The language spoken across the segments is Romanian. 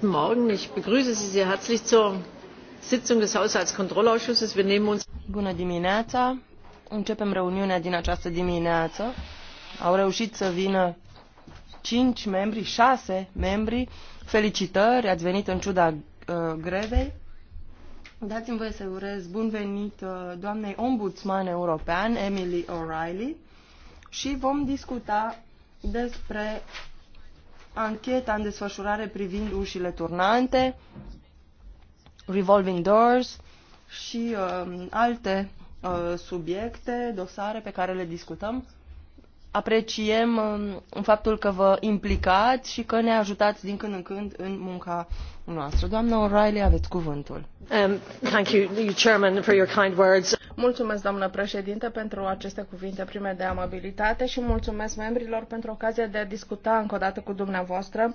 guten morgen ich begrüße sie sehr herzlich zur sitzung des haushaltskontrollausschusses. wir nehmen uns. bună dimineața începem reuniunea din această dimineață au reușit să vină cinci membri șase membri felicitări ați venit în ciuda uh, grevei. Dați-mi voie să urez bun venit uh, doamnei ombudsman european Emily O'Reilly și vom discuta despre ancheta în desfășurare privind ușile turnante, revolving doors și uh, alte uh, subiecte, dosare pe care le discutăm. Apreciem uh, faptul că vă implicați și că ne ajutați din când în când în munca O'Reilly, aveți cuvântul. Um, mulțumesc, doamnă președinte, pentru aceste cuvinte prime de amabilitate și mulțumesc membrilor pentru ocazia de a discuta încă o dată cu dumneavoastră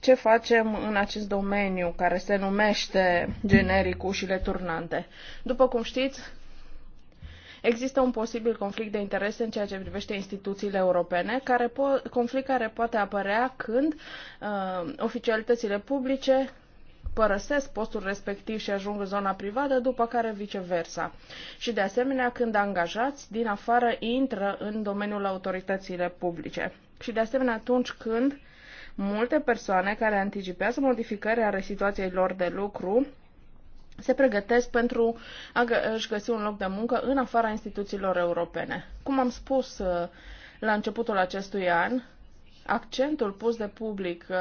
ce facem în acest domeniu care se numește generic ușile turnante. După cum știți, Există un posibil conflict de interese în ceea ce privește instituțiile europene, care po- conflict care poate apărea când uh, oficialitățile publice părăsesc postul respectiv și ajung în zona privată, după care viceversa. Și de asemenea când angajați din afară intră în domeniul autoritățile publice. Și de asemenea atunci când multe persoane care anticipează modificarea situației lor de lucru se pregătesc pentru a își găsi un loc de muncă în afara instituțiilor europene. Cum am spus uh, la începutul acestui an, accentul pus de public uh,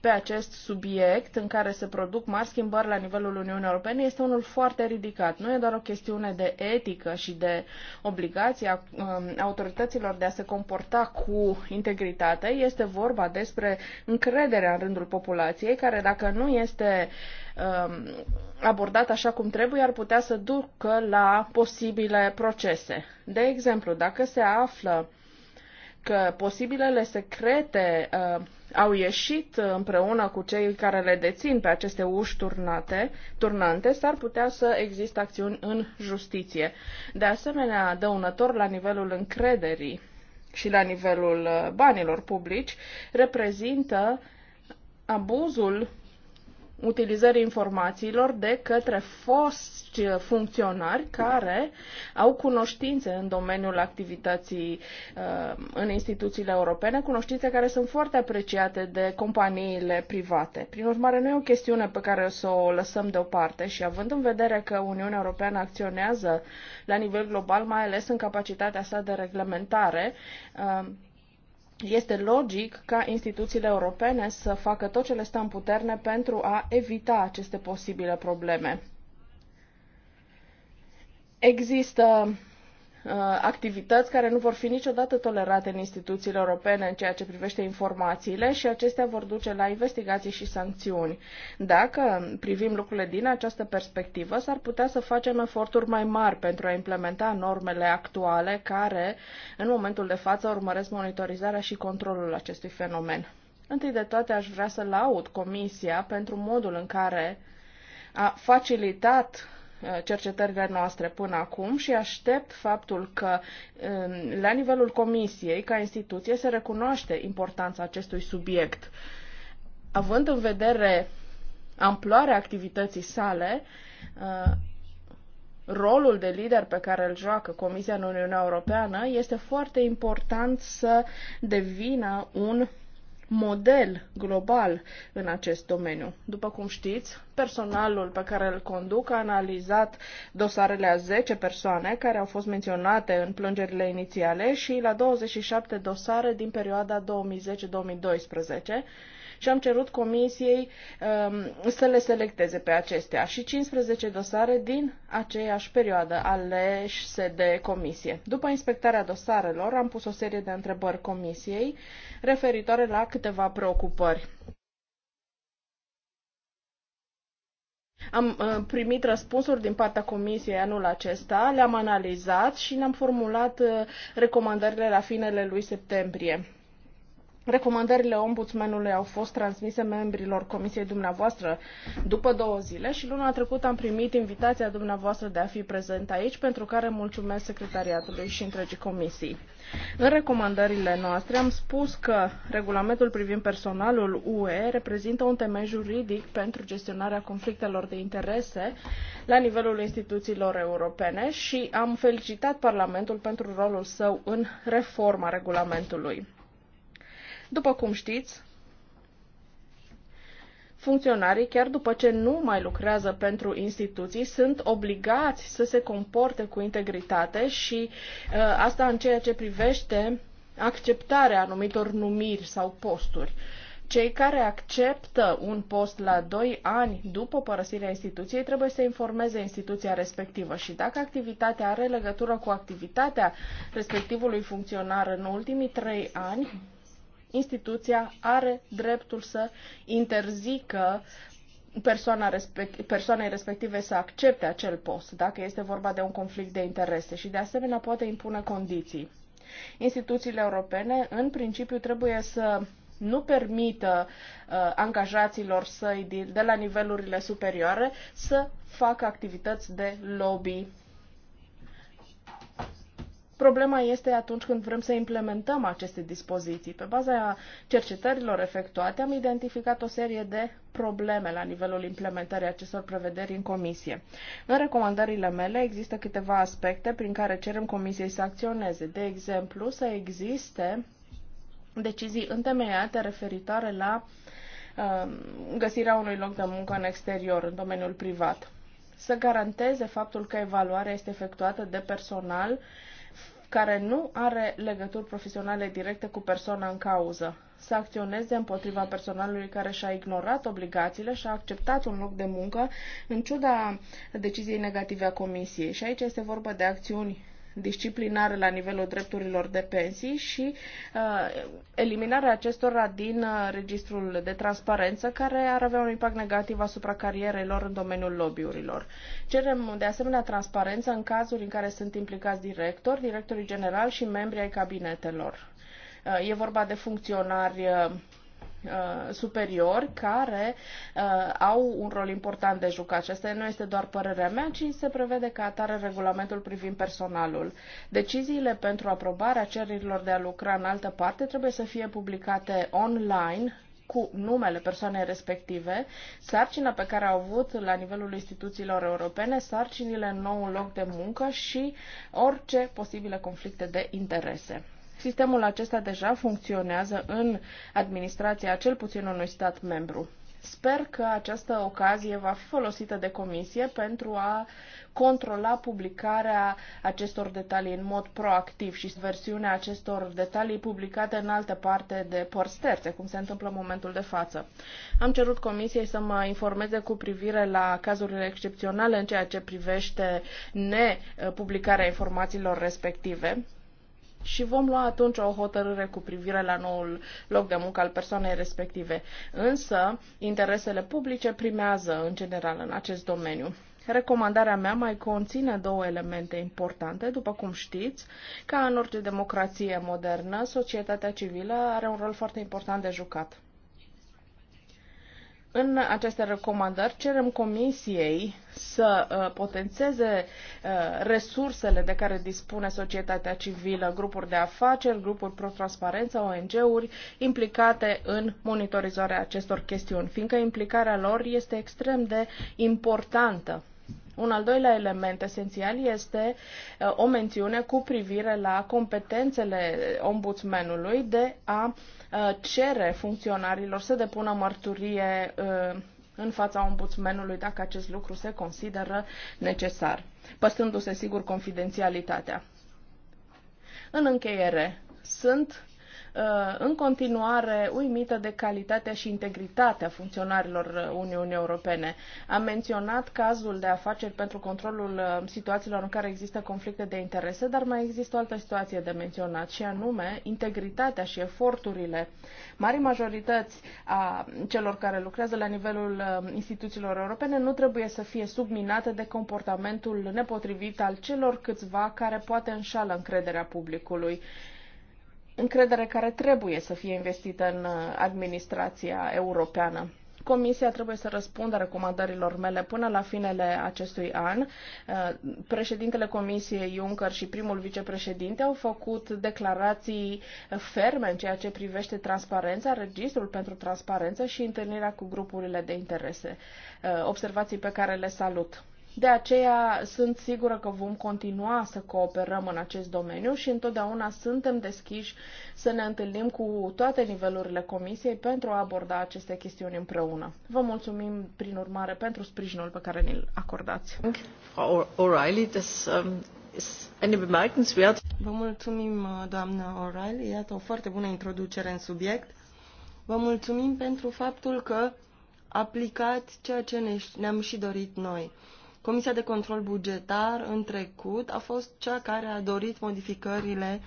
pe acest subiect, în care se produc mari schimbări la nivelul Uniunii Europene, este unul foarte ridicat. Nu e doar o chestiune de etică și de obligația um, autorităților de a se comporta cu integritate, este vorba despre încrederea în rândul populației, care dacă nu este um, abordat așa cum trebuie, ar putea să ducă la posibile procese. De exemplu, dacă se află că posibilele secrete uh, au ieșit împreună cu cei care le dețin pe aceste uși turnate, turnante, s-ar putea să existe acțiuni în justiție. De asemenea, dăunător la nivelul încrederii și la nivelul uh, banilor publici, reprezintă abuzul utilizării informațiilor de către foști funcționari care au cunoștințe în domeniul activității uh, în instituțiile europene, cunoștințe care sunt foarte apreciate de companiile private. Prin urmare, nu e o chestiune pe care o să o lăsăm deoparte și având în vedere că Uniunea Europeană acționează la nivel global, mai ales în capacitatea sa de reglementare, uh, este logic ca instituțiile europene să facă tot ce le stă în puterne pentru a evita aceste posibile probleme. Există Uh, activități care nu vor fi niciodată tolerate în instituțiile europene în ceea ce privește informațiile și acestea vor duce la investigații și sancțiuni. Dacă privim lucrurile din această perspectivă, s-ar putea să facem eforturi mai mari pentru a implementa normele actuale care, în momentul de față, urmăresc monitorizarea și controlul acestui fenomen. Întâi de toate, aș vrea să laud Comisia pentru modul în care a facilitat cercetările noastre până acum și aștept faptul că la nivelul comisiei, ca instituție, se recunoaște importanța acestui subiect. Având în vedere amploarea activității sale, uh, rolul de lider pe care îl joacă Comisia în Uniunea Europeană, este foarte important să devină un model global în acest domeniu. După cum știți, personalul pe care îl conduc a analizat dosarele a 10 persoane care au fost menționate în plângerile inițiale și la 27 dosare din perioada 2010-2012 și am cerut comisiei um, să le selecteze pe acestea și 15 dosare din aceeași perioadă aleșe de comisie. După inspectarea dosarelor, am pus o serie de întrebări comisiei referitoare la câteva preocupări. Am uh, primit răspunsuri din partea comisiei anul acesta, le-am analizat și ne-am formulat uh, recomandările la finele lui septembrie. Recomandările ombudsmanului au fost transmise membrilor comisiei dumneavoastră după două zile și luna trecută am primit invitația dumneavoastră de a fi prezent aici, pentru care mulțumesc secretariatului și întregii comisii. În recomandările noastre am spus că regulamentul privind personalul UE reprezintă un temei juridic pentru gestionarea conflictelor de interese la nivelul instituțiilor europene și am felicitat Parlamentul pentru rolul său în reforma regulamentului. După cum știți, funcționarii, chiar după ce nu mai lucrează pentru instituții, sunt obligați să se comporte cu integritate și uh, asta în ceea ce privește acceptarea anumitor numiri sau posturi. Cei care acceptă un post la 2 ani după părăsirea instituției trebuie să informeze instituția respectivă și dacă activitatea are legătură cu activitatea respectivului funcționar în ultimii 3 ani, instituția are dreptul să interzică persoana respect, persoanei respective să accepte acel post, dacă este vorba de un conflict de interese și de asemenea poate impune condiții. Instituțiile europene, în principiu, trebuie să nu permită uh, angajaților săi de, de la nivelurile superioare să facă activități de lobby Problema este atunci când vrem să implementăm aceste dispoziții. Pe baza cercetărilor efectuate am identificat o serie de probleme la nivelul implementării acestor prevederi în comisie. În recomandările mele există câteva aspecte prin care cerem comisiei să acționeze. De exemplu, să existe decizii întemeiate referitoare la um, găsirea unui loc de muncă în exterior, în domeniul privat. Să garanteze faptul că evaluarea este efectuată de personal uh, care nu are legături profesionale directe cu persoana în cauză, să acționeze împotriva personalului care și-a ignorat obligațiile și a acceptat un loc de muncă în ciuda deciziei negative a comisiei. Și aici este vorba de acțiuni disciplinare la nivelul drepturilor de pensii și uh, eliminarea acestora din uh, registrul de transparență care ar avea un impact negativ asupra carierelor în domeniul lobbyurilor. Cerem de asemenea transparență în cazuri în care sunt implicați directori, directorii generali și membri ai cabinetelor. Uh, e vorba de funcționari uh, Uh, superiori care uh, au un rol important de jucat. Acesta nu este doar părerea mea, ci se prevede ca atare regulamentul privind personalul. Deciziile pentru aprobarea cererilor de a lucra în altă parte trebuie să fie publicate online cu numele persoanei respective, sarcina pe care au avut la nivelul instituțiilor europene, sarcinile în nou loc de muncă și orice posibile conflicte de interese. Sistemul acesta deja funcționează în administrația cel puțin unui stat membru. Sper că această ocazie va fi folosită de comisie pentru a controla publicarea acestor detalii în mod proactiv și versiunea acestor detalii publicate în altă parte de părți terțe, cum se întâmplă în momentul de față. Am cerut comisiei să mă informeze cu privire la cazurile excepționale în ceea ce privește nepublicarea informațiilor respective și vom lua atunci o hotărâre cu privire la noul loc de muncă al persoanei respective. Însă, interesele publice primează în general în acest domeniu. Recomandarea mea mai conține două elemente importante. După cum știți, ca în orice democrație modernă, societatea civilă are un rol foarte important de jucat. În aceste recomandări cerem Comisiei să uh, potențeze uh, resursele de care dispune societatea civilă, grupuri de afaceri, grupuri pro-transparență, ONG-uri implicate în monitorizarea acestor chestiuni, fiindcă implicarea lor este extrem de importantă un al doilea element esențial este uh, o mențiune cu privire la competențele ombudsmenului de a uh, cere funcționarilor să depună mărturie uh, în fața ombudsmenului dacă acest lucru se consideră necesar, păstrându-se sigur confidențialitatea. În încheiere, sunt Uh, în continuare uimită de calitatea și integritatea funcționarilor uh, Uniunii Europene. Am menționat cazul de afaceri pentru controlul uh, situațiilor în care există conflicte de interese, dar mai există o altă situație de menționat și anume integritatea și eforturile marii majorități a celor care lucrează la nivelul instituțiilor europene nu trebuie să fie subminate de comportamentul nepotrivit al celor câțiva care poate înșală încrederea publicului încredere care trebuie să fie investită în uh, administrația europeană. Comisia trebuie să răspundă recomandărilor mele până la finele acestui an. Uh, președintele Comisiei Juncker și primul vicepreședinte au făcut declarații uh, ferme în ceea ce privește transparența, registrul pentru transparență și întâlnirea cu grupurile de interese, observații pe care le salut. De aceea sunt sigură că vom continua să cooperăm în acest domeniu și întotdeauna suntem deschiși să ne întâlnim cu toate nivelurile Comisiei pentru a aborda aceste chestiuni împreună. Vă mulțumim, prin urmare, pentru sprijinul pe care ne-l acordați. O'Reilly, ähm, Vă mulțumim, uh, doamnă O'Reilly. Iată o foarte bună introducere în subiect. Vă mulțumim pentru faptul că aplicați ceea ce ne-am și dorit noi Comisia de Control Bugetar în trecut a fost cea care a dorit modificările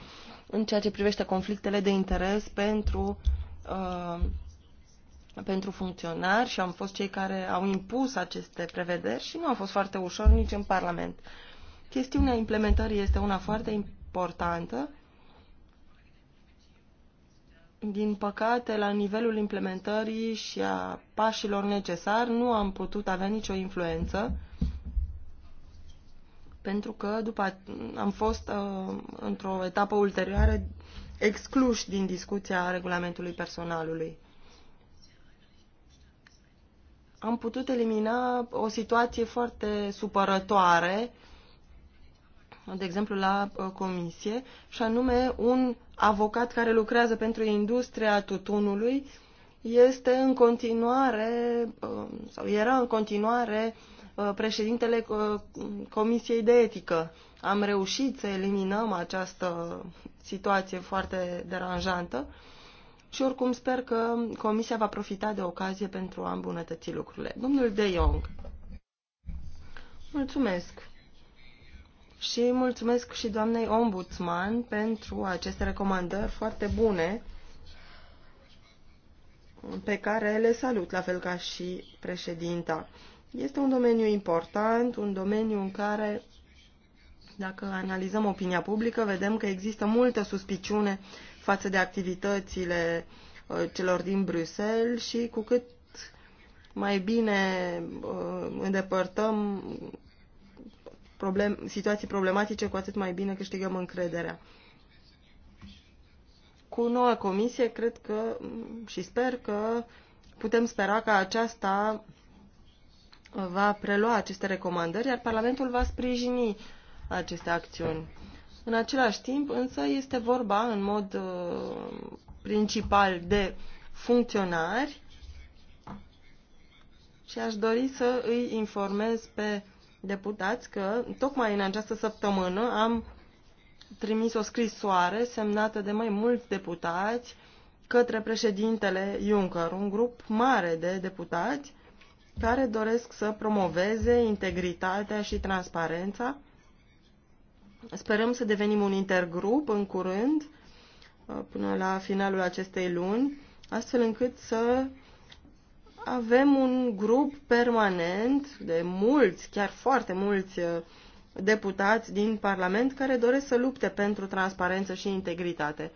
în ceea ce privește conflictele de interes pentru, uh, pentru funcționari și am fost cei care au impus aceste prevederi și nu a fost foarte ușor nici în Parlament. Chestiunea implementării este una foarte importantă. Din păcate, la nivelul implementării și a pașilor necesari, nu am putut avea nicio influență pentru că după am fost uh, într-o etapă ulterioară excluși din discuția regulamentului personalului. Am putut elimina o situație foarte supărătoare, de exemplu la uh, comisie, și anume un avocat care lucrează pentru industria tutunului este în continuare, uh, sau era în continuare Uh, președintele uh, Comisiei de Etică. Am reușit să eliminăm această situație foarte deranjantă și oricum sper că Comisia va profita de ocazie pentru a îmbunătăți lucrurile. Domnul De Jong. Mulțumesc. Și mulțumesc și doamnei ombudsman pentru aceste recomandări foarte bune pe care le salut, la fel ca și președinta. Este un domeniu important, un domeniu în care, dacă analizăm opinia publică, vedem că există multă suspiciune față de activitățile uh, celor din Bruxelles și cu cât mai bine uh, îndepărtăm problem, situații problematice, cu atât mai bine câștigăm încrederea. Cu noua comisie, cred că și sper că putem spera ca aceasta va prelua aceste recomandări, iar Parlamentul va sprijini aceste acțiuni. În același timp, însă, este vorba în mod uh, principal de funcționari și aș dori să îi informez pe deputați că tocmai în această săptămână am trimis o scrisoare semnată de mai mulți deputați către președintele Juncker, un grup mare de deputați care doresc să promoveze integritatea și transparența. Sperăm să devenim un intergrup în curând, uh, până la finalul acestei luni, astfel încât să avem un grup permanent de mulți, chiar foarte mulți uh, deputați din Parlament care doresc să lupte pentru transparență și integritate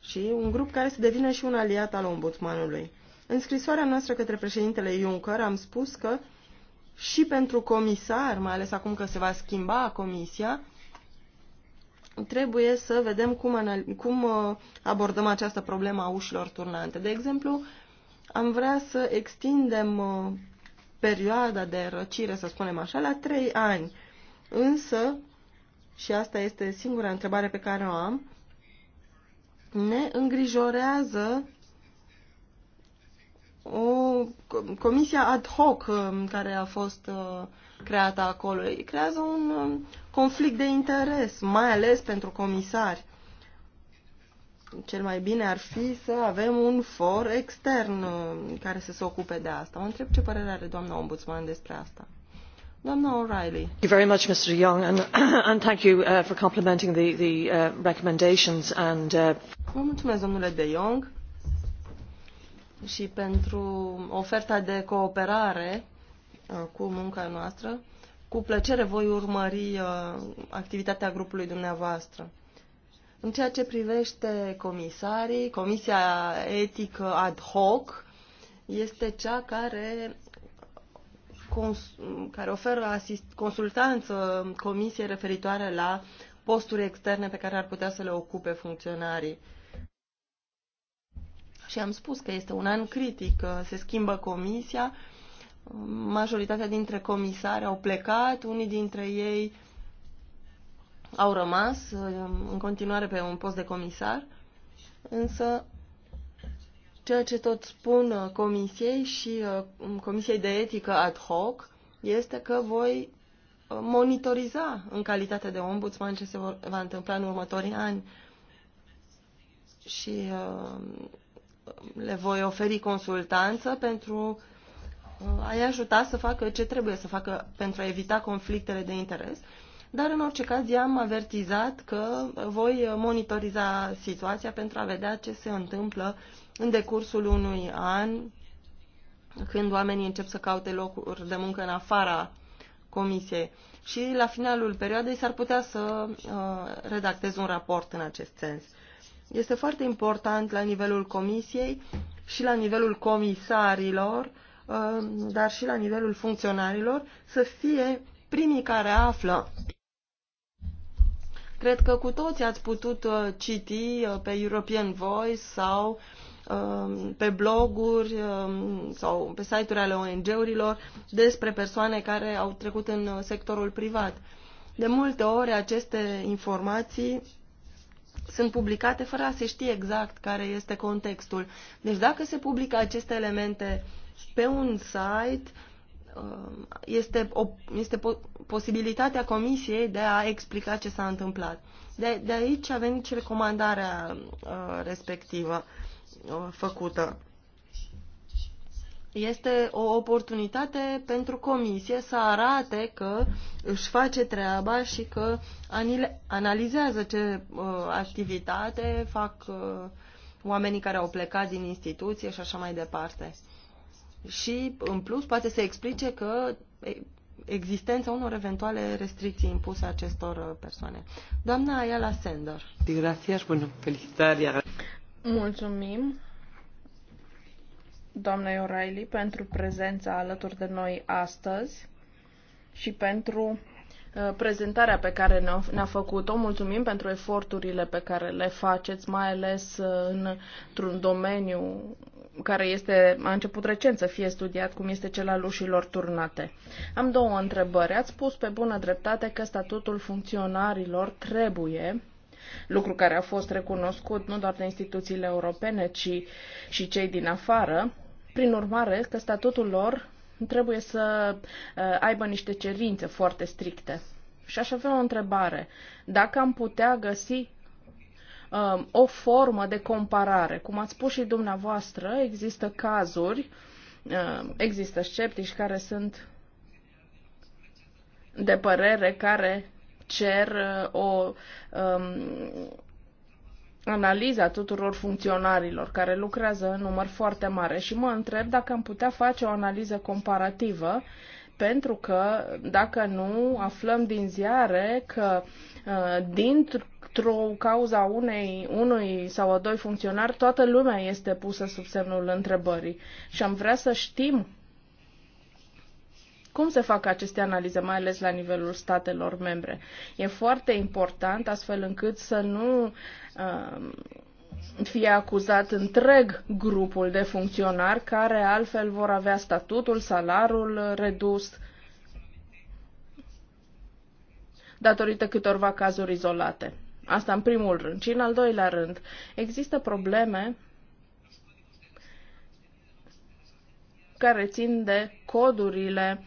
și un grup care să devină și un aliat al ombudsmanului. În scrisoarea noastră către președintele Juncker am spus că și pentru comisar, mai ales acum că se va schimba comisia, trebuie să vedem cum, cum uh, abordăm această problemă a ușilor turnante. De exemplu, am vrea să extindem uh, perioada de răcire, să spunem așa, la trei ani. Însă, și asta este singura întrebare pe care o am, ne îngrijorează o comisia ad hoc um, care a fost uh, creată acolo. Ei creează un um, conflict de interes, mai ales pentru comisari. Cel mai bine ar fi să avem un for extern um, care să se ocupe de asta. Mă întreb ce părere are doamna ombudsman despre asta. Doamna O'Reilly. Thank you very much, Mr. Young, and, and thank you uh, for complimenting the, the uh, recommendations and. Uh... Vă mulțumesc, domnule De Young și pentru oferta de cooperare uh, cu munca noastră. Cu plăcere voi urmări uh, activitatea grupului dumneavoastră. În ceea ce privește comisarii, Comisia Etică Ad Hoc este cea care, care oferă asist, consultanță comisiei referitoare la posturi externe pe care ar putea să le ocupe funcționarii și am spus că este un an critic, se schimbă comisia, majoritatea dintre comisari au plecat, unii dintre ei au rămas uh, în continuare pe un post de comisar, însă ceea ce tot spun uh, comisiei și uh, comisiei de etică ad hoc este că voi monitoriza în calitate de ombudsman ce se va întâmpla în următorii ani și le voi oferi consultanță pentru uh, a-i ajuta să facă ce trebuie să facă pentru a evita conflictele de interes. Dar în orice caz i-am avertizat că voi monitoriza situația pentru a vedea ce se întâmplă în decursul unui an când oamenii încep să caute locuri de muncă în afara comisiei. Și la finalul perioadei s-ar putea să uh, redactez un raport în acest sens. Este foarte important la nivelul comisiei și la nivelul comisarilor, uh, dar și la nivelul funcționarilor, să fie primii care află. Cred că cu toții ați putut uh, citi uh, pe European Voice sau pe bloguri um, sau pe site-uri ale ONG-urilor despre persoane care au trecut în sectorul privat. De multe ori aceste informații sunt publicate fără a se ști exact care este contextul. Deci dacă se publică aceste elemente pe un site, um, este, o, este posibilitatea comisiei de a explica ce s-a întâmplat. De, de aici a venit și recomandarea uh, respectivă uh, făcută este o oportunitate pentru comisie să arate că își face treaba și că analizează ce uh, activitate fac uh, oamenii care au plecat din instituție și așa mai departe. Și, în plus, poate să explice că existența unor eventuale restricții impuse acestor uh, persoane. Doamna Ayala Sender. Mulțumim doamnei O'Reilly pentru prezența alături de noi astăzi și pentru uh, prezentarea pe care ne-a făcut-o. Mulțumim pentru eforturile pe care le faceți, mai ales uh, într-un domeniu care este, a început recent să fie studiat, cum este cel al ușilor turnate. Am două întrebări. Ați spus pe bună dreptate că statutul funcționarilor trebuie lucru care a fost recunoscut nu doar de instituțiile europene, ci și cei din afară, prin urmare, că statutul lor trebuie să uh, aibă niște cerințe foarte stricte. Și aș avea o întrebare. Dacă am putea găsi um, o formă de comparare, cum ați spus și dumneavoastră, există cazuri, um, există sceptici care sunt de părere, care cer uh, o um, analiza tuturor funcționarilor care lucrează în număr foarte mare și mă întreb dacă am putea face o analiză comparativă pentru că dacă nu aflăm din ziare că uh, dintr-o cauza unei, unui sau a doi funcționari, toată lumea este pusă sub semnul întrebării și am vrea să știm cum se fac aceste analize, mai ales la nivelul statelor membre? E foarte important astfel încât să nu uh, fie acuzat întreg grupul de funcționari care altfel vor avea statutul, salarul redus datorită câtorva cazuri izolate. Asta în primul rând. Și în al doilea rând, există probleme care țin de codurile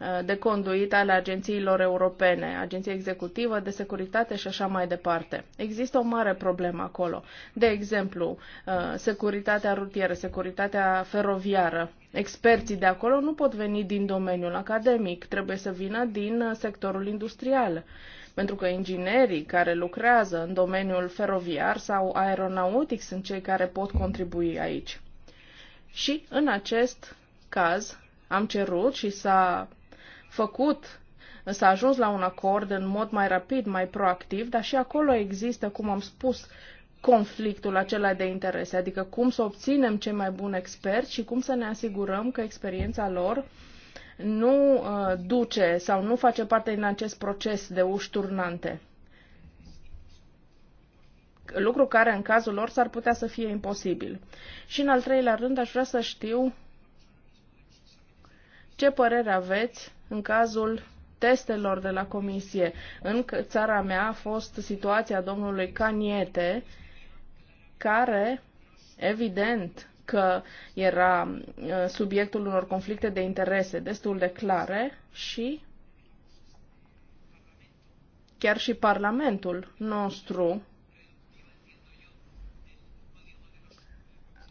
Uh, de conduit ale agențiilor europene, Agenția Executivă de Securitate și așa mai departe. Există o mare problemă acolo. De exemplu, uh, securitatea rutieră, securitatea feroviară. Experții de acolo nu pot veni din domeniul academic, trebuie să vină din sectorul industrial pentru că inginerii care lucrează în domeniul feroviar sau aeronautic sunt cei care pot contribui aici. Și în acest caz am cerut și s-a făcut s-a ajuns la un acord în mod mai rapid, mai proactiv, dar și acolo există, cum am spus, conflictul acela de interese, adică cum să obținem cei mai buni experți și cum să ne asigurăm că experiența lor nu uh, duce sau nu face parte din acest proces de uși turnante. Lucru care în cazul lor s-ar putea să fie imposibil. Și în al treilea rând aș vrea să știu ce părere aveți în cazul testelor de la comisie. În țara mea a fost situația domnului Caniete, care, evident, că era uh, subiectul unor conflicte de interese destul de clare și chiar și Parlamentul nostru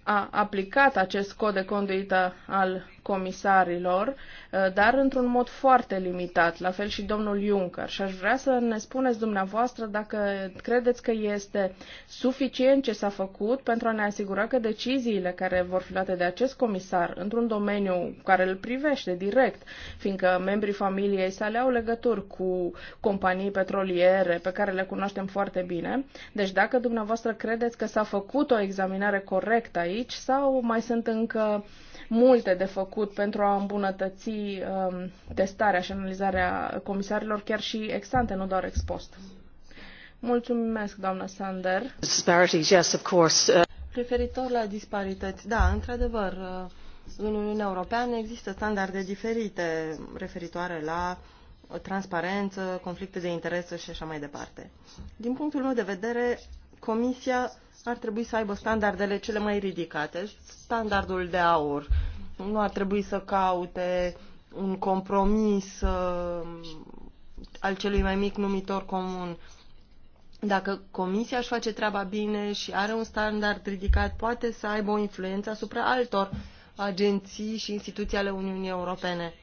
a aplicat acest cod de conduită al comisarilor, uh, dar într-un mod foarte limitat, la fel și domnul Juncker. Și aș vrea să ne spuneți dumneavoastră dacă credeți că este suficient ce s-a făcut pentru a ne asigura că deciziile care vor fi luate de acest comisar într-un domeniu care îl privește direct, fiindcă membrii familiei sale au legături cu companii petroliere pe care le cunoaștem foarte bine. Deci dacă dumneavoastră credeți că s-a făcut o examinare corectă aici sau mai sunt încă uh, multe de făcut pentru a îmbunătăți um, testarea și analizarea comisarilor, chiar și exante, nu doar expost. Mulțumesc, doamna Sander. Disparities, yes, of course. Uh, Referitor la disparități, da, într-adevăr, uh, în Uniunea Europeană există standarde diferite referitoare la transparență, conflicte de interese și așa mai departe. Din punctul meu de vedere, Comisia ar trebui să aibă standardele cele mai ridicate, standardul de aur. Nu ar trebui să caute un compromis uh, al celui mai mic numitor comun. Dacă comisia își face treaba bine și are un standard ridicat, poate să aibă o influență asupra altor agenții și instituții ale Uniunii Europene.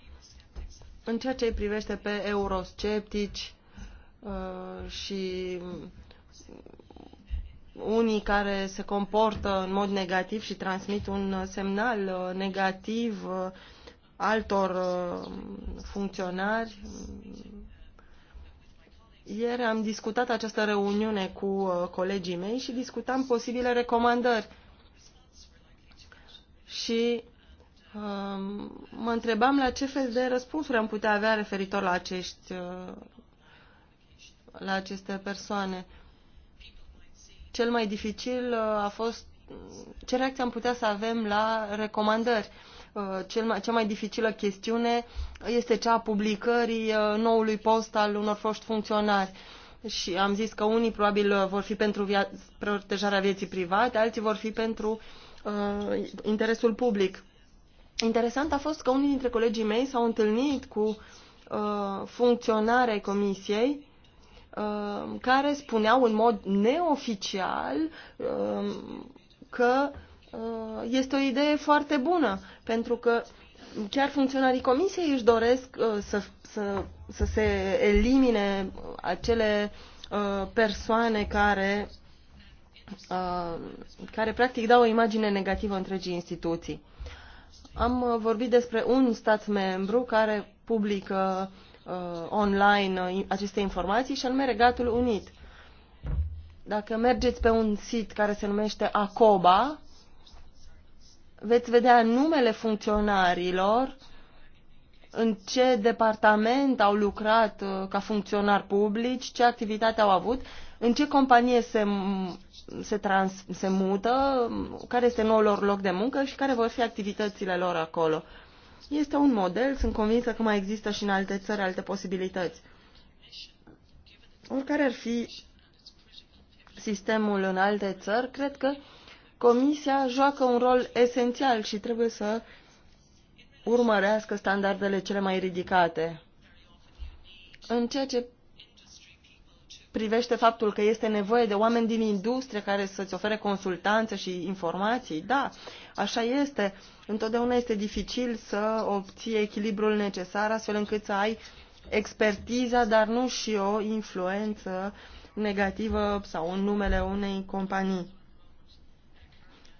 În ceea ce îi privește pe eurosceptici uh, și unii care se comportă în mod negativ și transmit un uh, semnal uh, negativ uh, altor funcționari. Ieri am discutat această reuniune cu colegii mei și discutam posibile recomandări. Și um, mă întrebam la ce fel de răspunsuri am putea avea referitor la, acești, la aceste persoane. Cel mai dificil uh, a fost ce reacție am putea să avem la recomandări. Uh, cel mai, cea mai dificilă chestiune este cea a publicării uh, noului post al unor foști funcționari. Și am zis că unii probabil vor fi pentru protejarea vieții private, alții vor fi pentru uh, interesul public. Interesant a fost că unii dintre colegii mei s-au întâlnit cu uh, funcționarea comisiei Um, care spuneau în mod neoficial um, că uh, este o idee foarte bună, pentru că chiar funcționarii comisiei își doresc uh, să, să, să se elimine acele uh, persoane care, care practic dau o imagine negativă întregii instituții. Am vorbit despre un stat membru care publică uh, uh, online uh, aceste informații, și anume Regatul Unit. Dacă mergeți pe un sit care se numește ACOBA, veți vedea numele funcționarilor, în ce departament au lucrat uh, ca funcționari publici, ce activitate au avut, în ce companie se, se, trans, se mută, care este noul lor loc de muncă și care vor fi activitățile lor acolo. Uh, este un model, sunt convinsă că mai există și în alte țări alte posibilități. Oricare ar fi sistemul în alte țări, cred că Comisia joacă un rol esențial și trebuie să urmărească standardele cele mai ridicate. În ceea ce privește faptul că este nevoie de oameni din industrie care să-ți ofere consultanță și informații, da, Așa este. Întotdeauna este dificil să obții echilibrul necesar astfel încât să ai expertiza, dar nu și o influență negativă sau în numele unei companii.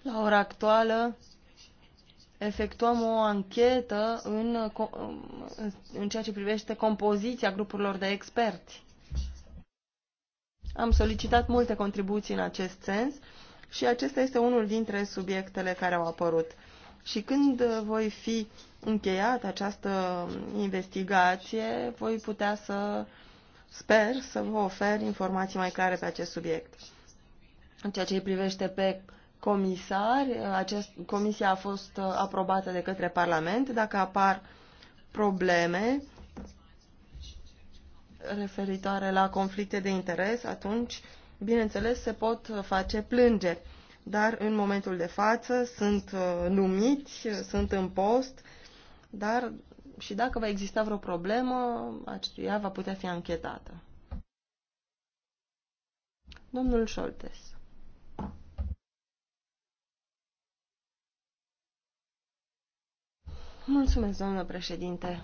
La ora actuală efectuăm o anchetă în, în ceea ce privește compoziția grupurilor de experți. Am solicitat multe contribuții în acest sens și acesta este unul dintre subiectele care au apărut. Și când voi fi încheiat această investigație, voi putea să sper să vă ofer informații mai clare pe acest subiect. În ceea ce îi privește pe comisari, acest, comisia a fost aprobată de către Parlament. Dacă apar probleme referitoare la conflicte de interes, atunci Bineînțeles, se pot face plângeri, dar în momentul de față sunt uh, numiți, sunt în post, dar și dacă va exista vreo problemă, ea va putea fi anchetată. Domnul Scholtes. Mulțumesc, doamnă președinte.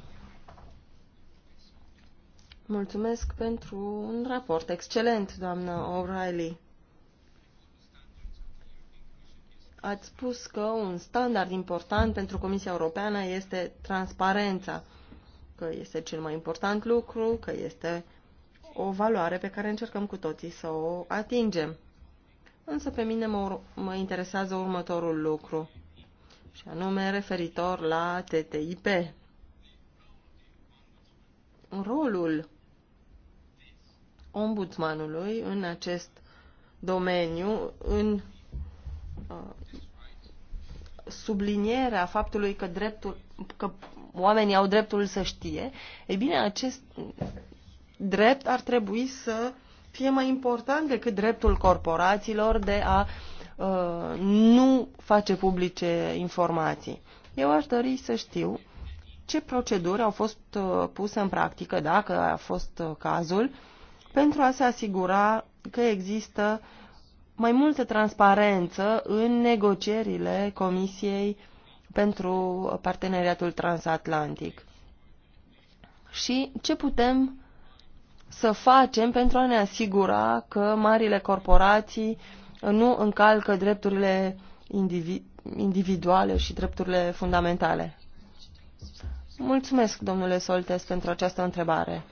Mulțumesc pentru un raport excelent, doamnă O'Reilly. Ați spus că un standard important pentru Comisia Europeană este transparența, că este cel mai important lucru, că este o valoare pe care încercăm cu toții să o atingem. Însă pe mine mă, mă interesează următorul lucru, și anume referitor la TTIP. Rolul ombudsmanului în acest domeniu, în uh, sublinierea faptului că, dreptul, că oamenii au dreptul să știe, e bine, acest drept ar trebui să fie mai important decât dreptul corporațiilor de a uh, nu face publice informații. Eu aș dori să știu ce proceduri au fost uh, puse în practică, dacă a fost uh, cazul, uh, pentru a se asigura că există mai multă transparență în negocierile Comisiei pentru parteneriatul transatlantic. Și ce putem să facem pentru a ne asigura că marile corporații nu încalcă drepturile indivi individuale și drepturile fundamentale? Mulțumesc, domnule Soltes, pentru această întrebare.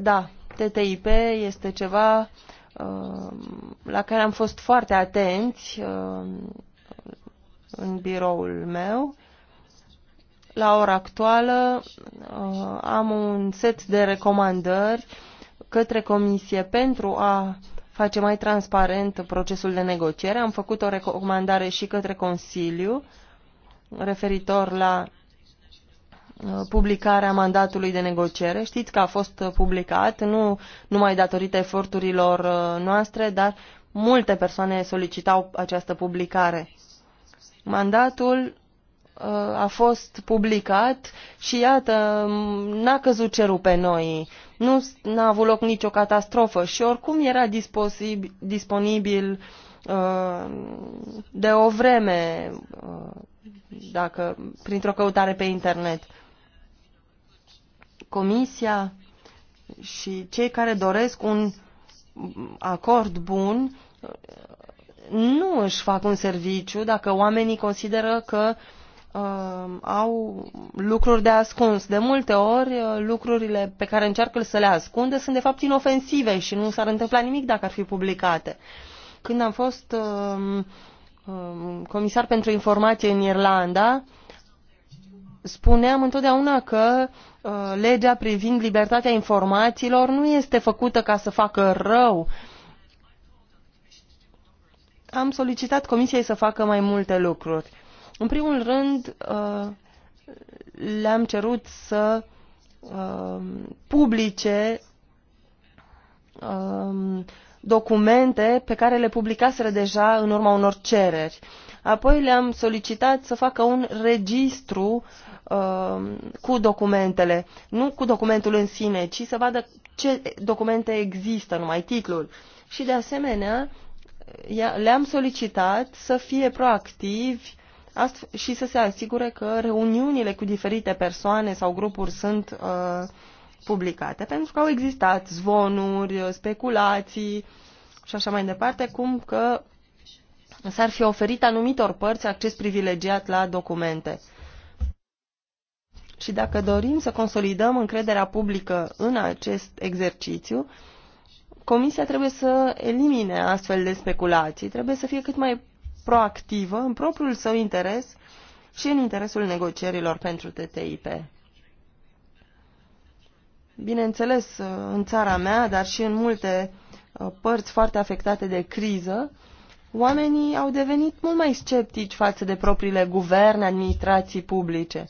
Da, TTIP este ceva uh, la care am fost foarte atenți uh, în biroul meu. La ora actuală uh, am un set de recomandări către Comisie pentru a face mai transparent procesul de negociere. Am făcut o recomandare și către Consiliu referitor la Uh, publicarea mandatului de negociere. Știți că a fost publicat, nu numai datorită eforturilor uh, noastre, dar multe persoane solicitau această publicare. Mandatul uh, a fost publicat și iată, n-a căzut cerul pe noi, nu n-a avut loc nicio catastrofă și oricum era disponibil de o vreme dacă printr-o căutare pe internet. Comisia și cei care doresc un acord bun nu își fac un serviciu dacă oamenii consideră că uh, au lucruri de ascuns. De multe ori, uh, lucrurile pe care încearcă să le ascunde sunt de fapt inofensive și nu s-ar întâmpla nimic dacă ar fi publicate. Când am fost uh, uh, comisar pentru informație în Irlanda, spuneam întotdeauna că Uh, legea privind libertatea informațiilor nu este făcută ca să facă rău. Am solicitat Comisiei să facă mai multe lucruri. În primul rând, uh, le-am cerut să uh, publice um, documente pe care le publicaseră deja în urma unor cereri. Apoi le-am solicitat să facă un registru uh, Uh, cu documentele, nu cu documentul în sine, ci să vadă ce documente există, numai titlul. Și de asemenea, le-am solicitat să fie proactivi și să se asigure că reuniunile cu diferite persoane sau grupuri sunt uh, publicate, pentru că au existat zvonuri, speculații și așa mai departe, cum că s-ar fi oferit anumitor părți acces privilegiat la documente. Și dacă dorim să consolidăm încrederea publică în acest exercițiu, Comisia trebuie să elimine astfel de speculații, trebuie să fie cât mai proactivă în propriul său interes și în interesul negocierilor pentru TTIP. Bineînțeles, în țara mea, dar și în multe uh, părți foarte afectate de criză, oamenii au devenit mult mai sceptici față de propriile guverne, administrații publice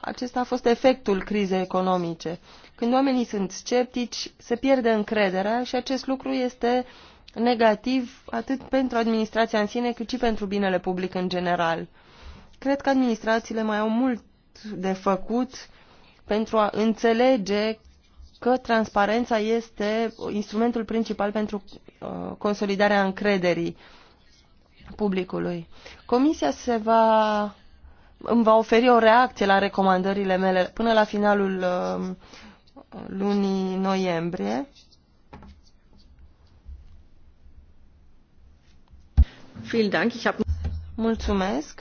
acesta a fost efectul crizei economice. Când oamenii sunt sceptici, se pierde încrederea și acest lucru este negativ atât pentru administrația în sine, cât și pentru binele public în general. Cred că administrațiile mai au mult de făcut pentru a înțelege că transparența este instrumentul principal pentru uh, consolidarea încrederii publicului. Comisia se va îmi va oferi o reacție la recomandările mele până la finalul um, lunii noiembrie. Mulțumesc.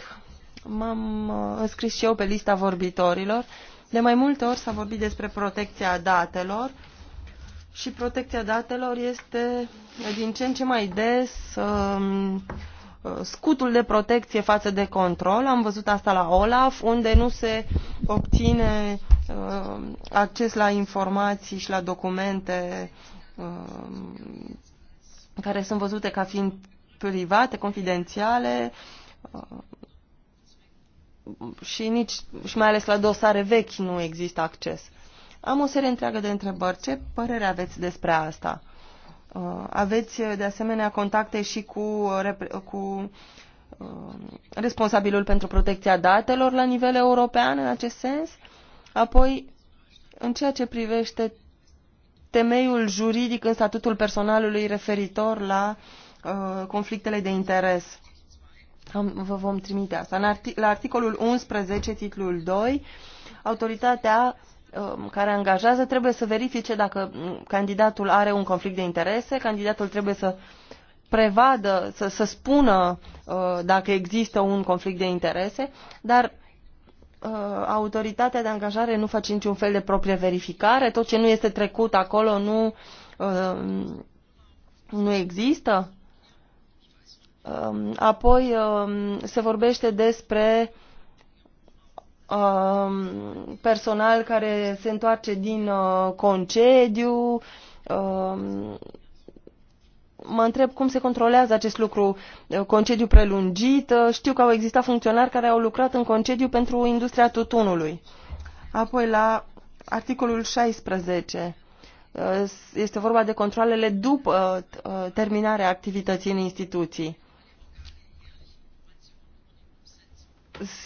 M-am uh, înscris și eu pe lista vorbitorilor. De mai multe ori s-a vorbit despre protecția datelor și protecția datelor este din ce în ce mai des uh, scutul de protecție față de control. Am văzut asta la OLAF, unde nu se obține uh, acces la informații și la documente uh, care sunt văzute ca fiind private, confidențiale uh, și, nici, și mai ales la dosare vechi nu există acces. Am o serie întreagă de întrebări. Ce părere aveți despre asta? Uh, aveți de asemenea contacte și cu, uh, uh, cu responsabilul pentru protecția datelor la nivel european în acest sens? Apoi, în ceea ce privește temeiul juridic în statutul personalului referitor la conflictele de interes. Am, vă vom trimite asta. artic la articolul 11, titlul 2, autoritatea Um, care angajează trebuie să verifice dacă candidatul are un conflict de interese, candidatul trebuie să prevadă, să, să spună uh, dacă există un conflict de interese, dar uh, autoritatea de angajare nu face niciun fel de proprie verificare, tot ce nu este trecut acolo nu, uh, nu există. Um, apoi um, se vorbește despre uh, Um, personal care se întoarce din uh, concediu. Um, mă întreb cum se controlează acest lucru, uh, concediu prelungit. Uh, știu că au existat funcționari care au lucrat în concediu pentru industria tutunului. Apoi la articolul 16 este vorba de controlele după terminarea activității în instituții.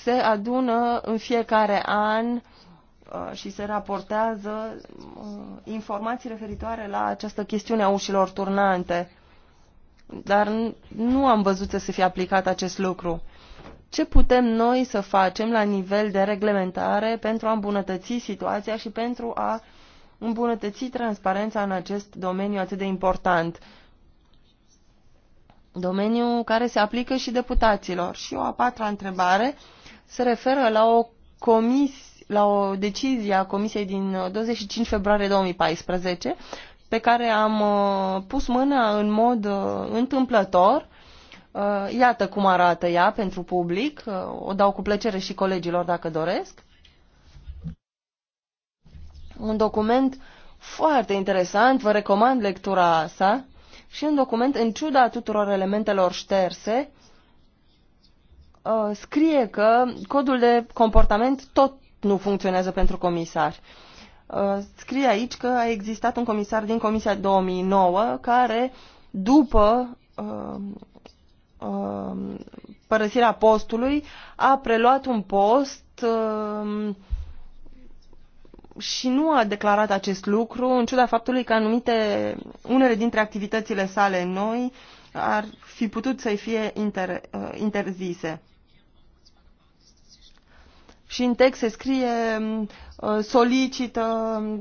se adună în fiecare an uh, și se raportează uh, informații referitoare la această chestiune a ușilor turnante. Dar nu am văzut să se fie aplicat acest lucru. Ce putem noi să facem la nivel de reglementare pentru a îmbunătăți situația și pentru a îmbunătăți transparența în acest domeniu atât de important? domeniu care se aplică și deputaților. Și o a patra întrebare se referă la o, comis, la o decizie a Comisiei din 25 uh, februarie 2014 pe care am uh, pus mâna în mod uh, întâmplător. Iată cum arată ea pentru public. O dau cu plăcere și colegilor dacă doresc. Un document foarte interesant, vă recomand lectura sa și în document, în ciuda tuturor elementelor șterse, uh, scrie că codul de comportament tot nu funcționează pentru comisar uh, Scrie aici că a existat un comisar din Comisia 2009 care, după uh, părăsirea postului, a preluat un post și nu a declarat acest lucru, în ciuda faptului că anumite, unele dintre activitățile sale noi ar fi putut să-i fie inter, uh, interzise. Și în text se scrie um, uh, solicită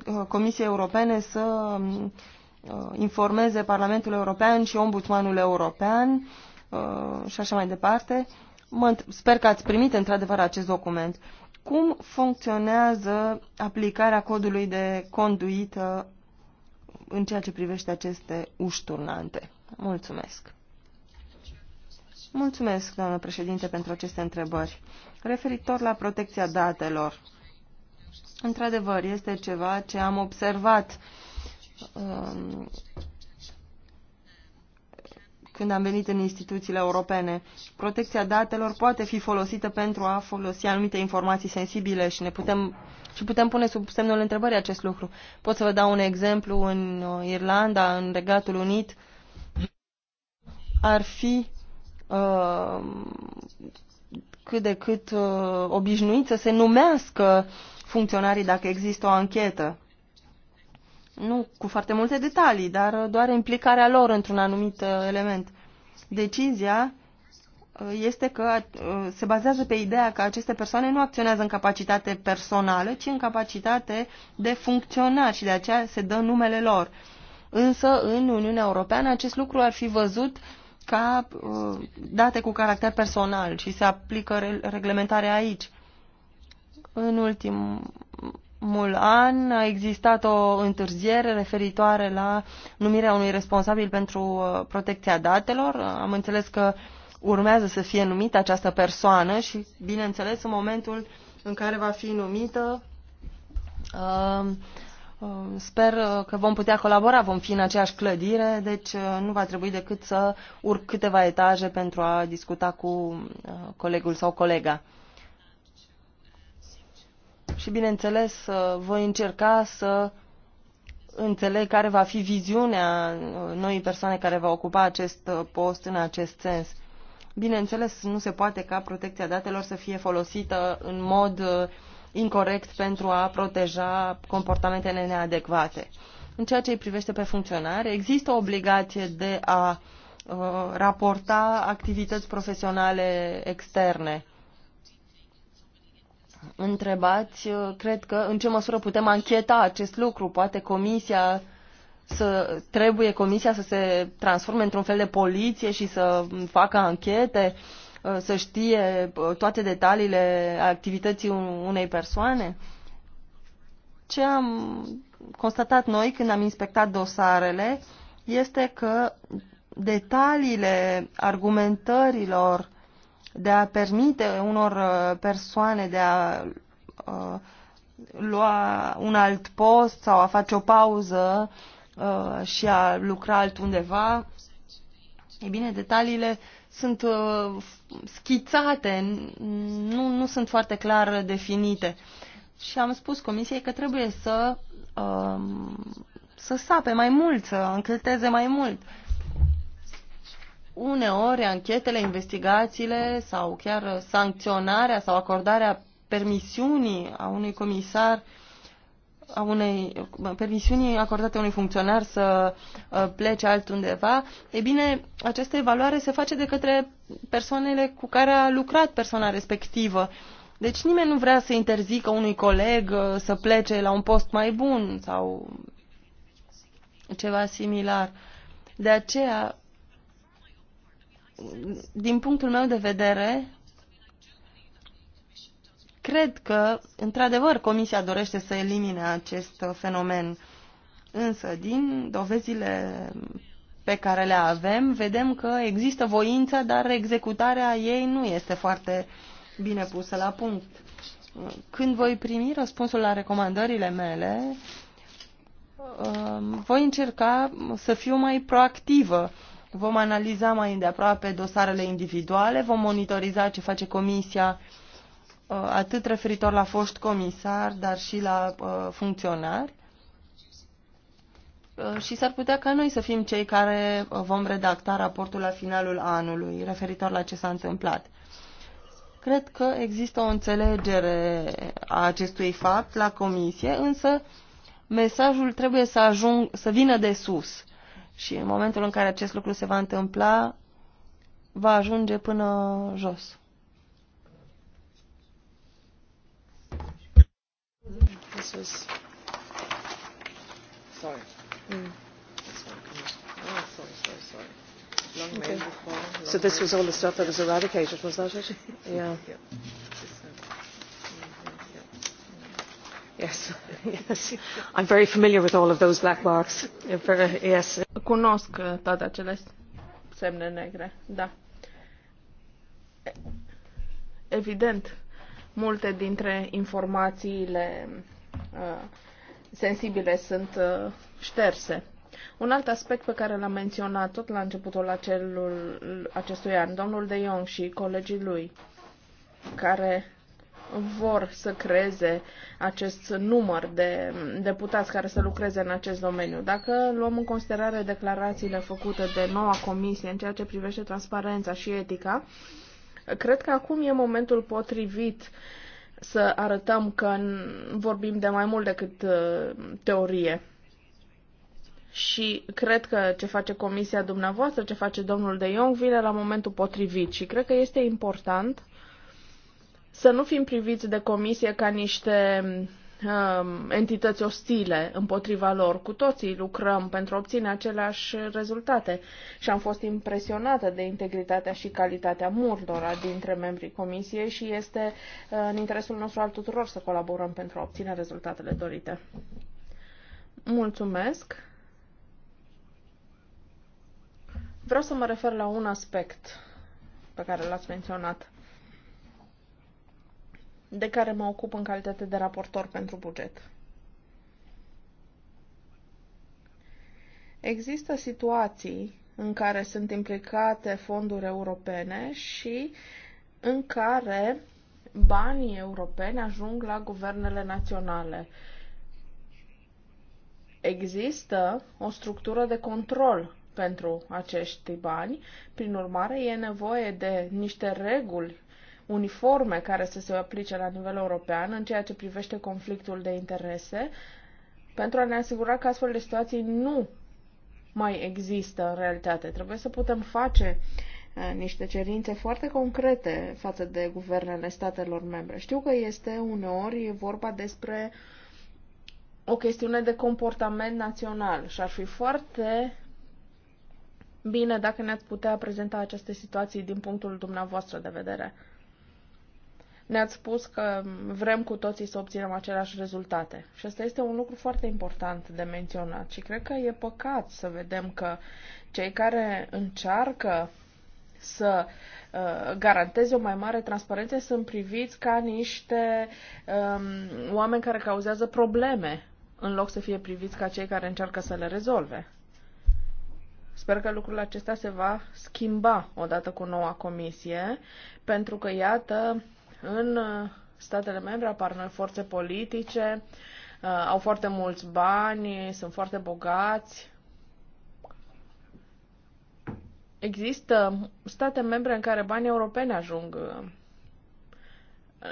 um, uh, Comisiei Europene să um, informeze Parlamentul European și Ombudsmanul European și așa mai departe. Mă, sper că ați primit într-adevăr acest document. Cum funcționează aplicarea codului de conduită în ceea ce privește aceste uși turnante? Mulțumesc! Mulțumesc, doamnă președinte, pentru aceste întrebări. Referitor la protecția datelor, într-adevăr, este ceva ce am observat um, când am venit în instituțiile europene. Protecția datelor poate fi folosită pentru a folosi anumite informații sensibile și ne putem și putem pune sub semnul întrebării acest lucru. Pot să vă dau un exemplu în uh, Irlanda, în Regatul Unit ar fi uh, cât de cât uh, obișnuit să se numească funcționarii dacă există o anchetă nu cu foarte multe detalii, dar uh, doar implicarea lor într-un anumit uh, element. Decizia uh, este că se bazează pe ideea că aceste persoane nu acționează în capacitate personală, ci în capacitate de funcționar și de aceea se dă numele lor. Însă, în Uniunea Europeană, acest lucru ar fi văzut ca date cu caracter personal și se aplică reglementarea aici. În ultim, ultimul an a existat o întârziere referitoare la numirea unui responsabil pentru uh, protecția datelor. Am înțeles că urmează să fie numită această persoană și, bineînțeles, în momentul în care va fi numită, uh, uh, sper că vom putea colabora, vom fi în aceeași clădire, deci nu va trebui decât să urc câteva etaje pentru a discuta cu colegul sau colega și, bineînțeles, uh, voi încerca să înțeleg care va fi viziunea uh, noii persoane care va ocupa acest uh, post în acest sens. Bineînțeles, nu se poate ca protecția datelor să fie folosită în mod incorrect pentru a proteja comportamentele neadecvate. În ceea ce îi privește pe funcționari, există o obligație de a uh, raporta activități profesionale externe. Uh, întrebați, cred că în ce măsură putem ancheta acest lucru. Poate comisia să trebuie comisia să se transforme într-un fel de poliție și să facă anchete, să știe uh, toate detaliile activității unei persoane. Ce am constatat noi când am inspectat dosarele este că detaliile argumentărilor de a permite unor uh, persoane de a uh, lua un alt post sau a face o pauză uh, și a lucra altundeva. E bine, detaliile sunt schițate, nu, nu sunt foarte clar definite. Și am spus comisiei că trebuie să, să sape mai mult, să încălteze mai mult uneori anchetele, investigațiile sau chiar sancționarea sau acordarea permisiunii a unui comisar a unei permisiunii acordate unui funcționar să uh, plece altundeva, e bine, această evaluare se face de către persoanele cu care a lucrat persoana respectivă. Deci nimeni nu vrea să interzică unui coleg uh, să plece la un post mai bun sau ceva similar. De aceea, din punctul meu de vedere, cred că, într-adevăr, Comisia dorește să elimine acest fenomen. Însă, din dovezile pe care le avem, vedem că există voință, dar executarea ei nu este foarte bine pusă la punct. Când voi primi răspunsul la recomandările mele, um, voi încerca să fiu mai proactivă Vom analiza mai îndeaproape dosarele individuale, vom monitoriza ce face Comisia uh, atât referitor la foști comisari, dar și la uh, funcționari. Uh, și s-ar putea ca noi să fim cei care vom redacta raportul la finalul anului referitor la ce s-a întâmplat. Cred că există o înțelegere a acestui fapt la comisie, însă mesajul trebuie să, ajung, să vină de sus. Și în momentul în care acest lucru se va întâmpla, va ajunge până jos. This was... Sorry. Mm. Oh, sorry, sorry, sorry. Long okay. Before, long so this was all the stuff that was eradicated, was that it? yeah. yeah. Yes, yes. very familiar with all of those black marks. Yes. Cunosc uh, toate acele semne negre, da. Evident, multe dintre informațiile uh, sensibile sunt uh, șterse. Un alt aspect pe care l-am menționat tot la începutul acelul, acestui an, domnul De Jong și colegii lui, care vor să creeze acest număr de deputați care să lucreze în acest domeniu. Dacă luăm în considerare declarațiile făcute de noua comisie în ceea ce privește transparența și etica, cred că acum e momentul potrivit să arătăm că vorbim de mai mult decât uh, teorie. Și cred că ce face comisia dumneavoastră, ce face domnul de Jong, vine la momentul potrivit și cred că este important să nu fim priviți de comisie ca niște um, entități ostile împotriva lor. Cu toții lucrăm pentru a obține aceleași rezultate și am fost impresionată de integritatea și calitatea murdora dintre membrii comisiei și este uh, în interesul nostru al tuturor să colaborăm pentru a obține rezultatele dorite. Mulțumesc! Vreau să mă refer la un aspect pe care l-ați menționat de care mă ocup în calitate de raportor pentru buget. Există situații în care sunt implicate fonduri europene și în care banii europeni ajung la guvernele naționale. Există o structură de control pentru acești bani, prin urmare e nevoie de niște reguli uniforme care să se aplice la nivel european în ceea ce privește conflictul de interese, pentru a ne asigura că astfel de situații nu mai există în realitate. Trebuie să putem face eh, niște cerințe foarte concrete față de guvernele statelor membre. Știu că este uneori vorba despre o chestiune de comportament național și ar fi foarte bine dacă ne-ați putea prezenta aceste situații din punctul dumneavoastră de vedere ne-ați spus că vrem cu toții să obținem aceleași rezultate. Și asta este un lucru foarte important de menționat și cred că e păcat să vedem că cei care încearcă să uh, garanteze o mai mare transparență sunt priviți ca niște um, oameni care cauzează probleme în loc să fie priviți ca cei care încearcă să le rezolve. Sper că lucrul acesta se va schimba odată cu noua comisie, pentru că, iată, în uh, statele membre apar noi forțe politice, uh, au foarte mulți bani, sunt foarte bogați. Există state membre în care banii europeni ajung uh,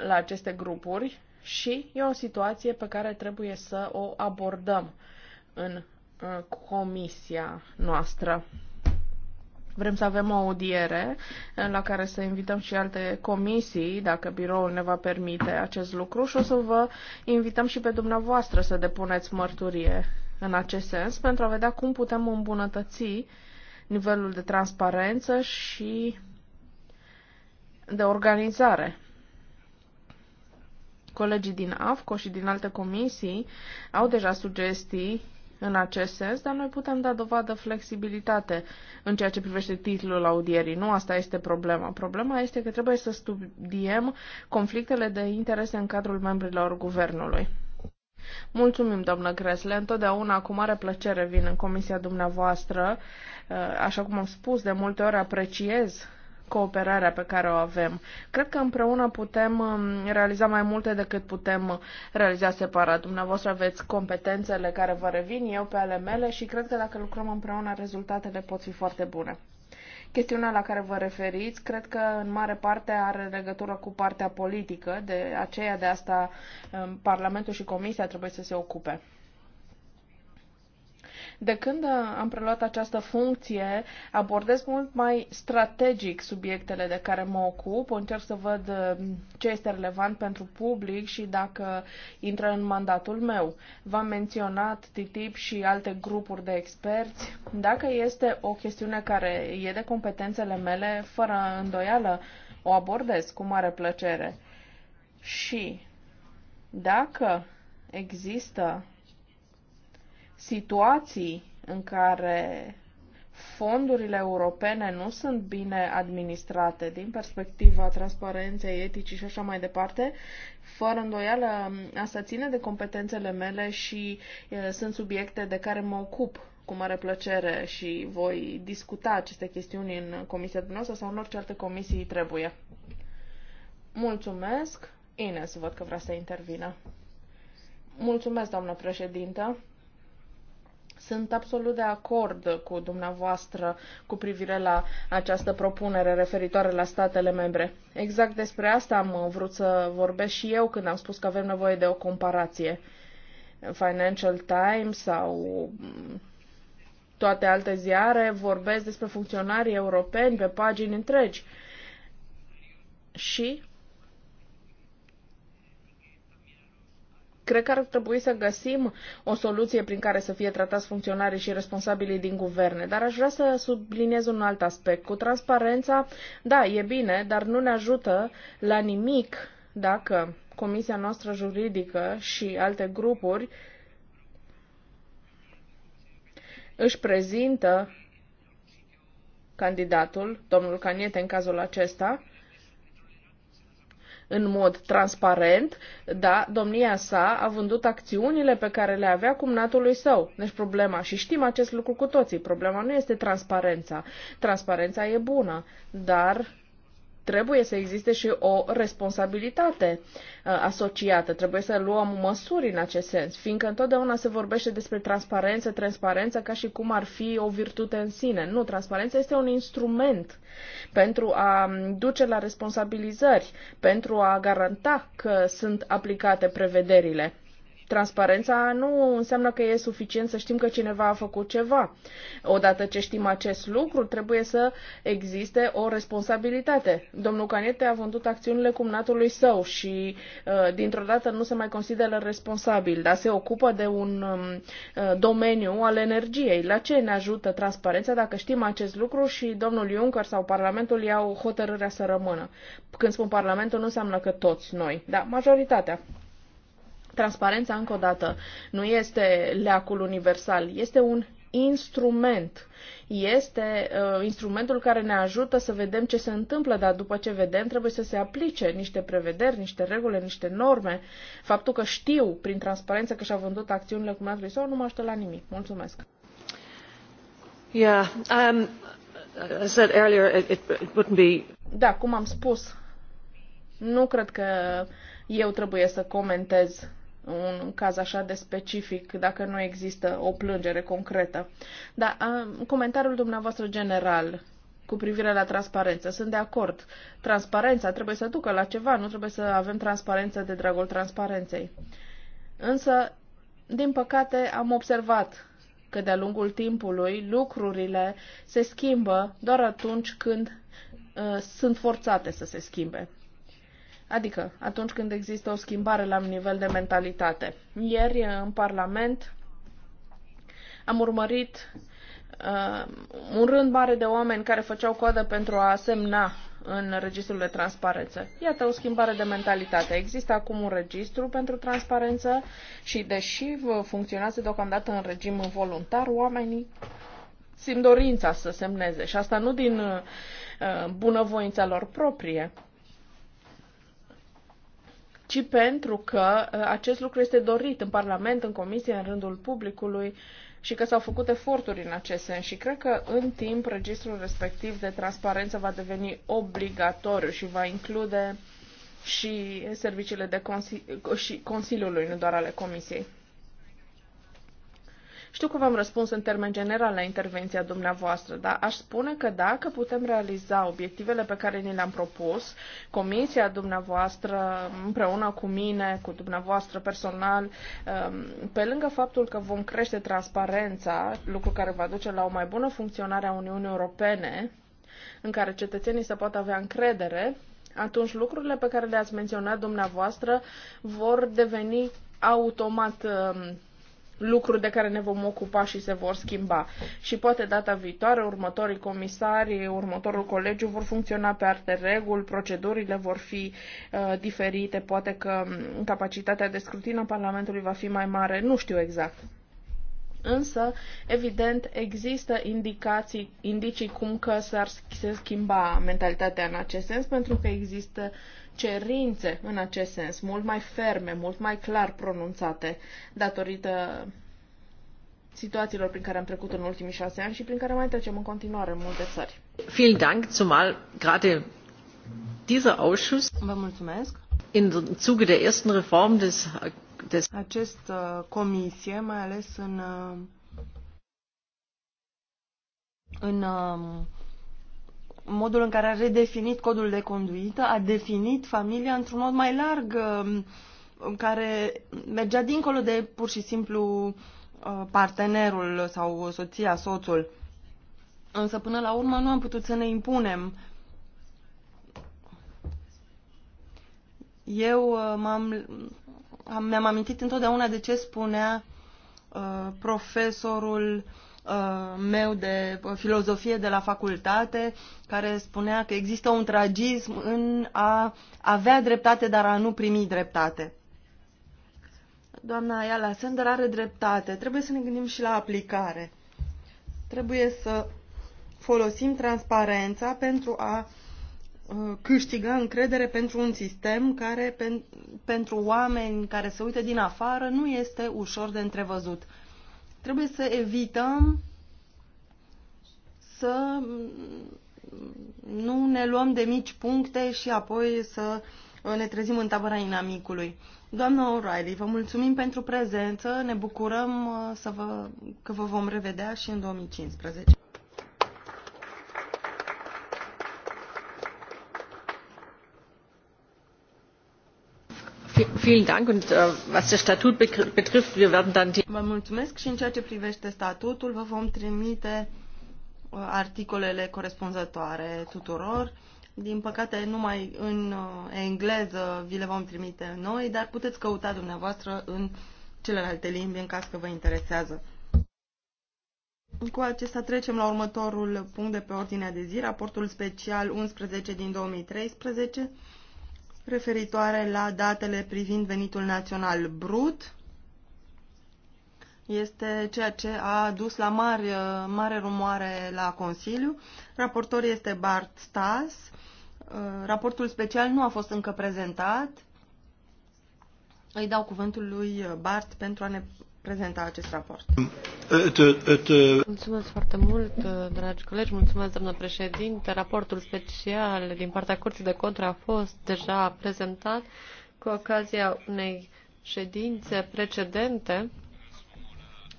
la aceste grupuri și e o situație pe care trebuie să o abordăm în comisia noastră. Vrem să avem o audiere eh, la care să invităm și alte comisii, dacă biroul ne va permite acest lucru, și o să vă invităm și pe dumneavoastră să depuneți mărturie în acest sens pentru a vedea cum putem îmbunătăți nivelul de transparență și de organizare colegii din AFCO și din alte comisii au deja sugestii în acest sens, dar noi putem da dovadă flexibilitate în ceea ce privește titlul audierii. Nu asta este problema. Problema este că trebuie să studiem conflictele de interese în cadrul membrilor guvernului. Mulțumim, doamnă Gresle. Întotdeauna cu mare plăcere vin în comisia dumneavoastră. Așa cum am spus, de multe ori apreciez cooperarea pe care o avem. Cred că împreună putem um, realiza mai multe decât putem uh, realiza separat. Dumneavoastră aveți competențele care vă revin, eu pe ale mele și cred că dacă lucrăm împreună, rezultatele pot fi foarte bune. Chestiunea la care vă referiți, cred că în mare parte are legătură cu partea politică, de aceea de asta um, Parlamentul și Comisia trebuie să se ocupe. De când uh, am preluat această funcție, abordez mult mai strategic subiectele de care mă ocup, încerc să văd uh, ce este relevant pentru public și dacă intră în mandatul meu. V-am menționat TTIP și alte grupuri de experți. Dacă este o chestiune care e de competențele mele, fără îndoială, o abordez cu mare plăcere. Și dacă există situații în care fondurile europene nu sunt bine administrate din perspectiva transparenței, eticii și așa mai departe, fără îndoială asta ține de competențele mele și e, sunt subiecte de care mă ocup cu mare plăcere și voi discuta aceste chestiuni în comisia dumneavoastră sau în orice alte comisii trebuie. Mulțumesc. Ines, văd că vrea să intervină. Mulțumesc, doamnă președintă. Sunt absolut de acord cu dumneavoastră cu privire la această propunere referitoare la statele membre. Exact despre asta am vrut să vorbesc și eu când am spus că avem nevoie de o comparație. Financial Times sau toate alte ziare vorbesc despre funcționarii europeni pe pagini întregi. Și Cred că ar trebui să găsim o soluție prin care să fie tratați funcționarii și responsabilii din guverne, dar aș vrea să subliniez un alt aspect. Cu transparența, da, e bine, dar nu ne ajută la nimic dacă Comisia noastră juridică și alte grupuri își prezintă candidatul, domnul Caniete în cazul acesta, în mod transparent, da, domnia sa a vândut acțiunile pe care le avea cumnatului său. Deci problema, și știm acest lucru cu toții, problema nu este transparența. Transparența e bună, dar trebuie să existe și o responsabilitate uh, asociată. Trebuie să luăm măsuri în acest sens, fiindcă întotdeauna se vorbește despre transparență, transparență ca și cum ar fi o virtute în sine. Nu, transparența este un instrument pentru a duce la responsabilizări, pentru a garanta că sunt aplicate prevederile transparența nu înseamnă că e suficient să știm că cineva a făcut ceva. Odată ce știm acest lucru, trebuie să existe o responsabilitate. Domnul Canete a vândut acțiunile cumnatului său și uh, dintr-o dată nu se mai consideră responsabil, dar se ocupă de un um, uh, domeniu al energiei. La ce ne ajută transparența dacă știm acest lucru și domnul Juncker sau Parlamentul iau hotărârea să rămână? Când spun Parlamentul, nu înseamnă că toți noi, dar majoritatea. Transparența, încă o dată, nu este leacul universal, este un instrument. Este uh, instrumentul care ne ajută să vedem ce se întâmplă, dar după ce vedem trebuie să se aplice niște prevederi, niște reguli, niște norme. Faptul că știu prin transparență că și-a vândut acțiunile cumnatului sau nu mă aștept la nimic. Mulțumesc. Yeah, um, I said earlier it, it wouldn't be... Da, cum am spus, nu cred că eu trebuie să comentez un caz așa de specific dacă nu există o plângere concretă. Dar comentariul dumneavoastră general cu privire la transparență. Sunt de acord. Transparența trebuie să ducă la ceva, nu trebuie să avem transparență de dragul transparenței. Însă, din păcate, am observat că de-a lungul timpului lucrurile se schimbă doar atunci când uh, sunt forțate să se schimbe. Adică atunci când există o schimbare la nivel de mentalitate. Ieri în Parlament am urmărit uh, un rând mare de oameni care făceau coadă pentru a semna în registrul de transparență. Iată o schimbare de mentalitate. Există acum un registru pentru transparență și deși funcționează deocamdată în regim voluntar, oamenii simt dorința să semneze și asta nu din uh, bunăvoința lor proprie, ci pentru că uh, acest lucru este dorit în Parlament, în Comisie, în rândul publicului și că s-au făcut eforturi în acest sens și cred că în timp registrul respectiv de transparență va deveni obligatoriu și va include și serviciile de consi- și Consiliului, nu doar ale Comisiei. Știu că v-am răspuns în termen general la intervenția dumneavoastră, dar aș spune că dacă putem realiza obiectivele pe care ni le-am propus, comisia dumneavoastră, împreună cu mine, cu dumneavoastră personal, um, pe lângă faptul că vom crește transparența, lucru care va duce la o mai bună funcționare a Uniunii Europene, în care cetățenii să poată avea încredere, atunci lucrurile pe care le-ați menționat dumneavoastră vor deveni automat um, lucruri de care ne vom ocupa și se vor schimba. Și poate data viitoare, următorii comisari, următorul colegiu vor funcționa pe arte reguli, procedurile vor fi uh, diferite, poate că capacitatea de scrutin a Parlamentului va fi mai mare, nu știu exact. Însă, evident, există indicații, indicii cum că s-ar se schimba mentalitatea în acest sens, pentru că există cerințe în acest sens, mult mai ferme, mult mai clar pronunțate, datorită situațiilor prin care am trecut în ultimii șase ani și prin care mai trecem în continuare în multe țări. Vielen Dank, zumal gerade dieser Ausschuss Vă mulțumesc. in Zuge der ersten Reform des, des Acest uh, comisie, mai ales în uh, în uh, modul în care a redefinit codul de conduită, a definit familia într-un mod mai larg, um, în care mergea dincolo de pur și simplu uh, partenerul sau soția, soțul. Însă până la urmă nu am putut să ne impunem. Eu uh, m-am, am, mi-am amintit întotdeauna de ce spunea uh, profesorul uh, Uh, meu de filozofie de la facultate care spunea că există un tragism în a avea dreptate, dar a nu primi dreptate. Doamna Ayala Sender are dreptate. Trebuie să ne gândim și la aplicare. Trebuie să folosim transparența pentru a uh, câștiga încredere pentru un sistem care, pen, pentru oameni care se uită din afară, nu este ușor de întrevăzut Trebuie să evităm să nu ne luăm de mici puncte și apoi să uh, ne trezim în tabăra inamicului. Doamna O'Reilly, vă mulțumim pentru prezență, ne bucurăm uh, să vă, că vă vom revedea și în 2015. Äh, vă mulțumesc și în ceea ce privește statutul, vă vom trimite uh, articolele corespunzătoare tuturor. Din păcate, numai în uh, engleză vi le vom trimite noi, dar puteți căuta dumneavoastră în celelalte limbi în caz că vă interesează. Cu acesta trecem la următorul punct de pe ordinea de zi, raportul special 11 din 2013, referitoare la datele privind venitul național brut. Este ceea ce a dus la mare, mare rumoare la Consiliu. Raportor este Bart Stas. Raportul special nu a fost încă prezentat. Îi dau cuvântul lui Bart pentru a ne prezenta acest raport. Mulțumesc foarte mult, dragi colegi, mulțumesc, doamnă președinte. Raportul special din partea Curții de Conturi a fost deja prezentat cu ocazia unei ședințe precedente.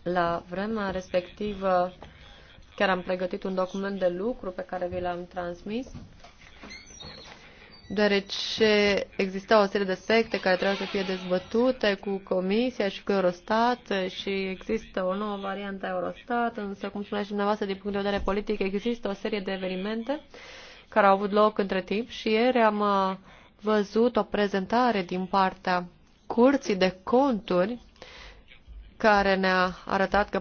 La vremea respectivă chiar am pregătit un document de lucru pe care vi l-am transmis deoarece exista o serie de aspecte care trebuie să fie dezbătute cu Comisia și cu Eurostat și există o nouă variantă a Eurostat, însă, cum și dumneavoastră, din punct de vedere politic, există o serie de evenimente care au avut loc între timp și ieri am uh, văzut o prezentare din partea Curții de Conturi care ne-a arătat că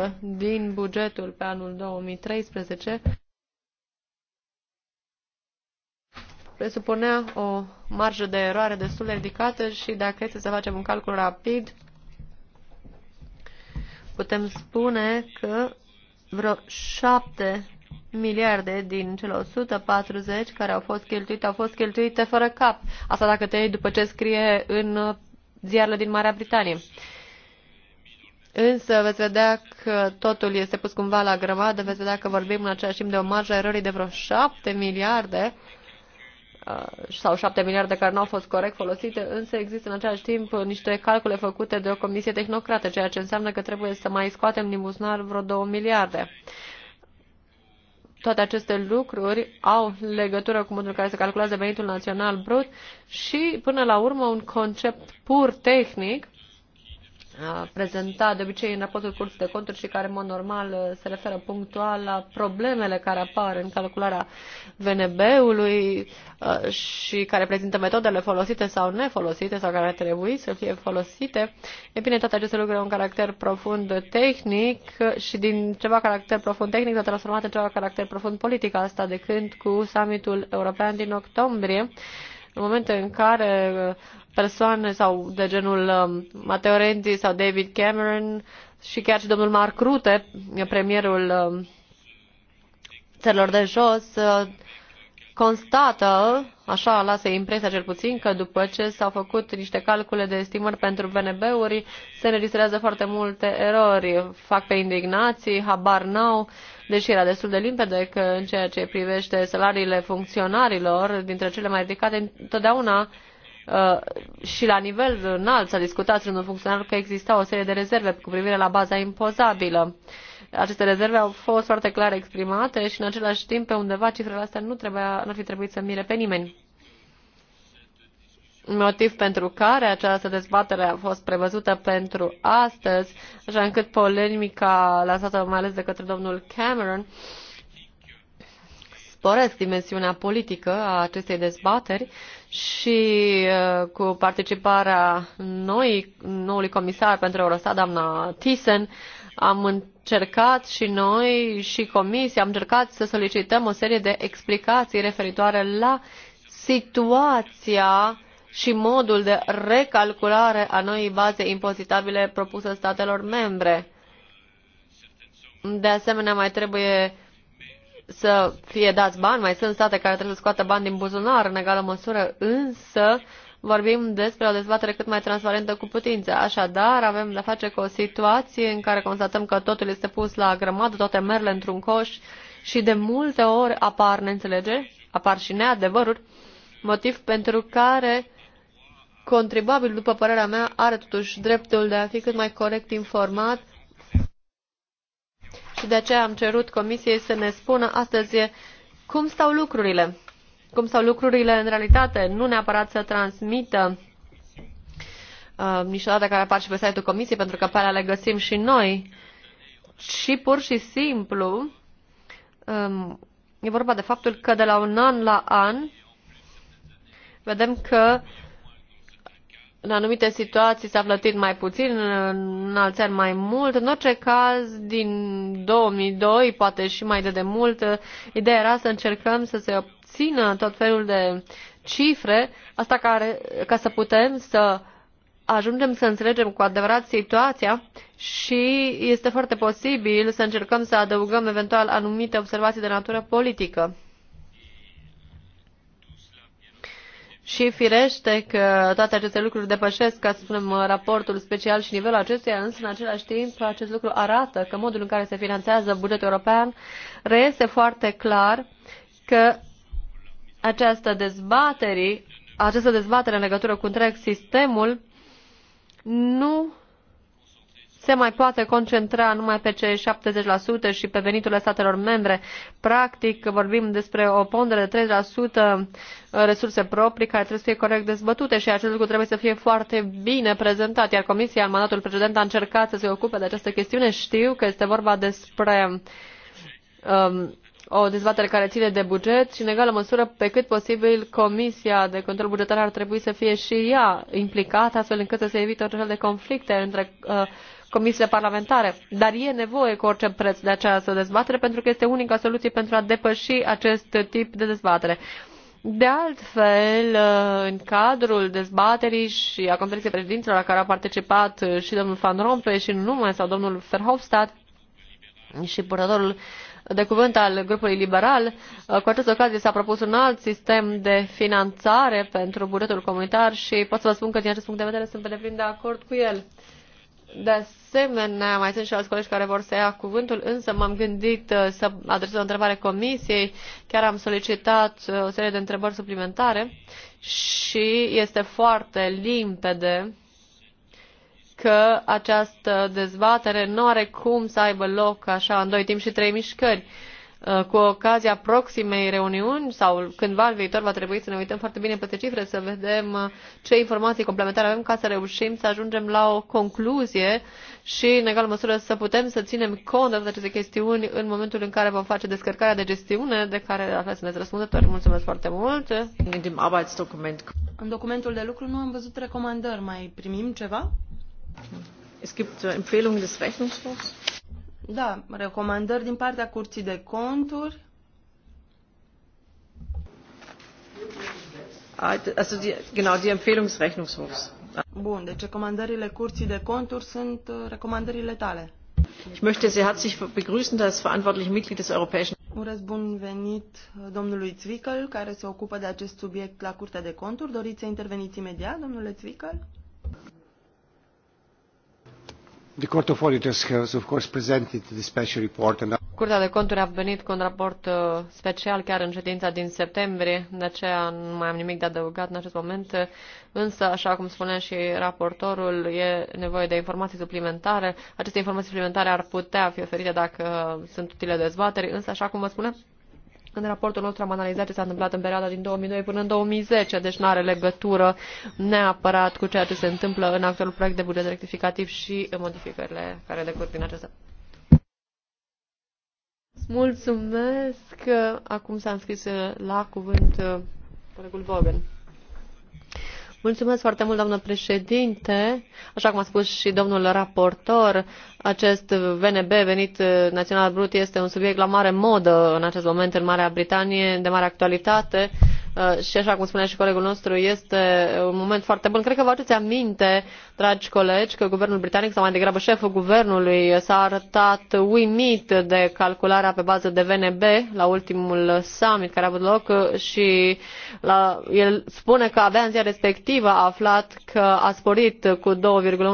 4,7% din bugetul pe anul 2013 presupunea o marjă de eroare destul de ridicată și dacă este să facem un calcul rapid, putem spune că vreo 7 miliarde din cele 140 care au fost cheltuite, au fost cheltuite fără cap. Asta dacă te iei după ce scrie în ziarele din Marea Britanie. Însă veți vedea că totul este pus cumva la grămadă, veți vedea că vorbim în același timp de o marjă a erorii de vreo 7 miliarde, Uh, sau 7 miliarde care nu au fost corect folosite, însă există în același timp niște calcule făcute de o comisie tehnocrată, ceea ce înseamnă că trebuie să mai scoatem din buzunar vreo 2 miliarde. Toate aceste lucruri au legătură cu modul în care se calculează venitul național brut și, până la urmă, un concept pur tehnic prezenta de obicei în raportul Curții de Conturi și care, în mod normal, se referă punctual la problemele care apar în calcularea VNB-ului și care prezintă metodele folosite sau nefolosite sau care ar trebui să fie folosite. E bine, toate aceste lucruri au un caracter profund tehnic și din ceva caracter profund tehnic s-a transformat în ceva caracter profund politic asta de când cu summitul european din octombrie în momentul în care persoane sau de genul um, Matteo Renzi sau David Cameron și chiar și domnul Mark Rutte, premierul um, țărilor de jos, uh, constată, așa lasă impresia cel puțin, că după ce s-au făcut niște calcule de estimări pentru VNB-uri, se înregistrează foarte multe erori. Fac pe indignații, habar n-au, deși era destul de limpede că în ceea ce privește salariile funcționarilor, dintre cele mai ridicate, întotdeauna Uh, și la nivel înalt s-a discutat în funcționar că exista o serie de rezerve cu privire la baza impozabilă. Aceste rezerve au fost foarte clar exprimate și în același timp pe undeva cifrele astea nu trebuia, nu ar fi trebuit să mire pe nimeni motiv pentru care această dezbatere a fost prevăzută pentru astăzi, așa încât polemica lansată mai ales de către domnul Cameron sporesc dimensiunea politică a acestei dezbateri și uh, cu participarea noi, noului comisar pentru Eurostat, doamna Thyssen, am încercat și noi și comisia, am încercat să solicităm o serie de explicații referitoare la situația și modul de recalculare a noii baze impozitabile propuse statelor membre. De asemenea, mai trebuie să fie dați bani, mai sunt state care trebuie să scoată bani din buzunar în egală măsură, însă vorbim despre o dezbatere cât mai transparentă cu putință. Așadar, avem de-a face cu o situație în care constatăm că totul este pus la grămadă, toate merle într-un coș și de multe ori apar neînțelegeri, apar și neadevăruri, motiv pentru care contribuabil, după părerea mea, are totuși dreptul de a fi cât mai corect informat și de aceea am cerut Comisiei să ne spună astăzi cum stau lucrurile. Cum stau lucrurile în realitate, nu neapărat să transmită uh, niște date care apar și pe site-ul Comisiei, pentru că pe alea le găsim și noi, Și pur și simplu um, e vorba de faptul că de la un an la an vedem că în anumite situații s-a plătit mai puțin, în alți ani mai mult. În orice caz, din 2002, poate și mai de demult, ideea era să încercăm să se obțină tot felul de cifre, asta care, ca să putem să ajungem să înțelegem cu adevărat situația și este foarte posibil să încercăm să adăugăm eventual anumite observații de natură politică. Și firește că toate aceste lucruri depășesc, ca să spunem, raportul special și nivelul acestuia, însă în același timp acest lucru arată că modul în care se finanțează bugetul european reiese foarte clar că această dezbatere, această dezbatere în legătură cu întreg sistemul nu se mai poate concentra numai pe cei 70% și pe veniturile statelor membre. Practic vorbim despre o pondere de 30% uh, resurse proprii care trebuie să fie corect dezbătute și acest lucru trebuie să fie foarte bine prezentat. Iar Comisia în mandatul precedent a încercat să se ocupe de această chestiune. Știu că este vorba despre um, o dezbatere care ține de buget și, în egală măsură, pe cât posibil, Comisia de Control Bugetar ar trebui să fie și ea implicată, astfel încât să se evite orice fel de conflicte între uh, comisiile parlamentare. Dar e nevoie cu orice pre de această dezbatere pentru că este unica soluție pentru a depăși acest tip de dezbatere. De altfel, în cadrul dezbaterii și a conferinei preedinilor la care a participat și domnul Van Rompuy și nu numai, sau domnul Verhofstadt și purtătorul de cuvânt al grupului liberal. Cu această ocazie s-a propus un alt sistem de finanțare pentru bugetul comunitar și pot să vă spun că din acest punct de vedere sunt pe deplin de acord cu el. De asemenea, mai sunt și alți colegi care vor să ia cuvântul, însă m-am gândit uh, să adresez o întrebare comisiei, chiar am solicitat uh, o serie de întrebări suplimentare și este foarte limpede că această dezbatere nu are cum să aibă loc așa în doi timp și trei mișcări. Uh, Uh, cu ocazia proximei reuniuni sau cândva în viitor va trebui să ne uităm foarte bine peste cifre, să vedem uh, ce informații complementare avem ca să reușim să ajungem la o concluzie și, în egală măsură, să putem să ținem cont de aceste chestiuni în momentul în care vom face descărcarea de gestiune, de care aveți ne răspundători. Mulțumesc foarte mult! În documentul de lucru nu am văzut recomandări. Mai primim ceva? Es gibt uh, Empfehlungen des Rechnungshofs. Da, recomandări din partea Curții de Conturi. Ah, also die, genau, die Empfehlung des Rechnungshofs. Bun, deci recomandările Curții de Conturi sunt uh, recomandările tale. Ich möchte sehr herzlich begrüßen das verantwortliche Mitglied des Europäischen Urez bun venit uh, domnului Zwickel, care se ocupă de acest subiect la Curtea de Conturi. Doriți să interveniți imediat, domnule Zwickel? Curtea de conturi a venit cu un raport uh, special chiar în ședința din septembrie, de aceea nu mai am nimic de adăugat în acest moment, însă, așa cum spunea și raportorul, e nevoie de informații suplimentare. Aceste informații suplimentare ar putea fi oferite dacă sunt utile dezbateri, însă, așa cum vă spuneam, în raportul nostru am analizat ce s-a întâmplat în perioada din 2002 până în 2010, deci nu are legătură neapărat cu ceea ce se întâmplă în actualul proiect de buget rectificativ și modificările care decurg din acesta. Mulțumesc! Acum s-a înscris la cuvânt colegul Vogel. Mulțumesc foarte mult, doamnă președinte. Așa cum a spus și domnul raportor, acest VNB, venit național brut, este un subiect la mare modă în acest moment în Marea Britanie, de mare actualitate. Uh, și așa cum spunea și colegul nostru, este un moment foarte bun. Cred că vă aduceți aminte, dragi colegi, că guvernul britanic, sau mai degrabă șeful guvernului, s-a arătat uimit de calcularea pe bază de VNB la ultimul summit care a avut loc și la, el spune că avea în ziua respectivă a aflat că a sporit cu 2,1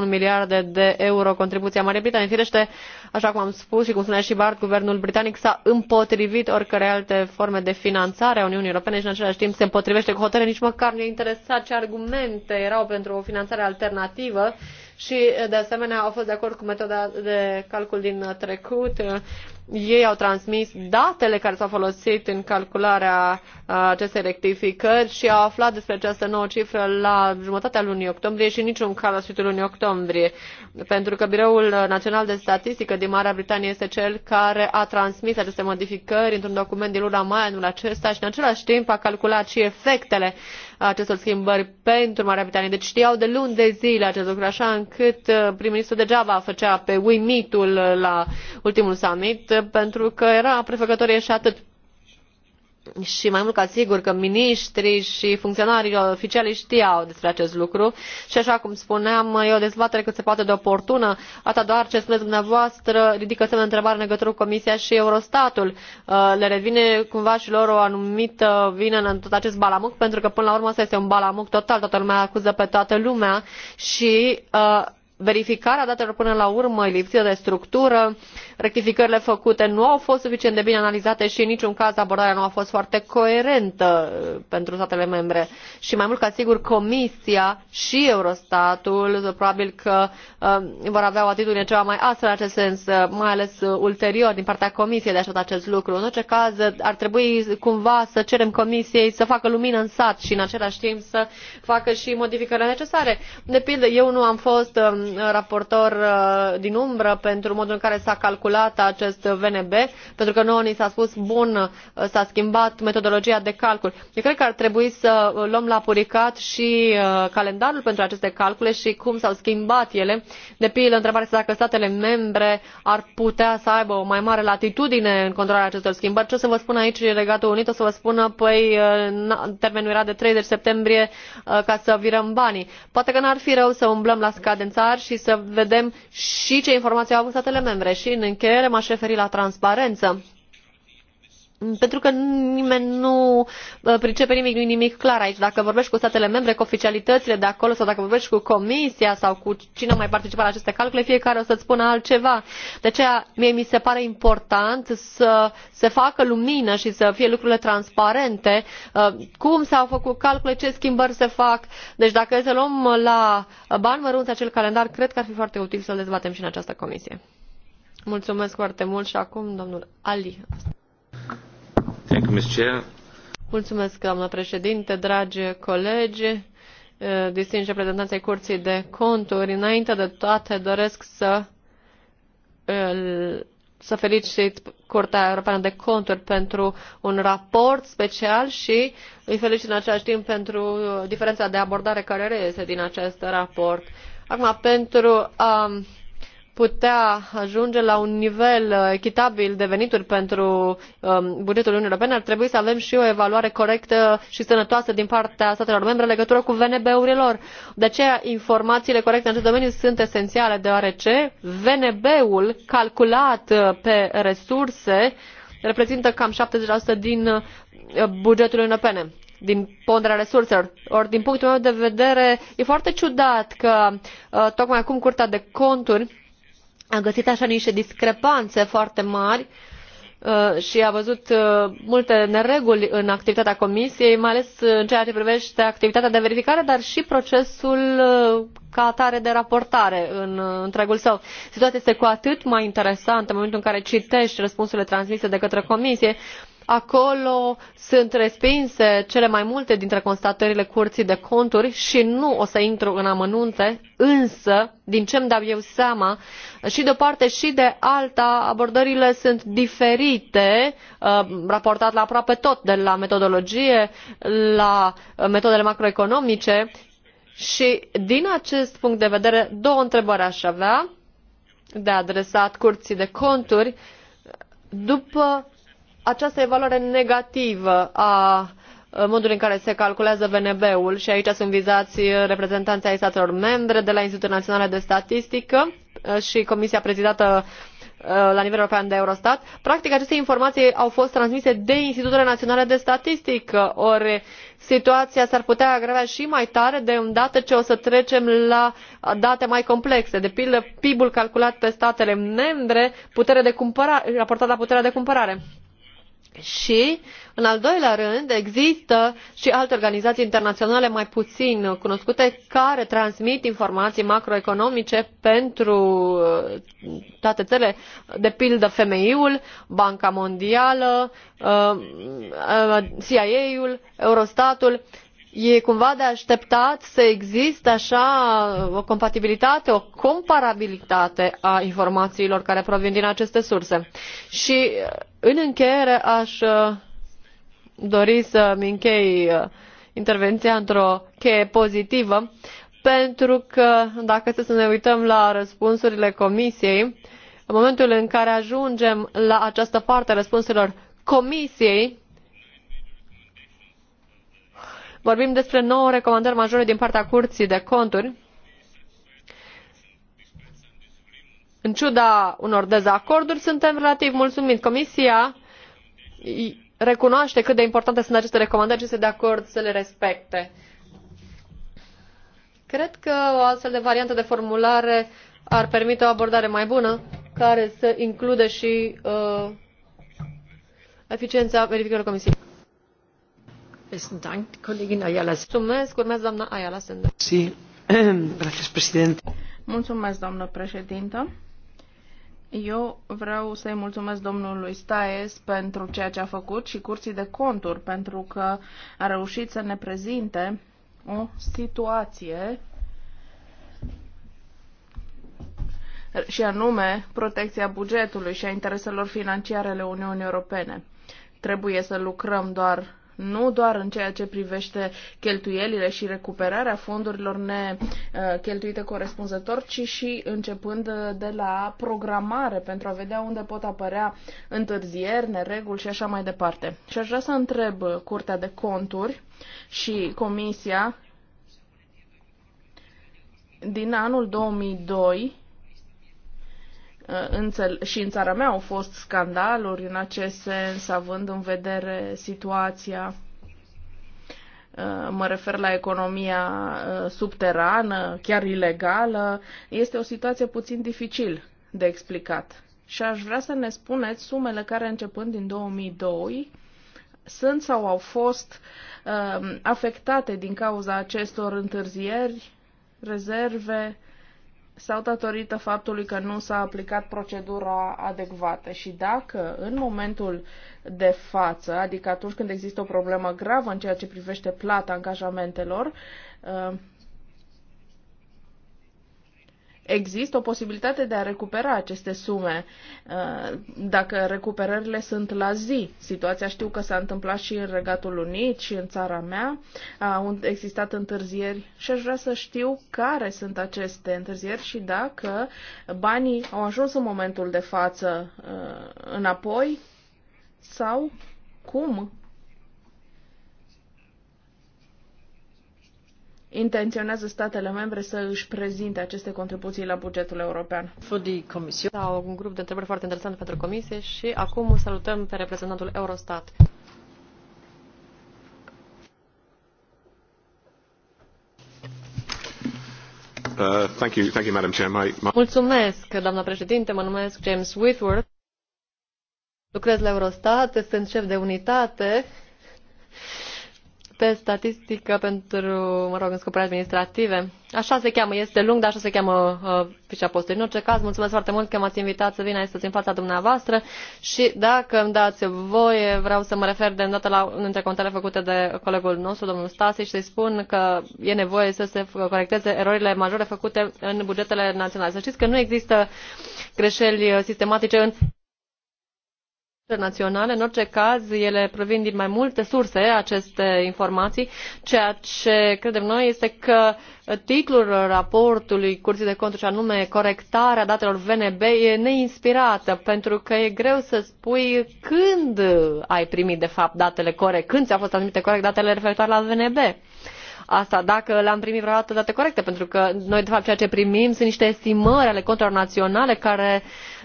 miliarde de euro contribuția Marii Britanii. Firește, așa cum am spus și cum spunea și Bart, guvernul britanic s-a împotrivit oricărei alte forme de finanțare a Uniunii Europene și în același timp Parlament se împotrivește cu hotărâre, nici măcar nu e interesat ce argumente erau pentru o finanțare alternativă și, de asemenea, au fost de acord cu metoda de calcul din trecut ei au transmis datele care s au folosit în calcularea acestei rectificări și au aflat despre această nouă cifră la jumătatea lunii octombrie și în niciun caz la sfârșitul lunii octombrie pentru că biroul național de statistică din marea britanie este cel care a transmis aceste modificări într un document din luna mai anul acesta și în același timp a calculat și efectele acestor schimbări pentru marea britanie deci știau de luni de zile acest lucru așa încât uh, prim ministru degeaba făcea pe uimitul la ultimul summit pentru că era prefăcătorie și atât. Și mai mult ca sigur că miniștrii și funcționarii oficiali știau despre acest lucru și așa cum spuneam, e o dezbatere cât se poate de oportună, asta doar ce spuneți dumneavoastră ridică semne întrebare în cu Comisia și Eurostatul. Uh, le revine cumva și lor o anumită vină în tot acest balamuc, pentru că până la urmă asta este un balamuc total, toată lumea acuză pe toată lumea și uh, verificarea datelor până la urmă e lipsită de structură rectificările făcute nu au fost suficient de bine analizate și în niciun caz abordarea nu a fost foarte coerentă uh, pentru statele membre și mai mult ca sigur comisia și eurostatul uh, probabil că uh, vor avea o atitudine ceva mai aspră în acest sens mai ales ulterior din partea comisiei de așteptat acest lucru. în orice caz ar trebui cumva să cerem comisiei să facă lumină în sat și în același timp să facă și modificările necesare. de pildă eu nu am fost um, raportor uh, din umbră pentru modul în care s a calculat acest vnb pentru că nouă ni s a spus bun uh, s a schimbat metodologia de calcul. eu cred că ar trebui să uh, luăm la puricat și calendarul pentru aceste calcule și cum s au schimbat ele de pildă întrebarea este dacă statele membre ar putea să aibă o mai mare latitudine în controlarea acestor schimbări. ce o să vă spun aici regatul unit o să vă spună păi termenul era de treizeci septembrie ca să virăm banii. poate că n ar fi rău să umblăm la scadențare clar și să vedem și ce informații au avut statele membre. Și în încheiere m-aș referi la transparență pentru că nimeni nu pricepe nimic, nu e nimic clar aici. Dacă vorbești cu statele membre, cu oficialitățile de acolo sau dacă vorbești cu comisia sau cu cine mai participat la aceste calcule, fiecare o să-ți spună altceva. De aceea, mie mi se pare important să se facă lumină și să fie lucrurile transparente, cum s-au făcut calcule, ce schimbări se fac. Deci dacă să luăm la bani mărunți acel calendar, cred că ar fi foarte util să-l dezbatem și în această comisie. Mulțumesc foarte mult și acum domnul Ali. Mulțumesc, doamnă președinte, dragi colegi, eh, distinși reprezentanții Curții de Conturi. Înainte de toate, doresc să eh, să felicit Curtea Europeană de Conturi pentru un raport special și îi felicit în același timp pentru diferența de abordare care reiese din acest raport. Acum, pentru a um, putea ajunge la un nivel uh, echitabil de venituri pentru um, bugetul uniunii europene ar trebui să avem și o evaluare corectă și sănătoasă din partea statelor membre în legătură cu vnb urile lor. de aceea informațiile corecte în acest domeniu sunt esențiale deoarece vnb ul calculat uh, pe resurse reprezintă cam șaptezeci din uh, bugetul uniunii europene din ponderea resurselor. Ori, din punctul meu de vedere, e foarte ciudat că tocmai acum Curtea de Conturi a găsit așa niște discrepanțe foarte mari uh, și a văzut uh, multe nereguli în activitatea comisiei mai ales uh, în ceea ce privește activitatea de verificare dar și procesul ca atare de raportare în întregul său. situația este cu atât mai interesantă în momentul în care citești răspunsurile transmise de către comisie acolo sunt respinse cele mai multe dintre constatările curții de conturi și nu o să intru în amănunte însă din ce îmi dau eu seama și de o parte și de alta abordările sunt diferite uh, raportat la aproape tot de la metodologie la uh, metodele macroeconomice și din acest punct de vedere două întrebări aș avea de adresat curții de conturi după această evaluare negativă a modului în care se calculează vnb ul și aici sunt vizați reprezentanții ai statelor membre de la institutul național de statistică și comisia prezidată la nivel european de eurostat practic aceste informații au fost transmise de institutele naționale de statistică ori situația s ar putea agrava și mai tare de îndată ce o să trecem la date mai complexe de pildă pib ul calculat pe statele membre putere de cumpărare, raportat la puterea de cumpărare și, în al doilea rând, există și alte organizații internaționale mai puțin cunoscute care transmit informații macroeconomice pentru uh, toate țările, de pildă FMI-ul, Banca Mondială, uh, uh, CIA-ul, Eurostatul e cumva de așteptat să existe așa o compatibilitate, o comparabilitate a informațiilor care provin din aceste surse. Și în încheiere aș uh, dori să-mi închei uh, intervenția într-o cheie pozitivă, pentru că dacă să ne uităm la răspunsurile Comisiei, în momentul în care ajungem la această parte a răspunsurilor Comisiei, Vorbim despre nouă recomandări majore din partea Curții de Conturi. În ciuda unor dezacorduri, suntem relativ mulțumiți. Comisia recunoaște cât de importante sunt aceste recomandări și este de acord să le respecte. Cred că o astfel de variantă de formulare ar permite o abordare mai bună, care să includă și uh, eficiența verificărilor comisiei. Mulțumesc, președinte. doamnă președintă. Eu vreau să-i mulțumesc domnului Staes pentru ceea ce a făcut și curții de conturi pentru că a reușit să ne prezinte o situație și anume protecția bugetului și a intereselor financiare ale Uniunii Europene. Trebuie să lucrăm doar nu doar în ceea ce privește cheltuielile și recuperarea fondurilor necheltuite uh, corespunzător, ci și începând uh, de la programare pentru a vedea unde pot apărea întârzieri, nereguli și așa mai departe. Și aș vrea să întreb uh, Curtea de Conturi și Comisia din anul 2002 Uh, și în țara mea au fost scandaluri în acest sens, având în vedere situația. Uh, mă refer la economia uh, subterană, chiar ilegală. Este o situație puțin dificil de explicat. Și aș vrea să ne spuneți sumele care, începând din 2002, sunt sau au fost afectate din cauza acestor întârzieri, rezerve, uh, sau datorită faptului că nu s-a aplicat procedura adecvată. Și dacă în momentul de față, adică atunci când există o problemă gravă în ceea ce privește plata angajamentelor, uh, există o posibilitate de a recupera aceste sume uh, dacă recuperările sunt la zi. Situația știu că s-a întâmplat și în Regatul Unit și în țara mea. Au existat întârzieri și aș vrea să știu care sunt aceste întârzieri și dacă banii au ajuns în momentul de față uh, înapoi sau cum intenționează statele membre să își prezinte aceste contribuții la bugetul european. Da, un grup de întrebări foarte interesant pentru comisie și acum salutăm pe reprezentantul Eurostat. Uh, thank you, thank you, Madam Chair. My, my... Mulțumesc, doamna președinte. Mă numesc James Whitworth. Lucrez la Eurostat, sunt șef de unitate pe statistică pentru, mă rog, scopuri administrative. Așa se cheamă, este lung, dar așa se cheamă uh, fișa postului. În orice caz, mulțumesc foarte mult că m-ați invitat să vin astăzi în fața dumneavoastră și dacă îmi dați voie, vreau să mă refer de îndată la unul dintre contele făcute de colegul nostru, domnul Stasi, și să-i spun că e nevoie să se corecteze erorile majore făcute în bugetele naționale. Să știți că nu există greșeli uh, sistematice în naționale, în orice caz, ele provin din mai multe surse, aceste informații. Ceea ce credem noi este că titlul raportului Curții de Conturi, și anume corectarea datelor VNB, e neinspirată, pentru că e greu să spui când ai primit, de fapt, datele corect, când ți-au fost transmite corect datele referitoare la VNB asta dacă le am primit vreodată date corecte pentru că noi de fapt ceea ce primim sunt niște estimări ale conturilor naționale care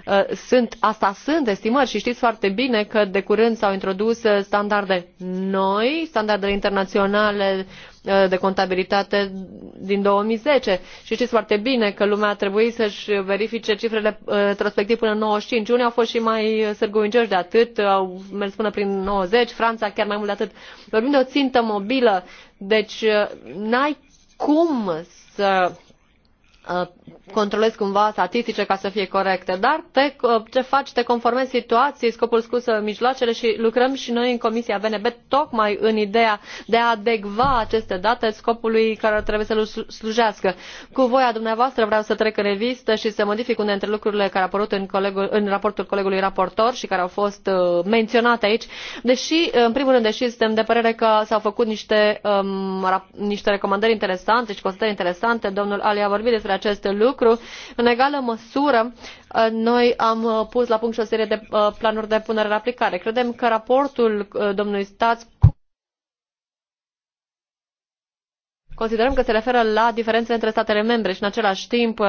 Uh, sunt, asta sunt estimări și știți foarte bine că de curând s-au introdus uh, standarde noi, standardele internaționale uh, de contabilitate din 2010 și știți foarte bine că lumea a trebuit să-și verifice cifrele retrospectiv până în cinci Unii au fost și mai sârguincioși de atât, au mers până prin 90, Franța chiar mai mult de atât. Vorbim de o țintă mobilă, deci n-ai cum să Uh, controlezi cumva statistice ca să fie corecte, dar te, uh, ce faci, te conformezi situației, scopul scusă uh, mijloacele și lucrăm și noi în Comisia BNB tocmai în ideea de a adecva aceste date scopului care trebuie să le slujească. Cu voia dumneavoastră vreau să trec în revistă și să modific unele dintre lucrurile care au apărut în, colegul, în raportul colegului raportor și care au fost menționate aici, deși, în primul rând, deși suntem de părere că s-au făcut niște, um, niște recomandări interesante și constatări interesante, domnul Ali a vorbit despre acest lucru. În egală măsură, uh, noi am uh, pus la punct și o serie de uh, planuri de punere în aplicare. Credem că raportul domnului Stați considerăm că se referă la diferențele între statele membre și în același timp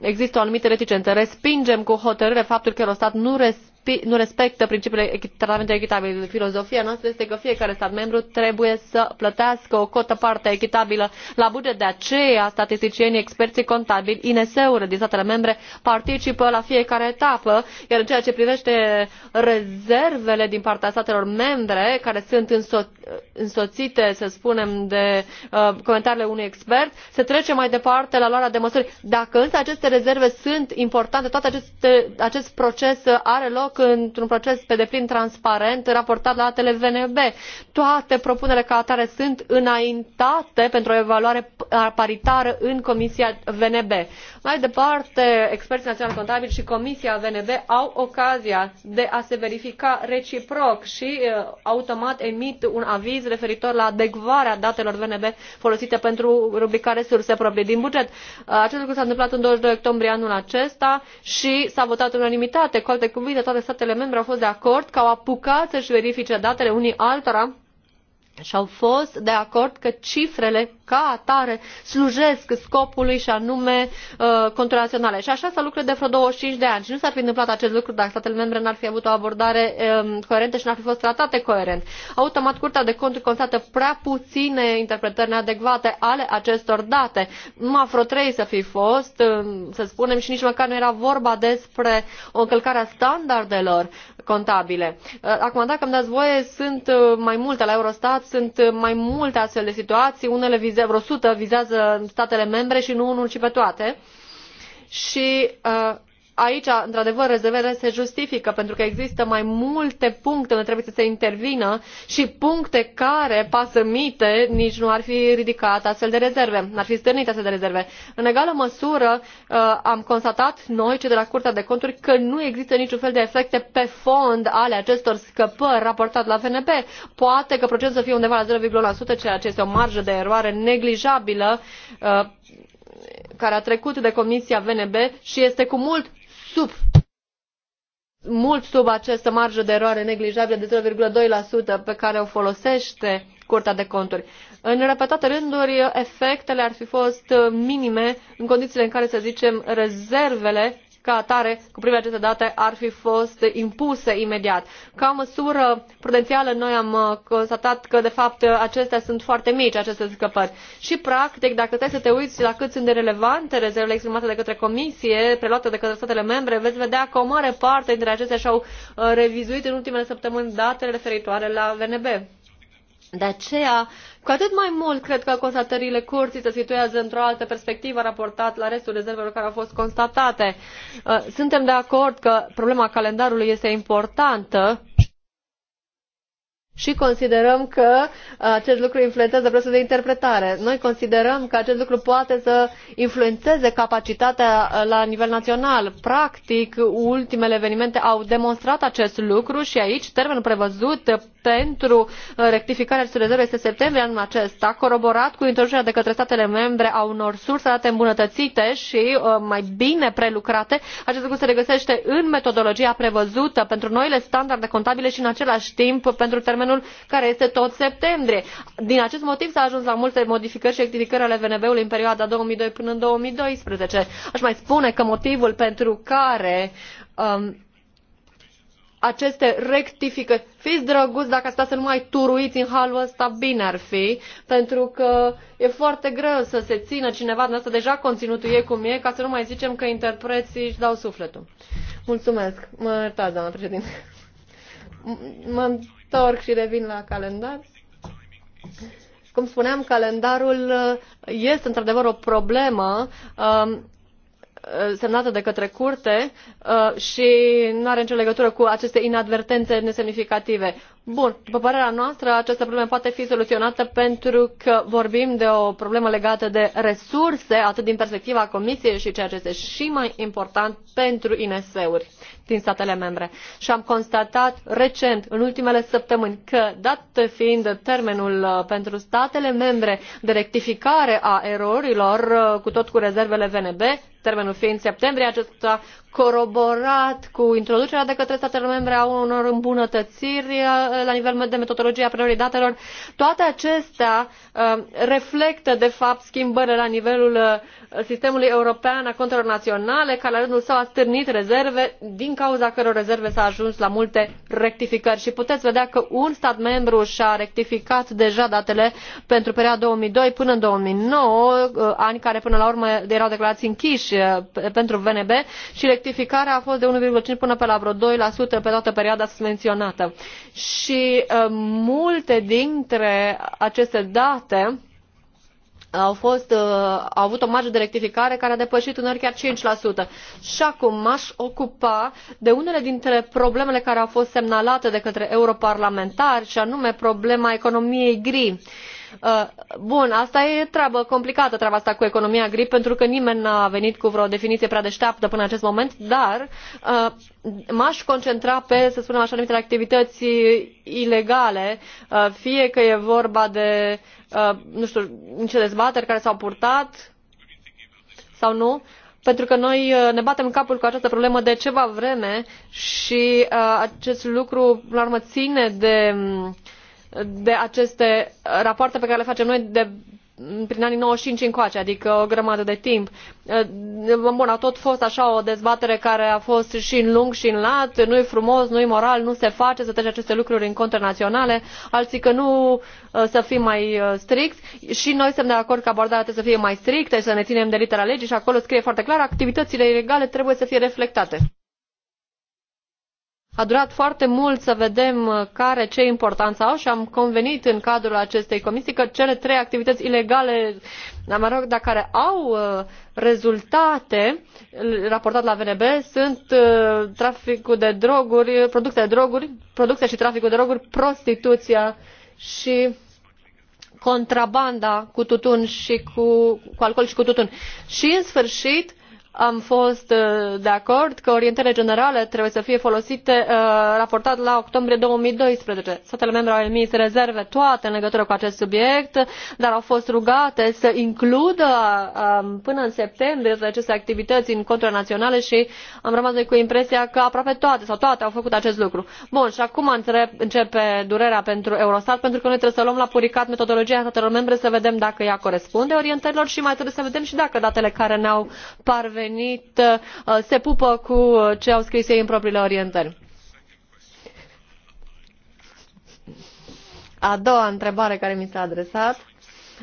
există o anumită reticență. respingem cu hotărâre faptul că eurostat nu respectă nu respectă principiul tratamentului echitabil. filozofia noastră este că fiecare stat membru trebuie să plătească o cotă parte echitabilă la buget de aceea statisticienii experții contabili ins urile din statele membre participă la fiecare etapă iar în ceea ce privește rezervele din partea statelor membre care sunt înso- însoțite să spunem de uh, comentariile unui expert se trece mai departe la luarea de măsuri. dacă însă aceste rezerve sunt importante tot acest proces are loc loc într-un proces pe deplin transparent raportat la actele VNB. Toate propunerile ca atare sunt înaintate pentru o evaluare paritară în Comisia VNB. Mai departe, experții naționali contabili și Comisia VNB au ocazia de a se verifica reciproc și uh, automat emit un aviz referitor la adecvarea datelor VNB folosite pentru rubrica resurse proprii din buget. Uh, acest lucru s-a întâmplat în 22 octombrie anul acesta și s-a votat în unanimitate. Cu alte cuvinte, care statele membre au fost de acord că au apucat să și verifice datele unii altora și au fost de acord că cifrele ca atare slujesc scopului și anume uh, contranaționale. Și așa s-a lucrat de vreo 25 de ani. Și nu s-ar fi întâmplat acest lucru dacă statele membre n-ar fi avut o abordare um, coerentă și n-ar fi fost tratate coerent. Automat Curtea de Conturi constată prea puține interpretări neadecvate ale acestor date. Numai vreo trei să fi fost, um, să spunem, și nici măcar nu era vorba despre o încălcare a standardelor contabile. Uh, acum, dacă îmi dați voie, sunt uh, mai multe la Eurostat, sunt uh, mai multe astfel de situații, unele vizează de vreo 100 vizează statele membre și nu unul, ci pe toate. Și uh, aici, într-adevăr, rezervele se justifică pentru că există mai multe puncte unde trebuie să se intervină și puncte care, pasămite, nici nu ar fi ridicat astfel de rezerve, ar fi stârnit astfel de rezerve. În egală măsură, uh, am constatat noi, cei de la Curtea de Conturi, că nu există niciun fel de efecte pe fond ale acestor scăpări raportat la VNB. Poate că procentul să fie undeva la 0,1%, ceea ce este o marjă de eroare neglijabilă uh, care a trecut de comisia vnb și este cu mult sub mult sub această marjă de eroare neglijabilă de 0,2% pe care o folosește Curtea de Conturi. În repetate rânduri, efectele ar fi fost minime în condițiile în care, să zicem, rezervele ca atare cu privire la aceste date ar fi fost impuse imediat. Ca măsură prudențială noi am uh, constatat că de fapt acestea sunt foarte mici, aceste scăpări. Și practic, dacă trebuie să te uiți la cât sunt de relevante rezervele exprimate de către Comisie, preluate de către statele membre, veți vedea că o mare parte dintre acestea și-au uh, revizuit în ultimele săptămâni datele referitoare la VNB. De aceea, cu atât mai mult, cred că constatările curții se situează într-o altă perspectivă raportat la restul rezervelor care au fost constatate. Uh, suntem de acord că problema calendarului este importantă și considerăm că uh, acest lucru influențează procesul de interpretare. Noi considerăm că acest lucru poate să influențeze capacitatea uh, la nivel național. Practic, ultimele evenimente au demonstrat acest lucru și aici termenul prevăzut pentru uh, rectificarea acestei rezerve este septembrie anul acesta coroborat cu introducerea de către statele membre a unor surse de date îmbunătățite și uh, mai bine prelucrate acest lucru se regăsește în metodologia prevăzută pentru noile standarde contabile și în același timp pentru termenul care este tot septembrie. din acest motiv s a ajuns la multe modificări și rectificări ale vnb ului în perioada două mii doi până în două mii doisprezece aș mai spune că motivul pentru care um, aceste rectificări. Fiți drăguți, dacă stați să nu mai turuiți în halul ăsta, bine ar fi, pentru că e foarte greu să se țină cineva din asta, deja conținutul e cum e, ca să nu mai zicem că interpreții își dau sufletul. Mulțumesc. Mă iertați, doamna președinte. Mă întorc și revin la calendar. Cum spuneam, calendarul uh, este într-adevăr o problemă. Um, Uh, semnată de către curte uh, și nu are nicio legătură cu aceste inadvertențe nesemnificative. Bun, după părerea noastră, această problemă poate fi soluționată pentru că vorbim de o problemă legată de resurse, atât din perspectiva Comisiei și ceea ce este și mai important pentru INS-uri din statele membre. Și am constatat recent, în ultimele săptămâni, că, dat fiind termenul uh, pentru statele membre de rectificare a erorilor, cu tot cu rezervele VNB, termenul fiind septembrie, acesta coroborat cu introducerea de către statele membre a unor îmbunătățiri uh, la nivel de metodologie a priorii datelor. Toate acestea uh, reflectă, de fapt, schimbările la nivelul uh, sistemului european a contelor naționale, care la rândul său a stârnit rezerve, din cauza căror rezerve s-a ajuns la multe rectificări. Și puteți vedea că un stat membru și-a rectificat deja datele pentru perioada 2002 până în 2009, ani care până la urmă erau declarați închiși deci, eh, pentru VNB și rectificarea a fost de unu cinci până la vreo doi pe toată perioada menționată. Și eh, multe dintre aceste date au, fost, eh, au avut o marjă de rectificare care a depășit uneori chiar 5%. Și acum m-aș ocupa de unele dintre problemele care au fost semnalate de către europarlamentari, și anume problema economiei gri. Uh, bun, asta e treabă complicată, treaba asta cu economia gri, pentru că nimeni n-a venit cu vreo definiție prea deșteaptă până în acest moment, dar uh, m-aș concentra pe, să spunem așa, anumite activități ilegale, uh, fie că e vorba de, nu știu, niște dezbateri care s-au purtat sau nu pentru că noi ne batem capul cu această problemă de ceva vreme și acest lucru, până la urmă, ține de de aceste rapoarte pe care le facem noi de prin anii cinci încoace, adică o grămadă de timp. a tot fost așa o dezbatere care a fost și în lung și în lat, nu-i frumos, nu-i moral, nu se face să treci aceste lucruri în conturi naționale, alții că nu uh, să fim mai uh, strict și noi suntem de acord că abordarea trebuie să fie mai strictă, să ne ținem de litera legii și acolo scrie foarte clar, activitățile ilegale trebuie să fie reflectate a durat foarte mult să vedem uh, care ce importanță au și am convenit în cadrul acestei comisii că cele trei activități ilegale, da, mă rog, dar care au uh, rezultate raportat la VNB sunt uh, traficul de droguri, producția de droguri, producția și traficul de droguri, prostituția și contrabanda cu tutun și cu, cu alcool și cu tutun. Și în sfârșit, am fost uh, de acord că orientările generale trebuie să fie folosite uh, raportat la octombrie. două mii doisprezece statele membre au emis rezerve toate în legătură cu acest subiect dar au fost rugate să includă um, până în septembrie aceste activități în conturile naționale și am rămas cu impresia că aproape toate sau toate au făcut acest lucru. bun și acum începe durerea pentru eurostat pentru că noi trebuie să luăm la puricat metodologia statelor membre să vedem dacă ea corespunde orientărilor și mai trebuie să vedem și dacă datele care ne au parvenit venit uh, se pupă cu uh, ce au scris ei în propriile orientări. A doua întrebare care mi s-a adresat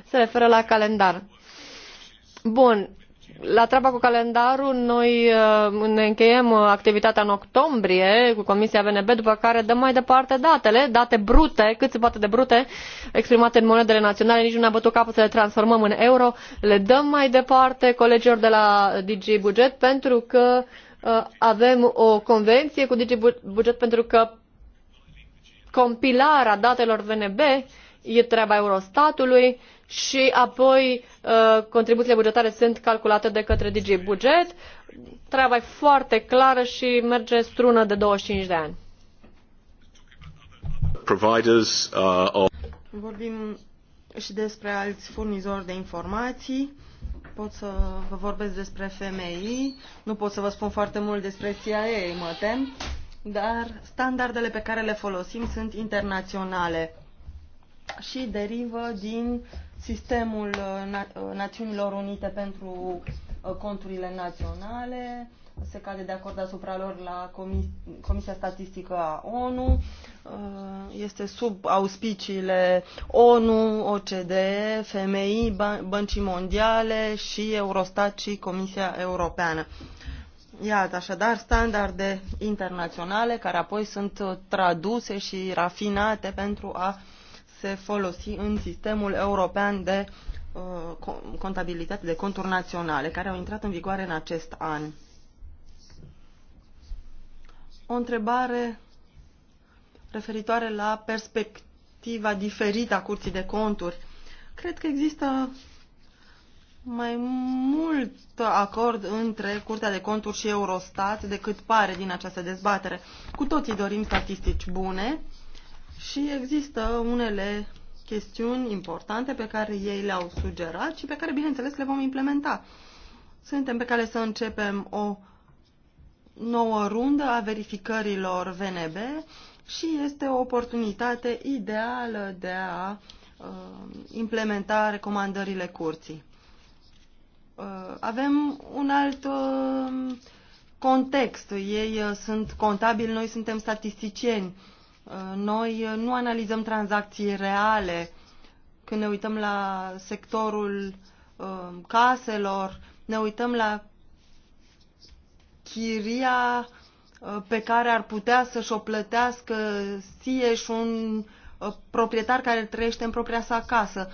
se referă la calendar. Bun, la treaba cu calendarul, noi uh, ne încheiem uh, activitatea în octombrie cu Comisia VNB, după care dăm mai departe datele, date brute, cât se poate de brute, exprimate în monedele naționale, nici nu ne-a bătut capul să le transformăm în euro, le dăm mai departe colegilor de la DG Buget pentru că uh, avem o convenție cu DG Buget pentru că compilarea datelor VNB e treaba Eurostatului, și apoi uh, contribuțiile bugetare sunt calculate de către DG Buget. Treaba e foarte clară și merge strună de 25 de ani. Providers, uh, of... Vorbim și despre alți furnizori de informații. Pot să vă vorbesc despre FMI, nu pot să vă spun foarte mult despre CIA, mă tem, dar standardele pe care le folosim sunt internaționale și derivă din uh, sistemul uh, uh, Națiunilor Unite pentru uh, conturile naționale, se cade de acord asupra lor la Comis Comisia Statistică a ONU, este sub auspiciile ONU, OCDE, FMI, Băncii Mondiale și Eurostat și Comisia Europeană. Iată, așadar, standarde internaționale care apoi sunt traduse și rafinate pentru a uh, se folosi în sistemul european de uh, contabilitate de conturi naționale, care au intrat în vigoare în acest an. O întrebare referitoare la perspectiva diferită a Curții de Conturi. Cred că există mai mult acord între Curtea de Conturi și Eurostat decât pare din această dezbatere. Cu toții dorim statistici bune, și există unele chestiuni importante pe care ei le-au sugerat și pe care, bineînțeles, le vom implementa. Suntem pe cale să începem o nouă rundă a verificărilor VNB și este o oportunitate ideală de a uh, implementa recomandările curții. Uh, avem un alt uh, context. Ei uh, sunt contabili, noi suntem statisticieni. Uh, Uh, noi uh, nu analizăm tranzacții reale. Când ne uităm la sectorul uh, caselor, ne uităm la chiria pe care ar putea să-și o plătească sie și un proprietar care trăiește în propria sa casă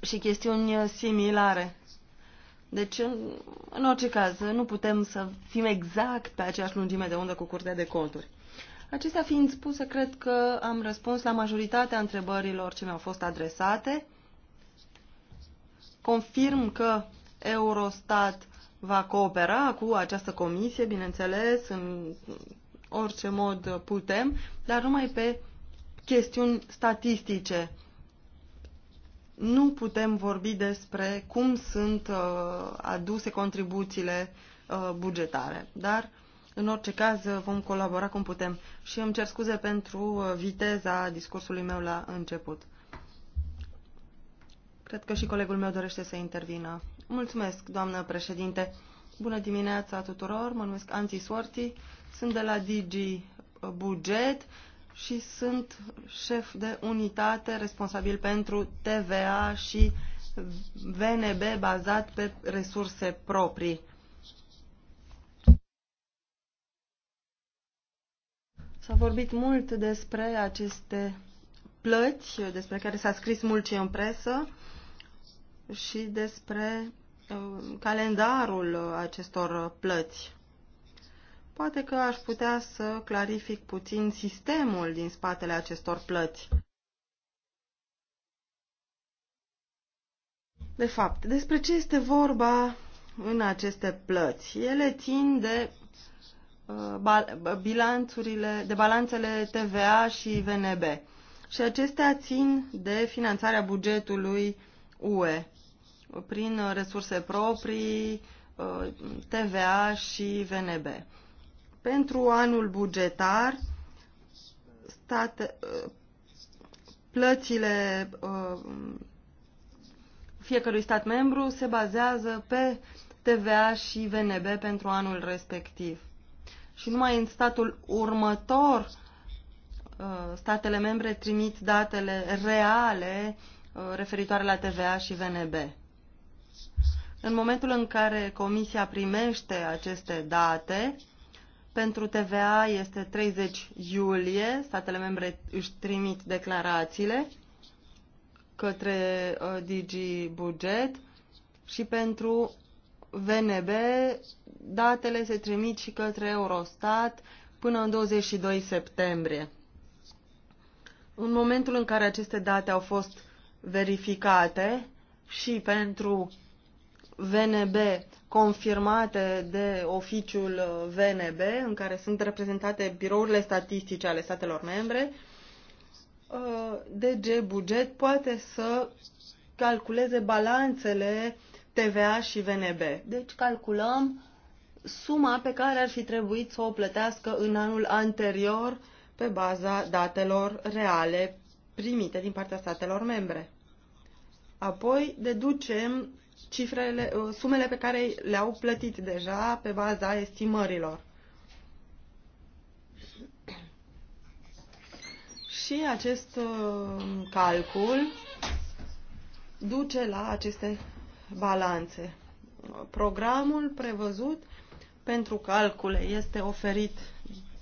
și chestiuni similare. Deci, în, în orice caz, nu putem să fim exact pe aceeași lungime de undă cu Curtea de Conturi. Acestea fiind spuse, cred că am răspuns la majoritatea întrebărilor ce mi-au fost adresate. Confirm că Eurostat va coopera cu această comisie, bineînțeles, în orice mod putem, dar numai pe chestiuni statistice. Nu putem vorbi despre cum sunt uh, aduse contribuțiile uh, bugetare, dar uh, în orice caz, vom colabora cum putem. Și îmi cer scuze pentru uh, viteza discursului meu la început. Cred că și colegul meu dorește să intervină. Mulțumesc, doamnă președinte. Bună dimineața tuturor, mă numesc Anti Swarty, sunt de la DG uh, Buget și sunt șef de unitate responsabil pentru TVA și VNB bazat pe resurse proprii. S-a vorbit mult despre aceste plăți, despre care s-a scris mult și în presă, și despre uh, calendarul acestor plăți. Poate că aș putea să clarific puțin sistemul din spatele acestor plăți. De fapt, despre ce este vorba în aceste plăți? Ele țin de Uh, uh, bilanțurile, de balanțele TVA și VNB. Și acestea țin de finanțarea bugetului UE prin uh, resurse proprii, TVA și VNB. Pentru anul bugetar, state, plățile fiecărui stat membru se bazează pe TVA și VNB pentru anul respectiv și numai în statul următor uh, statele membre trimit datele reale uh, referitoare la TVA și VNB. În momentul în care Comisia primește aceste date, pentru TVA este 30 iulie, statele membre își trimit declarațiile către uh, DG Buget și pentru VNB, datele se trimit și către Eurostat până în 22 septembrie. În momentul în care aceste date au fost verificate și pentru VNB confirmate de oficiul VNB, în care sunt reprezentate birourile statistice ale statelor membre, uh, DG Buget poate să calculeze balanțele TVA și VNB. Deci calculăm suma pe care ar fi trebuit să o plătească în anul anterior pe baza datelor reale primite din partea statelor membre. Apoi deducem cifrele, uh, sumele pe care le-au plătit deja pe baza estimărilor. Și acest uh, calcul duce la aceste balanțe. Programul prevăzut pentru calcule este oferit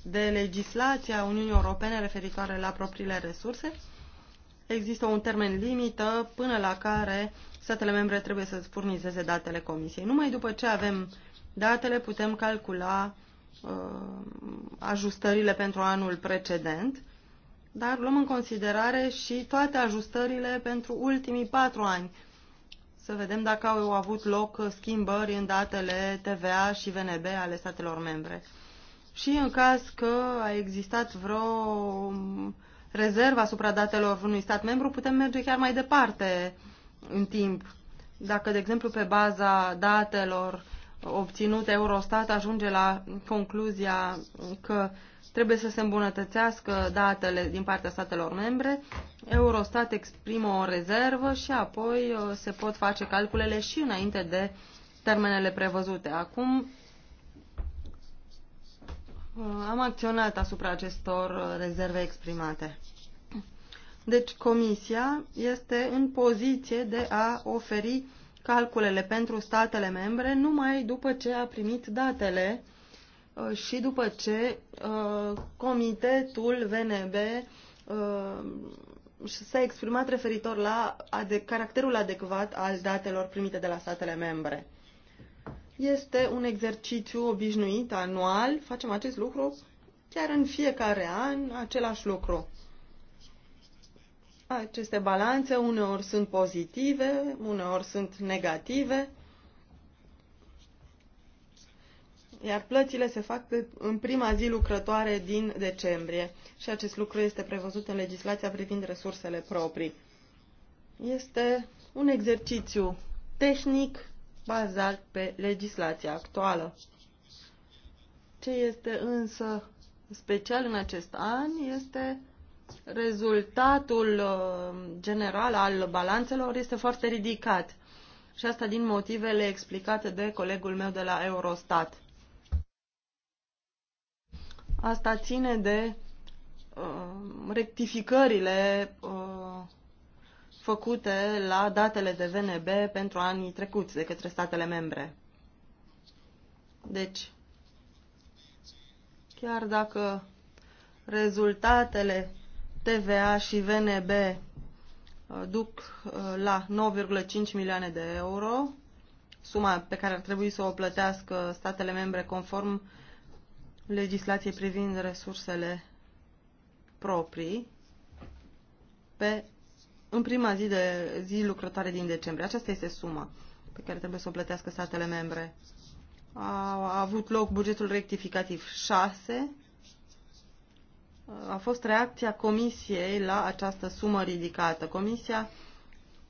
de legislația Uniunii Europene referitoare la propriile resurse. Există un termen limită până la care statele membre trebuie să furnizeze datele Comisiei. Numai după ce avem datele putem calcula uh, ajustările pentru anul precedent, dar luăm în considerare și toate ajustările pentru ultimii patru ani, să vedem dacă au avut loc schimbări în datele TVA și VNB ale statelor membre. Și în caz că a existat vreo rezervă asupra datelor unui stat membru, putem merge chiar mai departe în timp. Dacă, de exemplu, pe baza datelor obținute Eurostat ajunge la concluzia că Trebuie să se îmbunătățească datele din partea statelor membre, Eurostat exprimă o rezervă și apoi uh, se pot face calculele și înainte de termenele prevăzute. Acum uh, am acționat asupra acestor uh, rezerve exprimate. Deci Comisia este în poziție de a oferi calculele pentru statele membre numai după ce a primit datele Uh, și după ce uh, comitetul VNB uh, s-a exprimat referitor la caracterul adecvat al datelor primite de la statele membre. Este un exercițiu obișnuit, anual, facem acest lucru chiar în fiecare an, același lucru. Aceste balanțe uneori sunt pozitive, uneori sunt negative, iar plățile se fac în prima zi lucrătoare din decembrie și acest lucru este prevăzut în legislația privind resursele proprii. Este un exercițiu tehnic bazat pe legislația actuală. Ce este însă special în acest an este rezultatul uh, general al balanțelor este foarte ridicat. Și asta din motivele explicate de colegul meu de la Eurostat. Asta ține de uh, rectificările uh, făcute la datele de VNB pentru anii trecuți de către statele membre. Deci, chiar dacă rezultatele TVA și VNB uh, duc uh, la 9,5 milioane de euro, suma pe care ar trebui să o plătească statele membre conform uh, legislației privind resursele proprii pe, în prima zi de zi lucrătoare din decembrie. Aceasta este suma pe care trebuie să o plătească statele membre. A, a avut loc bugetul rectificativ 6. A fost reacția Comisiei la această sumă ridicată. Comisia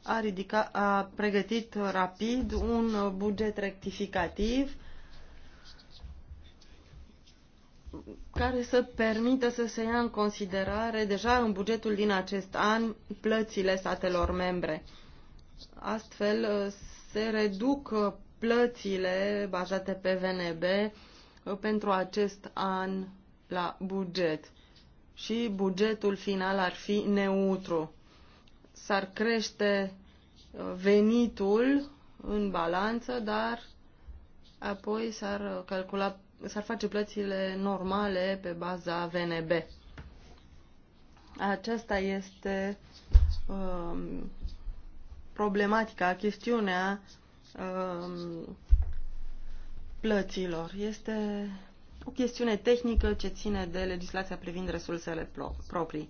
a, ridica, a pregătit rapid un buget rectificativ care să permită să se ia în considerare deja în bugetul din acest an plățile statelor membre. Astfel uh, se reduc uh, plățile bazate pe VNB uh, pentru acest an la buget și bugetul final ar fi neutru. S-ar crește venitul în balanță, dar apoi s-ar calcula s-ar face plățile normale pe baza VNB. Aceasta este uh, problematica, chestiunea uh, plăților. Este o chestiune tehnică ce ține de legislația privind resursele proprii.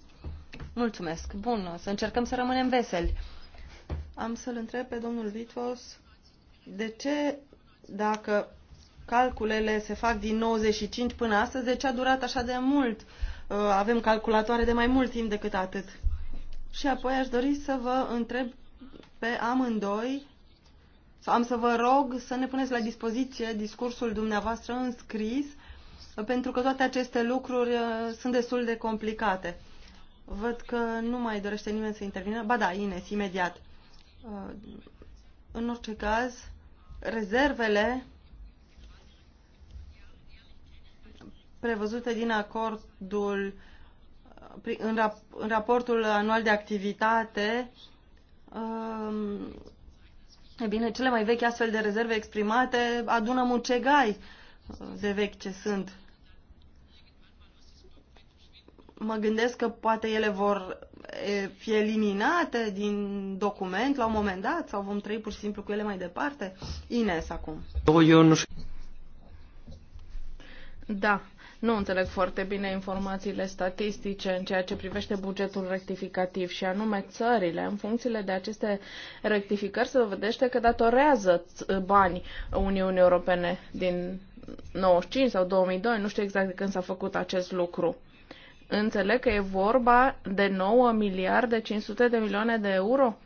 Mulțumesc. Bun, să încercăm să rămânem veseli. Am să-l întreb pe domnul Vitos de ce, dacă calculele se fac din 95 până astăzi, de deci ce a durat așa de mult? Uh, avem calculatoare de mai mult timp decât atât. Și apoi aș dori să vă întreb pe amândoi, sau am să vă rog să ne puneți la dispoziție discursul dumneavoastră în scris, pentru că toate aceste lucruri uh, sunt destul de complicate. Văd că nu mai dorește nimeni să intervină. Ba da, Ines, imediat. Uh, în orice caz, rezervele prevăzute din acordul în, rap, în raportul anual de activitate um, e bine, cele mai vechi astfel de rezerve exprimate adună mucegai de vechi ce sunt. Mă gândesc că poate ele vor fi eliminate din document la un moment dat sau vom trăi pur și simplu cu ele mai departe? Ines acum. Eu nu. Da, nu înțeleg foarte bine informațiile statistice în ceea ce privește bugetul rectificativ și anume țările, în funcție de aceste rectificări, se vedește că datorează bani Uniunii Europene din 95 sau 2002, nu știu exact de când s-a făcut acest lucru. Înțeleg că e vorba de 9 miliarde 500 de milioane de euro?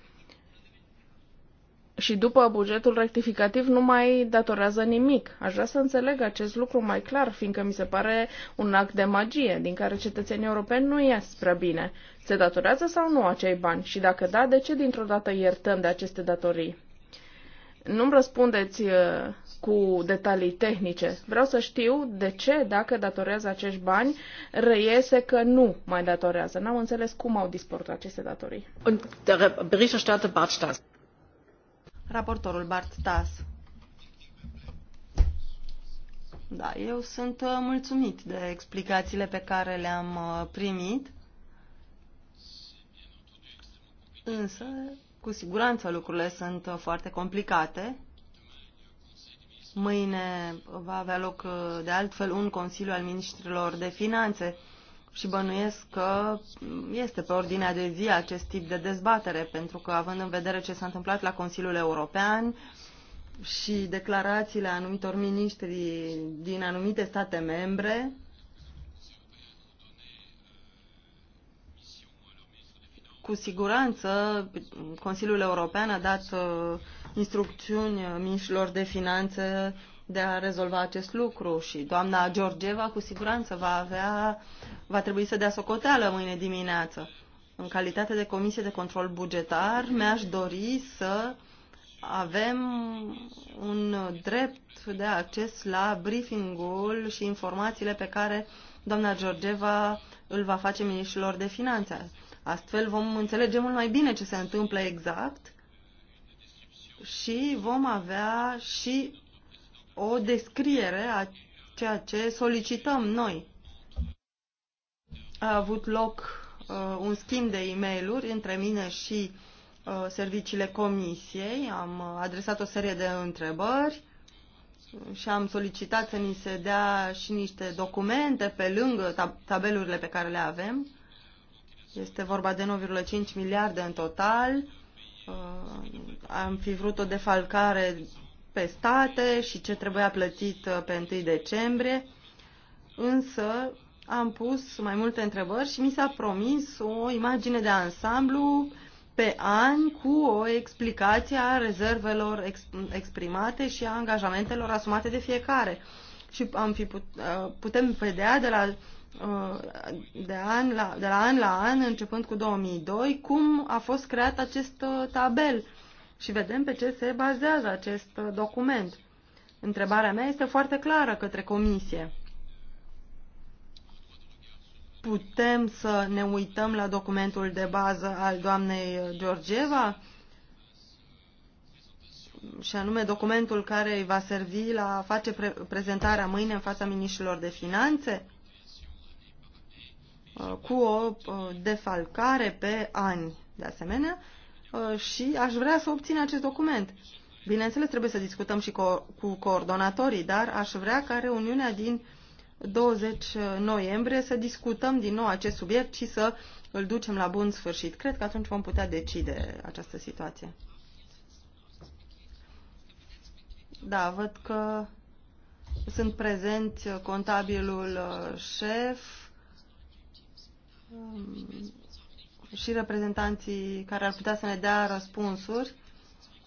și după bugetul rectificativ nu mai datorează nimic. Aș vrea să înțeleg acest lucru mai clar, fiindcă mi se pare un act de magie, din care cetățenii europeni nu ies prea bine. Se datorează sau nu acei bani? Și dacă da, de ce dintr-o dată iertăm de aceste datorii? Nu-mi răspundeți uh, cu detalii tehnice. Vreau să știu de ce, dacă datorează acești bani, reiese că nu mai datorează. N-am înțeles cum au dispărut aceste datorii. Raportorul Bart Tass. Da, eu sunt uh, mulțumit de explicațiile pe care le-am uh, primit. Însă, cu siguranță lucrurile sunt uh, foarte complicate. Mâine va avea loc de altfel un Consiliu al Ministrilor de Finanțe și bănuiesc că este pe ordinea de zi acest tip de dezbatere, pentru că având în vedere ce s-a întâmplat la Consiliul European și declarațiile anumitor miniștri din anumite state membre, cu siguranță Consiliul European a dat uh, instrucțiuni uh, mișilor de finanțe de a rezolva acest lucru și doamna Georgeva cu siguranță va avea, va trebui să dea socoteală mâine dimineață. În calitate de comisie de control bugetar, mi-aș dori să avem un drept de acces la briefingul și informațiile pe care doamna Georgeva îl va face ministrilor de finanțe. Astfel vom înțelege mult mai bine ce se întâmplă exact și vom avea și o descriere a ceea ce solicităm noi. A avut loc uh, un schimb de e mail între mine și uh, serviciile comisiei. Am adresat o serie de întrebări uh, și am solicitat să ni se dea și niște documente pe lângă tab tabelurile pe care le avem. Este vorba de 9,5 miliarde în total. Uh, am fi vrut o defalcare pe state și ce trebuia plătit uh, pe 1 decembrie, însă am pus mai multe întrebări și mi s-a promis o imagine de ansamblu pe an cu o explicație a rezervelor exprimate și a angajamentelor asumate de fiecare. Și am fi put, uh, putem vedea de la, uh, de, an la, de la an la an, începând cu 2002, cum a fost creat acest tabel și vedem pe ce se bazează acest uh, document. Întrebarea mea este foarte clară către Comisie. Putem să ne uităm la documentul de bază al doamnei Georgieva? și anume documentul care îi va servi la a face pre prezentarea mâine în fața miniștrilor de finanțe uh, cu o uh, defalcare pe ani. De asemenea, Uh, și aș vrea să obțin acest document. Bineînțeles, trebuie să discutăm și co cu coordonatorii, dar aș vrea ca reuniunea din 20 noiembrie să discutăm din nou acest subiect și să îl ducem la bun sfârșit. Cred că atunci vom putea decide această situație. Da, văd că sunt prezenți contabilul uh, șef, um, și reprezentanții care ar putea să ne dea răspunsuri.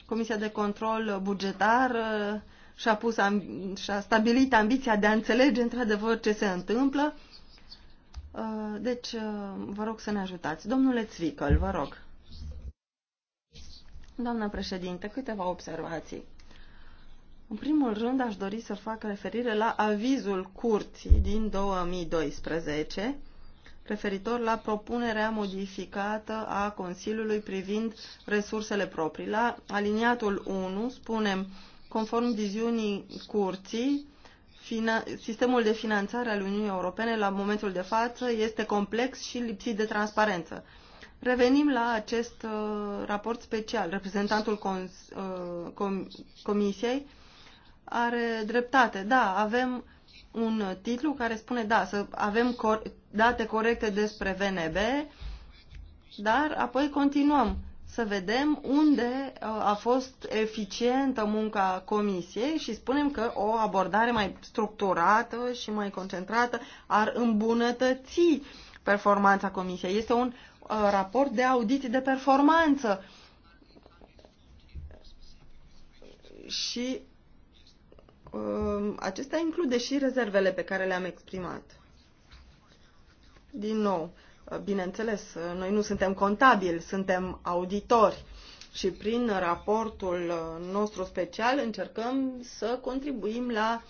Comisia de control bugetar uh, și-a, pus, și-a stabilit ambiția de a înțelege într-adevăr ce se întâmplă. Uh, deci, uh, vă rog să ne ajutați. Domnule Țvicăl, vă rog. Doamna președinte, câteva observații. În primul rând, aș dori să fac referire la avizul curții din 2012, referitor la propunerea modificată a Consiliului privind resursele proprii. La aliniatul 1 spunem, conform viziunii curții, sistemul de finanțare al Uniunii Europene la momentul de față este complex și lipsit de transparență. Revenim la acest uh, raport special. Reprezentantul uh, com, Comisiei are dreptate. Da, avem un titlu care spune, da, să avem cor- date corecte despre VNB, dar apoi continuăm să vedem unde uh, a fost eficientă munca comisiei și spunem că o abordare mai structurată și mai concentrată ar îmbunătăți performanța comisiei. Este un uh, raport de audit de performanță. Și Ehm, acesta include și rezervele pe care le-am exprimat. Din nou, eh, bineînțeles, eh, noi nu suntem contabili, suntem auditori și prin raportul eh, nostru special încercăm să contribuim la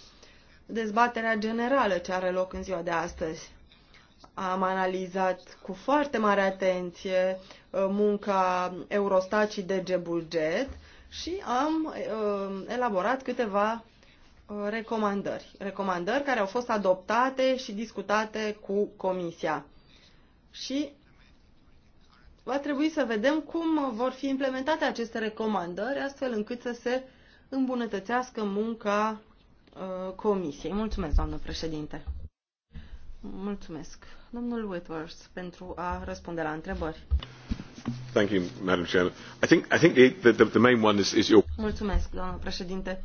dezbaterea generală ce are loc în ziua de astăzi. Am analizat cu foarte mare atenție munca Eurostat și DG Buget și am elaborat câteva Uh, recomandări. Recomandări care au fost adoptate și discutate cu Comisia. Și va trebui să vedem cum vor fi implementate aceste recomandări, astfel încât să se îmbunătățească munca uh, Comisiei. Mulțumesc, doamnă președinte. Mulțumesc. Domnul Whitworth, pentru a răspunde la întrebări. Mulțumesc, doamnă președinte.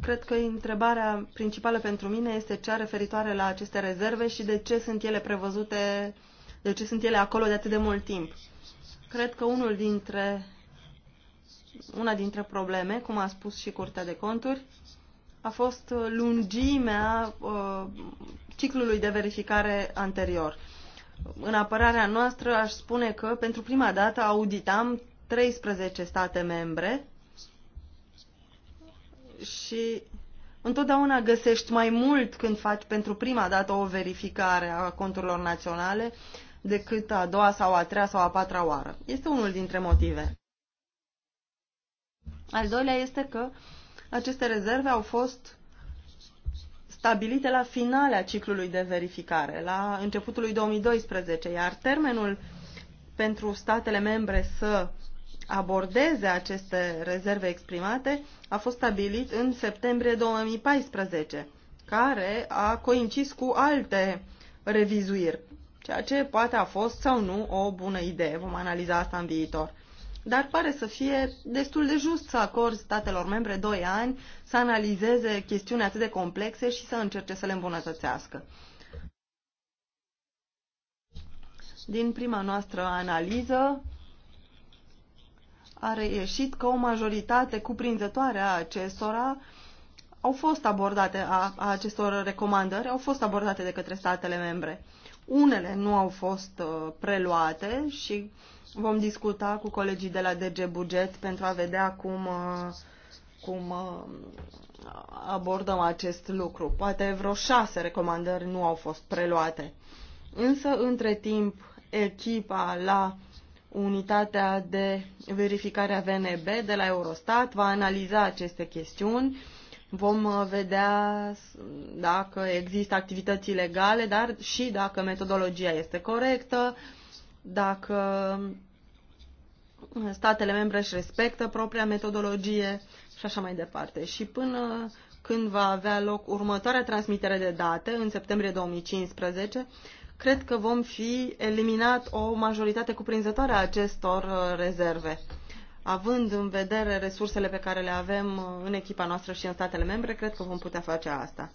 Cred că întrebarea principală pentru mine este cea referitoare la aceste rezerve și de ce sunt ele prevăzute, de ce sunt ele acolo de atât de mult timp. Cred că unul dintre, una dintre probleme, cum a spus și Curtea de Conturi, a fost lungimea uh, ciclului de verificare anterior. În apărarea noastră aș spune că pentru prima dată auditam 13 state membre și întotdeauna găsești mai mult când faci pentru prima dată o verificare a conturilor naționale decât a doua sau a treia sau a patra oară. Este unul dintre motive. Al doilea este că aceste rezerve au fost stabilite la finalea ciclului de verificare, la începutul lui 2012, iar termenul pentru statele membre să abordeze aceste rezerve exprimate a fost stabilit în septembrie 2014, care a coincis cu alte revizuiri, ceea ce poate a fost sau nu o bună idee. Vom analiza asta în viitor. Dar pare să fie destul de just să acord statelor membre 2 ani să analizeze chestiuni atât de complexe și să încerce să le îmbunătățească. Din prima noastră analiză, a reieșit că o majoritate cuprinzătoare a acestora au fost abordate, a, a acestor recomandări au fost abordate de către statele membre. Unele nu au fost uh, preluate și vom discuta cu colegii de la DG Buget pentru a vedea cum, uh, cum uh, abordăm acest lucru. Poate vreo șase recomandări nu au fost preluate. Însă, între timp, echipa la unitatea de verificare a VNB de la Eurostat va analiza aceste chestiuni. Vom uh, vedea dacă există activități ilegale, dar și dacă metodologia este corectă, dacă statele membre își respectă propria metodologie și așa mai departe. Și până când va avea loc următoarea transmitere de date, în septembrie 2015, cred că vom fi eliminat o majoritate cuprinzătoare a acestor uh, rezerve. Având în vedere resursele pe care le avem uh, în echipa noastră și în statele membre, cred că vom putea face asta.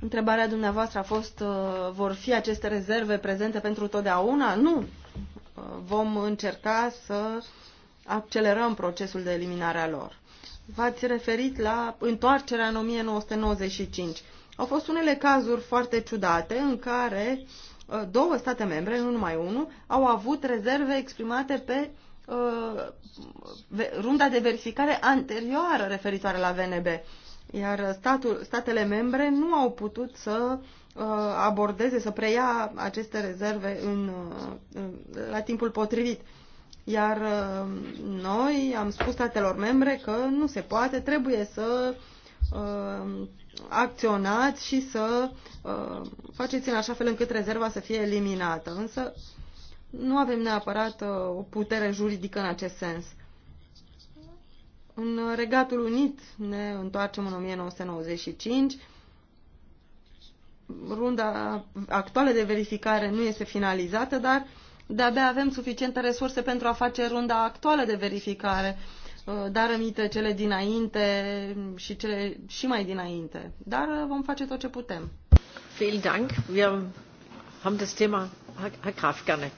Întrebarea dumneavoastră a fost, uh, vor fi aceste rezerve prezente pentru totdeauna? Nu. Vom încerca să accelerăm procesul de eliminare a lor. V-ați referit la întoarcerea în 1995. Au fost unele cazuri foarte ciudate în care uh, două state membre, nu numai unul, au avut rezerve exprimate pe uh, runda de verificare anterioară referitoare la VNB, iar statul, statele membre nu au putut să uh, abordeze, să preia aceste rezerve în, la timpul potrivit. Iar noi am spus statelor membre că nu se poate, trebuie să acționați și să uh, faceți în așa fel încât rezerva să fie eliminată. Însă nu avem neapărat uh, o putere juridică în acest sens. În Regatul Unit ne întoarcem în 1995. Runda actuală de verificare nu este finalizată, dar de-abia avem suficiente resurse pentru a face runda actuală de verificare Uh, dar rămite cele dinainte și cele și mai dinainte. Dar uh, vom face tot ce putem. Vielen Dank. Wir haben das Thema Herr Graf gerne.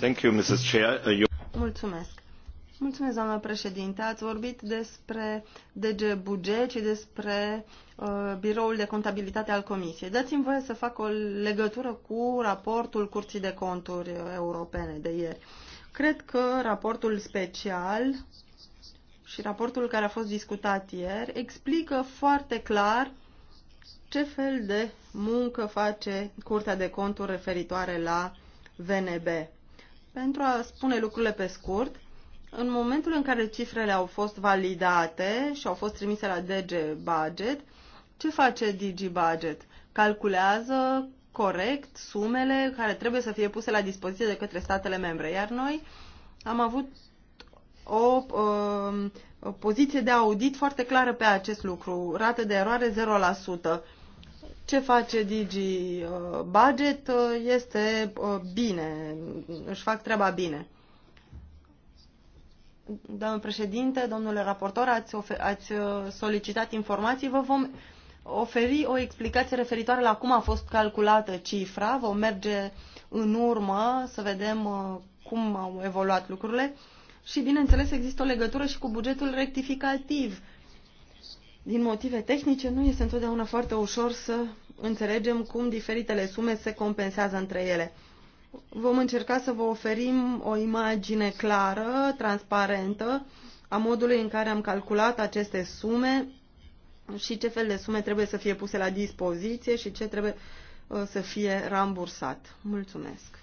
Thank you, Mrs. Chair. Uh, you... Mulțumesc. Mulțumesc, doamnă președinte. Ați vorbit despre DG Buget și despre uh, biroul de contabilitate al Comisiei. Dați-mi voie să fac o legătură cu raportul Curții de Conturi Europene de ieri. Uh, Cred că raportul special și raportul care a fost discutat ieri explică foarte clar ce fel de muncă face Curtea de Conturi referitoare la VNB. Pentru a spune lucrurile pe scurt, în momentul în care cifrele au fost validate și au fost trimise la DG Budget, ce face DG Budget? Calculează corect sumele care trebuie să fie puse la dispoziție de către statele membre. Iar noi am avut o, um, o poziție de audit foarte clară pe acest lucru. Rată de eroare 0%. Ce face Digi uh, Budget uh, este uh, bine, își fac treaba bine. Domnul președinte, domnule raportor, ați, ați solicitat informații, vă vom oferi o explicație referitoare la cum a fost calculată cifra. Vom merge în urmă să vedem uh, cum au evoluat lucrurile. Și, bineînțeles, există o legătură și cu bugetul rectificativ. Din motive tehnice, nu este întotdeauna foarte ușor să înțelegem cum diferitele sume se compensează între ele. Vom încerca să vă oferim o imagine clară, transparentă, a modului în care am calculat aceste sume și ce fel de sume trebuie să fie puse la dispoziție și ce trebuie uh, să fie rambursat. Mulțumesc!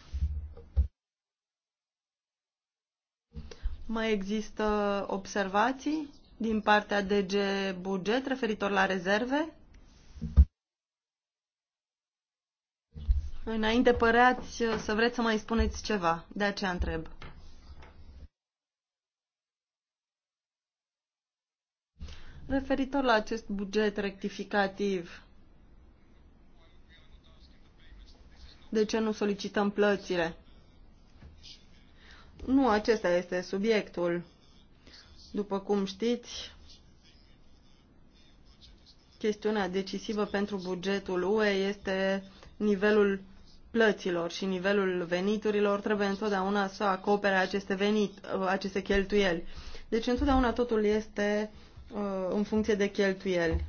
Mai există observații din partea DG Buget referitor la rezerve? Înainte păreați să vreți să mai spuneți ceva, de aceea întreb. Referitor la acest buget rectificativ, de ce nu solicităm plățile? Nu acesta este subiectul. După cum știți, chestiunea decisivă pentru bugetul UE este nivelul plăților și nivelul veniturilor trebuie întotdeauna să acopere aceste, venit, aceste cheltuieli. Deci întotdeauna totul este Uh, în funcție de cheltuieli.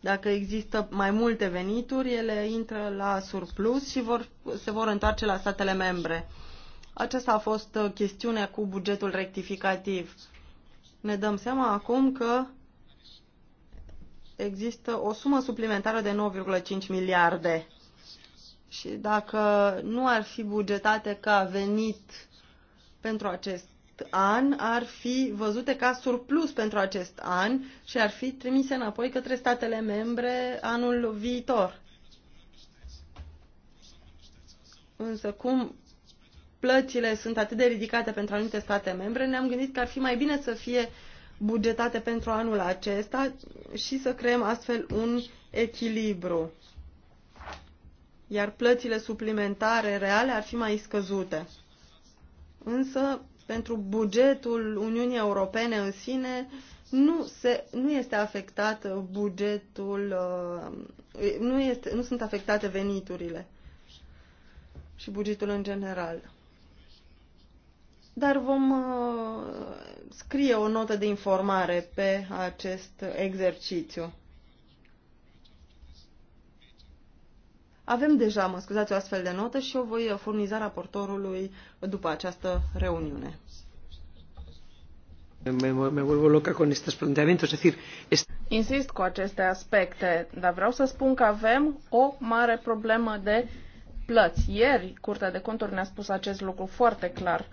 Dacă există mai multe venituri, ele intră la surplus și vor, se vor întoarce la statele membre. Aceasta a fost uh, chestiunea cu bugetul rectificativ. Ne dăm seama acum că există o sumă suplimentară de 9,5 miliarde. Și dacă nu ar fi bugetate ca venit pentru acest an ar fi văzute ca surplus pentru acest an și ar fi trimise înapoi către statele membre anul viitor. Însă cum plățile sunt atât de ridicate pentru anumite state membre, ne-am gândit că ar fi mai bine să fie bugetate pentru anul acesta și să creăm astfel un echilibru. Iar plățile suplimentare reale ar fi mai scăzute. Însă pentru bugetul Uniunii Europene în sine, nu, se, nu este afectat bugetul, uh, nu, este, nu sunt afectate veniturile și bugetul în general. Dar vom uh, scrie o notă de informare pe acest exercițiu. Avem deja, mă scuzați, o astfel de notă și o voi furniza raportorului după această reuniune. Me, me, vuelvo loca con estos planteamientos, es decir, es... Insist cu aceste aspecte, dar vreau să spun că avem o mare problemă de plăți. Ieri, Curtea de Conturi ne-a spus acest lucru foarte clar.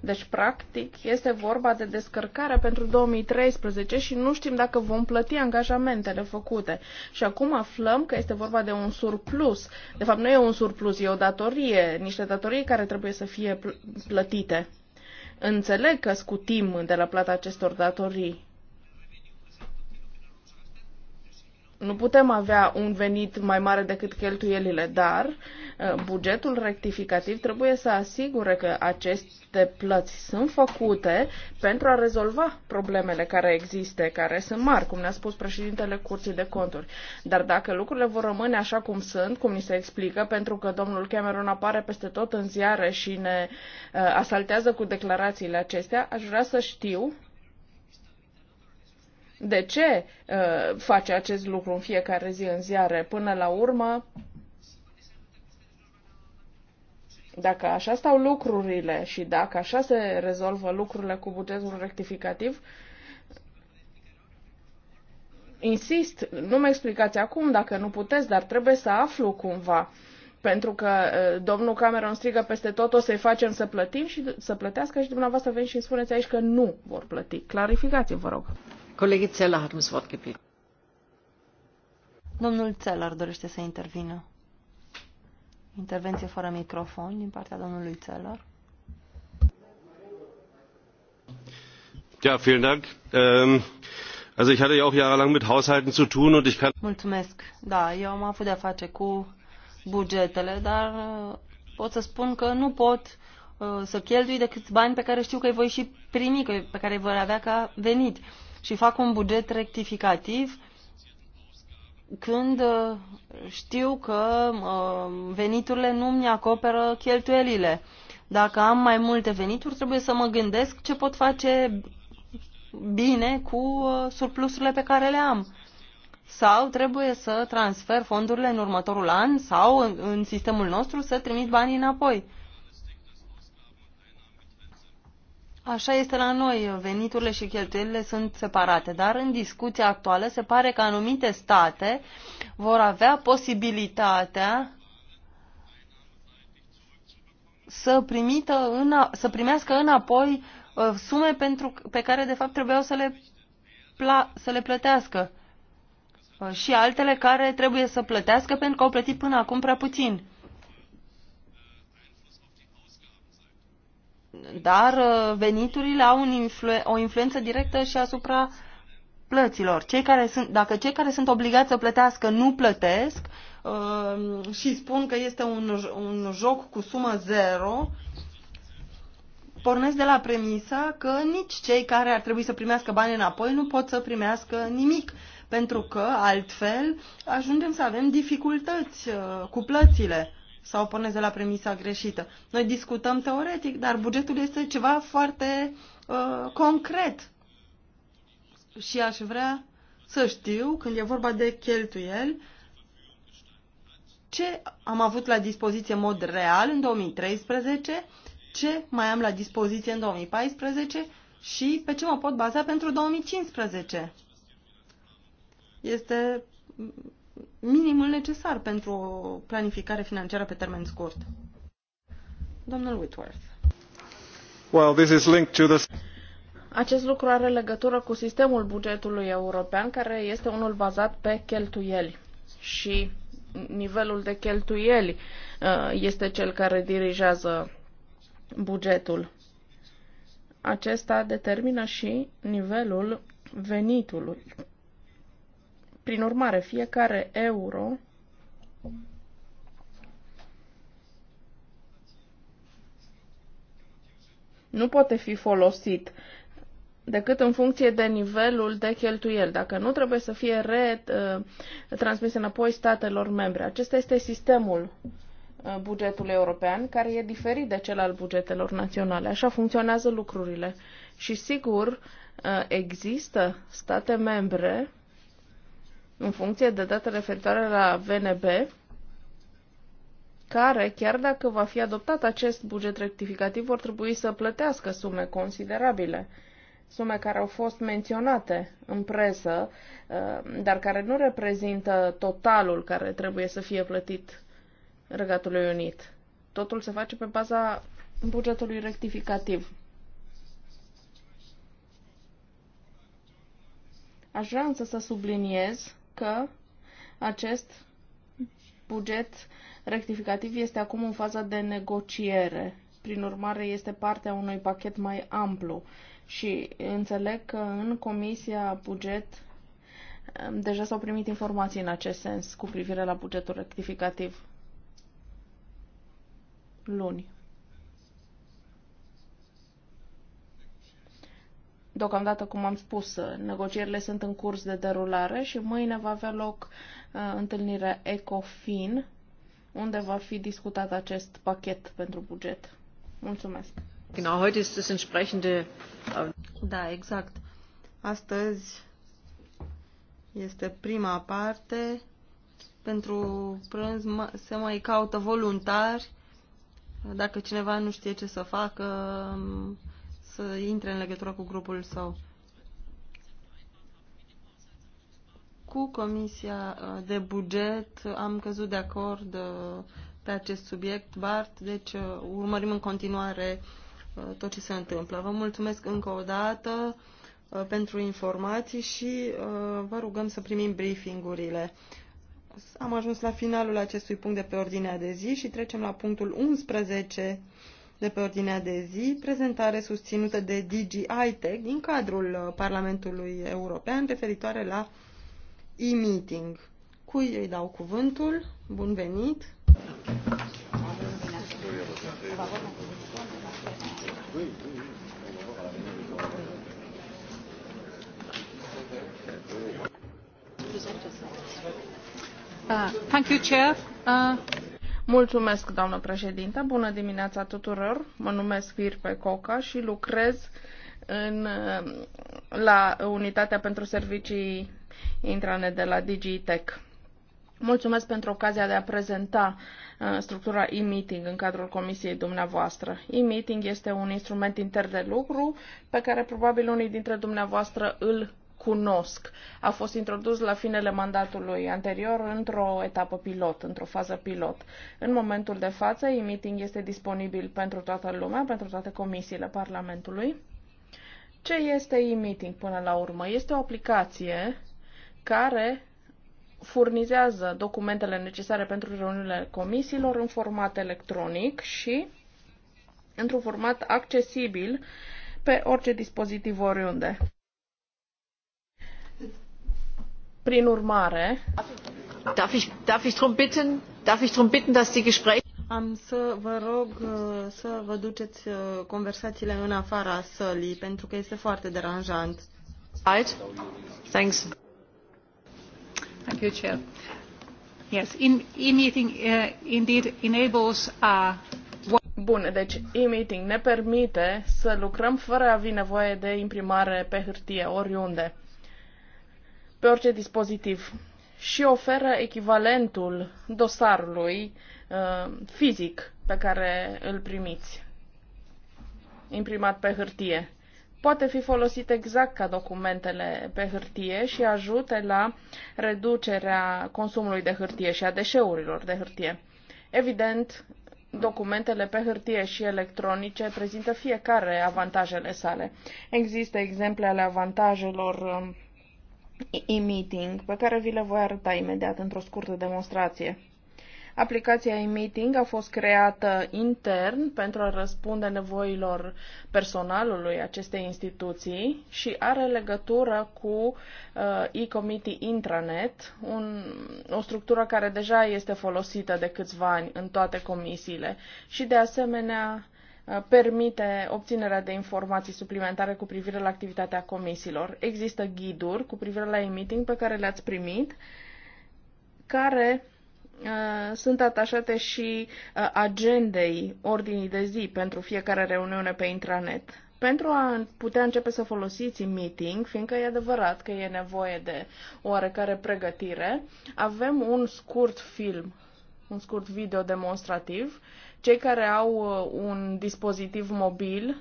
Deci, practic, este vorba de descărcare pentru 2013 și nu știm dacă vom plăti angajamentele făcute. Și acum aflăm că este vorba de un surplus. De fapt, nu e un surplus, e o datorie, niște datorii care trebuie să fie plătite. Înțeleg că scutim de la plata acestor datorii, nu putem avea un venit mai mare decât cheltuielile, dar uh, bugetul rectificativ trebuie să asigure că aceste plăți sunt făcute pentru a rezolva problemele care există, care sunt mari, cum ne-a spus președintele Curții de Conturi. Dar dacă lucrurile vor rămâne așa cum sunt, cum ni se explică, pentru că domnul Cameron apare peste tot în ziare și ne uh, asaltează cu declarațiile acestea, aș vrea să știu de ce uh, face acest lucru în fiecare zi în ziare. Până la urmă, dacă așa stau lucrurile și dacă așa se rezolvă lucrurile cu bugetul rectificativ, insist, nu mă explicați acum dacă nu puteți, dar trebuie să aflu cumva. Pentru că uh, domnul Cameron strigă peste tot, o să-i facem să plătim și să plătească și dumneavoastră veniți și îmi spuneți aici că nu vor plăti. Clarificați, vă rog. Colegii Țelar, am să vorbim. Domnul Țelar dorește să intervină. Intervenție fără microfon din partea domnului Țelar. Ja, vielen Dank. Ähm, also ich hatte ja auch jahrelang mit Haushalten zu tun und ich kann... Mulțumesc. Da, eu am avut de-a face cu bugetele, dar uh, pot să spun că nu pot uh, să cheltui decât bani pe care știu că îi voi și primi, pe care îi voi avea ca venit. Uh, și fac un buget rectificativ când uh, știu că uh, veniturile nu mi acoperă cheltuielile. Dacă am mai multe venituri, trebuie să mă gândesc ce pot face bine cu uh, surplusurile pe care le am. Sau trebuie să transfer fondurile în următorul an sau în sistemul nostru să trimit banii înapoi. Așa este la noi, veniturile și cheltuielile sunt separate, dar în discuția actuală se pare că anumite state vor avea posibilitatea să, primită în, să primească înapoi uh, sume pentru, pe care de fapt trebuiau să le, pla, să le plătească uh, și altele care trebuie să plătească pentru că au plătit până acum prea puțin. dar uh, veniturile au un influ- o influență directă și asupra plăților. Cei care sunt, dacă cei care sunt obligați să plătească nu plătesc uh, și spun că este un, un joc cu sumă zero, pornesc de la premisa că nici cei care ar trebui să primească bani înapoi nu pot să primească nimic, pentru că altfel ajungem să avem dificultăți uh, cu plățile sau pornesc de la premisa greșită. Noi discutăm teoretic, dar bugetul este ceva foarte uh, concret. Și aș vrea să știu, când e vorba de cheltuieli, ce am avut la dispoziție în mod real în 2013, ce mai am la dispoziție în 2014 și pe ce mă pot baza pentru 2015. Este minimul necesar pentru o planificare financiară pe termen scurt. Domnul Whitworth. Well, this is linked to the... Acest lucru are legătură cu sistemul bugetului european, care este unul bazat pe cheltuieli. Și nivelul de cheltuieli uh, este cel care dirigează bugetul. Acesta determină și nivelul venitului prin urmare, fiecare euro nu poate fi folosit decât în funcție de nivelul de cheltuiel, Dacă nu, trebuie să fie retransmis uh, înapoi statelor membre. Acesta este sistemul uh, bugetului european, care e diferit de cel al bugetelor naționale. Așa funcționează lucrurile. Și sigur, uh, există state membre în funcție de data referitoare la VNB, care, chiar dacă va fi adoptat acest buget rectificativ, vor trebui să plătească sume considerabile, sume care au fost menționate în presă, uh, dar care nu reprezintă totalul care trebuie să fie plătit Regatului Unit. Totul se face pe baza bugetului rectificativ. Aș vrea însă să subliniez că acest buget rectificativ este acum în faza de negociere. Prin urmare, este partea unui pachet mai amplu și înțeleg că în Comisia Buget um, deja s-au primit informații în acest sens cu privire la bugetul rectificativ. Luni. Deocamdată, cum am spus, negocierile sunt în curs de derulare și mâine va avea loc uh, întâlnirea ECOFIN, unde va fi discutat acest pachet pentru buget. Mulțumesc! Genau, heute ist das entsprechende... Äh, da, exact. Astăzi este prima parte. Pentru prânz se mai caută voluntari. Dacă cineva nu știe ce să facă, să intre în legătură cu grupul său. Cu Comisia uh, de Buget am căzut de acord uh, pe acest subiect, Bart, deci uh, urmărim în continuare tot ce se întâmplă. Vă mulțumesc încă o dată pentru informații și vă rugăm să primim briefingurile. Am ajuns la finalul acestui punct de pe ordinea de zi și trecem la punctul 11 de pe ordinea de zi, prezentare susținută de DG ITEC din cadrul uh, Parlamentului European referitoare la e-meeting. Cui îi dau cuvântul? Bun venit! Uh, thank you, Chair. Uh, Mulțumesc, doamnă președintă. Bună dimineața tuturor. Mă numesc Virpe Coca și lucrez în, la Unitatea pentru Servicii Intrane de la Digitech. Mulțumesc pentru ocazia de a prezenta uh, structura e-meeting în cadrul comisiei dumneavoastră. E-meeting este un instrument inter de lucru pe care probabil unii dintre dumneavoastră îl cunosc. A fost introdus la finele mandatului anterior într-o etapă pilot, într-o fază pilot. În momentul de față, e-meeting este disponibil pentru toată lumea, pentru toate comisiile Parlamentului. Ce este e-meeting până la urmă? Este o aplicație care furnizează documentele necesare pentru reuniunile comisiilor în format electronic și într-un format accesibil pe orice dispozitiv oriunde. Prin urmare, darf ich, darf ich drum bitten, darf ich drum bitten, dass die Gespräche am să vă rog uh, să vă duceți uh, conversațiile în afara sălii, pentru că este foarte deranjant. Right. Thanks. Thank you, Chair. Yes, e-meeting uh, indeed enables a uh, Bun, deci e-meeting ne permite să lucrăm fără a avea nevoie de imprimare pe hârtie oriunde pe orice dispozitiv și oferă echivalentul dosarului uh, fizic pe care îl primiți, imprimat pe hârtie. Poate fi folosit exact ca documentele pe hârtie și ajute la reducerea consumului de hârtie și a deșeurilor de hârtie. Evident, documentele pe hârtie și electronice prezintă fiecare avantajele sale. Există exemple ale avantajelor uh, e-meeting, pe care vi le voi arăta imediat într-o scurtă demonstrație. Aplicația e-meeting a fost creată intern pentru a răspunde nevoilor personalului acestei instituții și are legătură cu uh, e-committee intranet, un, o structură care deja este folosită de câțiva ani în toate comisiile și de asemenea Uh, permite obținerea de informații suplimentare cu privire la activitatea comisiilor. Există ghiduri cu privire la e-meeting pe care le-ați primit, care uh, sunt atașate și uh, agendei ordinii de zi pentru fiecare reuniune pe intranet. Pentru a putea începe să folosiți meeting, fiindcă e adevărat că e nevoie de oarecare pregătire, avem un scurt film, un scurt video demonstrativ uh, cei care au uh, un dispozitiv mobil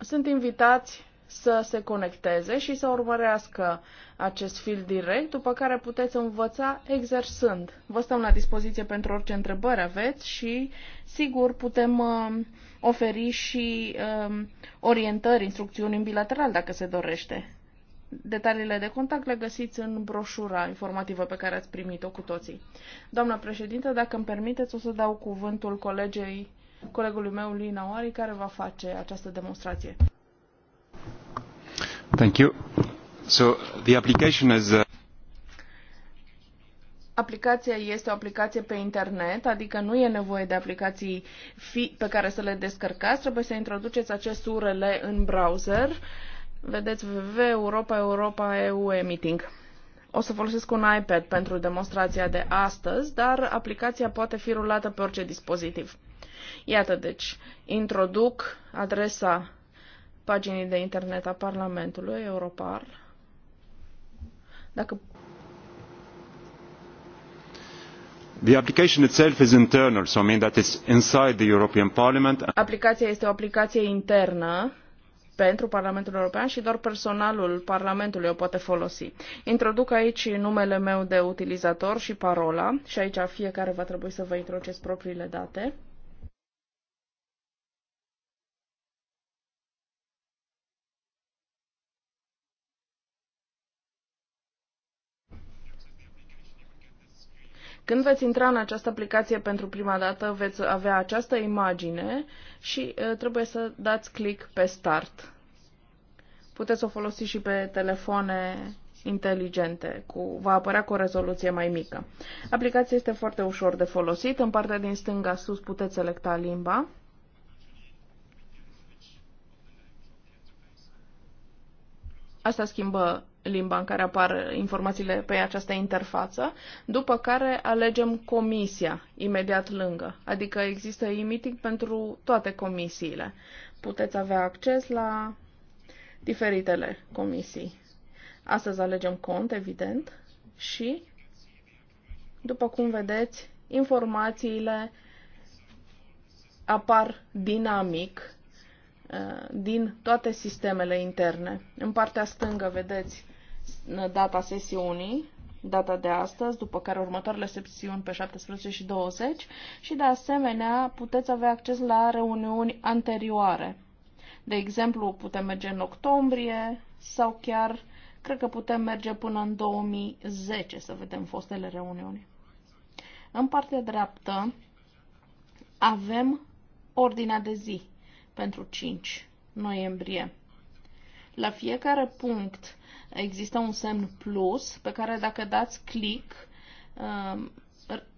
sunt invitați să se conecteze și să urmărească acest fil direct, după care puteți învăța exersând. Vă stăm la dispoziție pentru orice întrebări aveți și, sigur, putem uh, oferi și um, orientări, instrucțiuni în bilateral, dacă se dorește. Detaliile de contact le găsiți în broșura informativă pe care ați primit-o cu toții. Doamna președintă, dacă îmi permiteți, o să dau cuvântul colegei, colegului meu, Lina Oari, care va face această demonstrație. Thank you. So, the application is, uh... Aplicația este o aplicație pe internet, adică nu e nevoie de aplicații fi- pe care să le descărcați, trebuie să introduceți acest URL în browser. Uh, Vedeți www Europa Europa EU Meeting. O să folosesc un iPad pentru demonstrația de astăzi, dar aplicația poate fi rulată pe orice dispozitiv. Iată deci, introduc adresa paginii de internet a Parlamentului Europar. Dacă The application itself is internal, so I mean that it's inside the European Parliament. Aplicația este o aplicație internă pentru Parlamentul European și doar personalul Parlamentului o poate folosi. Introduc aici numele meu de utilizator și parola și aici fiecare va trebui să vă introduceți propriile date. Când veți intra în această aplicație pentru prima dată, veți avea această imagine și uh, trebuie să dați click pe Start. Puteți o folosi și pe telefoane inteligente, cu, va apărea cu o rezoluție mai mică. Aplicația este foarte ușor de folosit. În partea din stânga sus puteți selecta limba. Asta schimbă limba în care apar informațiile pe această interfață, după care alegem comisia imediat lângă. Adică există e-meeting pentru toate comisiile. Puteți avea acces la diferitele comisii. Astăzi alegem cont, evident, și, după cum vedeți, informațiile apar dinamic uh, din toate sistemele interne. În partea stângă vedeți data sesiunii, data de astăzi, după care următoarele sesiuni pe 17 și 20 și de asemenea puteți avea acces la reuniuni anterioare. De exemplu, putem merge în octombrie sau chiar cred că putem merge până în 2010 să vedem fostele reuniuni. În partea dreaptă avem ordinea de zi pentru 5 noiembrie. La fiecare punct există un semn plus pe care dacă dați click um,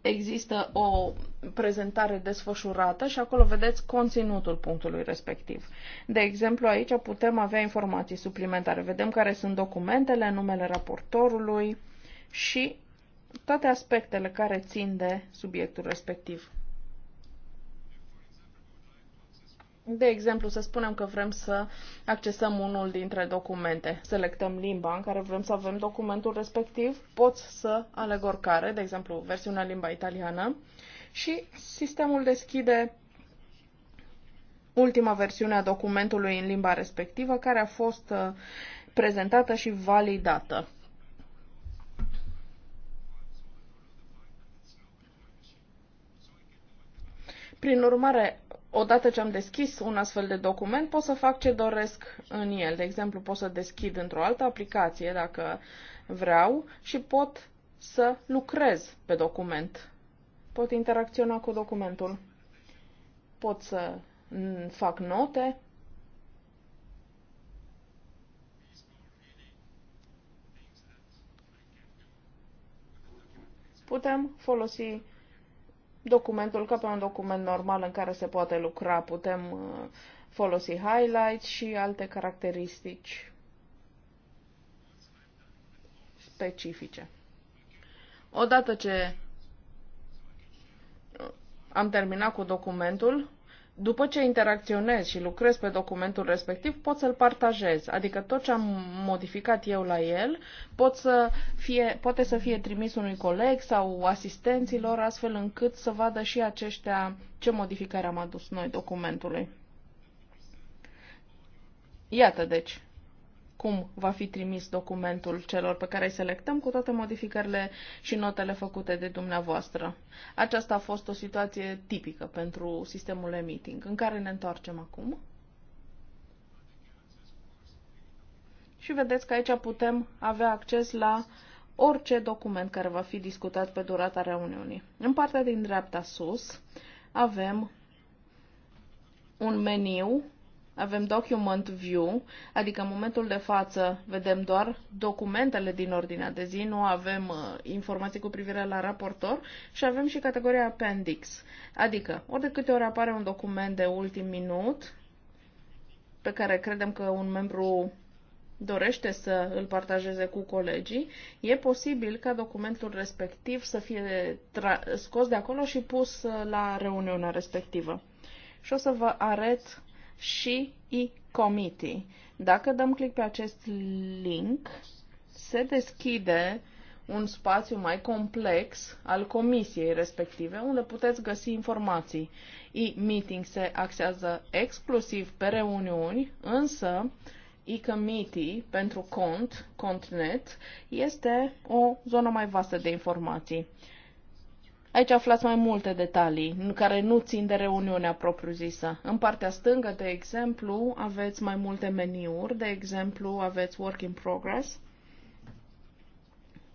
există o prezentare desfășurată și acolo vedeți conținutul punctului respectiv. De exemplu, aici putem avea informații suplimentare. Vedem care sunt documentele, numele raportorului și toate aspectele care țin de subiectul respectiv. De exemplu, să spunem că vrem să accesăm unul dintre documente. Selectăm limba în care vrem să avem documentul respectiv, Pot să aleg oricare, de exemplu, versiunea limba italiană, și sistemul deschide ultima versiune a documentului în limba respectivă care a fost uh, prezentată și validată. Prin urmare, odată ce am deschis un astfel de document, pot să fac ce doresc în el. De exemplu, pot să deschid într-o altă aplicație dacă vreau și pot să lucrez pe document. Pot interacționa cu documentul. Pot să mm, fac note. Putem folosi documentul ca pe un document normal în care se poate lucra. Putem uh, folosi highlights și alte caracteristici specifice. Odată ce am terminat cu documentul, după ce interacționez și lucrez pe documentul respectiv, pot să-l partajez, adică tot ce am modificat eu la el pot să fie, poate să fie trimis unui coleg sau asistenților, astfel încât să vadă și aceștia ce modificare am adus noi documentului. Iată deci, cum va fi trimis documentul celor pe care îi selectăm cu toate modificările și notele făcute de dumneavoastră. Aceasta a fost o situație tipică pentru sistemul e-meeting, în care ne întoarcem acum. Și vedeți că aici putem avea acces la orice document care va fi discutat pe durata reuniunii. În partea din dreapta sus avem un meniu avem document view, adică în momentul de față vedem doar documentele din ordinea de zi, nu avem uh, informații cu privire la raportor și avem și categoria appendix, adică ori de câte ori apare un document de ultim minut pe care credem că un membru dorește să îl partajeze cu colegii, e posibil ca documentul respectiv să fie scos de acolo și pus uh, la reuniunea respectivă. Și o să vă arăt și e-committee. Dacă dăm click pe acest link, se deschide un spațiu mai complex al comisiei respective, unde puteți găsi informații. E-meeting se axează exclusiv pe reuniuni, însă e-committee pentru cont, contnet, este o zonă mai vastă de informații. Aici aflați mai multe detalii, care nu țin de reuniunea propriu-zisă. În partea stângă, de exemplu, aveți mai multe meniuri, de exemplu, aveți Work in Progress,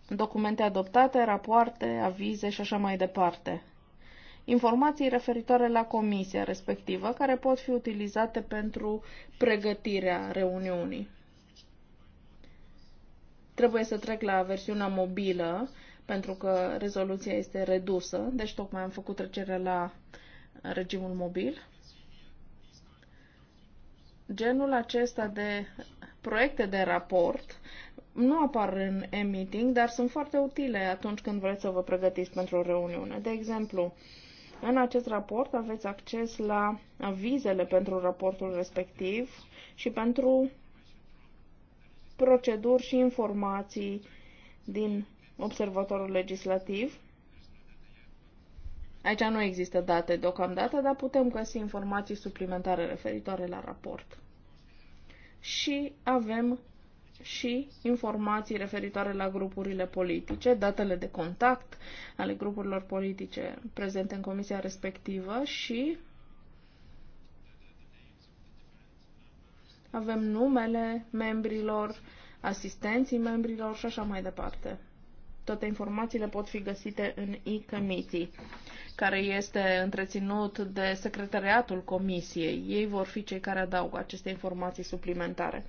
documente adoptate, rapoarte, avize și așa mai departe. Informații referitoare la comisia respectivă, care pot fi utilizate pentru pregătirea reuniunii. Trebuie să trec la versiunea mobilă pentru că rezoluția este redusă, deci tocmai am făcut trecerea la regimul mobil. Genul acesta de proiecte de raport nu apar în e-meeting, dar sunt foarte utile atunci când vreți să vă pregătiți pentru o reuniune. De exemplu, în acest raport aveți acces la avizele pentru raportul respectiv și pentru proceduri și informații din observatorul legislativ. Aici nu există date deocamdată, dar putem găsi informații suplimentare referitoare la raport. Și avem și informații referitoare la grupurile politice, datele de contact ale grupurilor politice prezente în comisia respectivă și avem numele membrilor, asistenții membrilor și așa mai departe. Toate informațiile pot fi găsite în e-committee, care este întreținut de secretariatul comisiei. Ei vor fi cei care adaugă aceste informații suplimentare.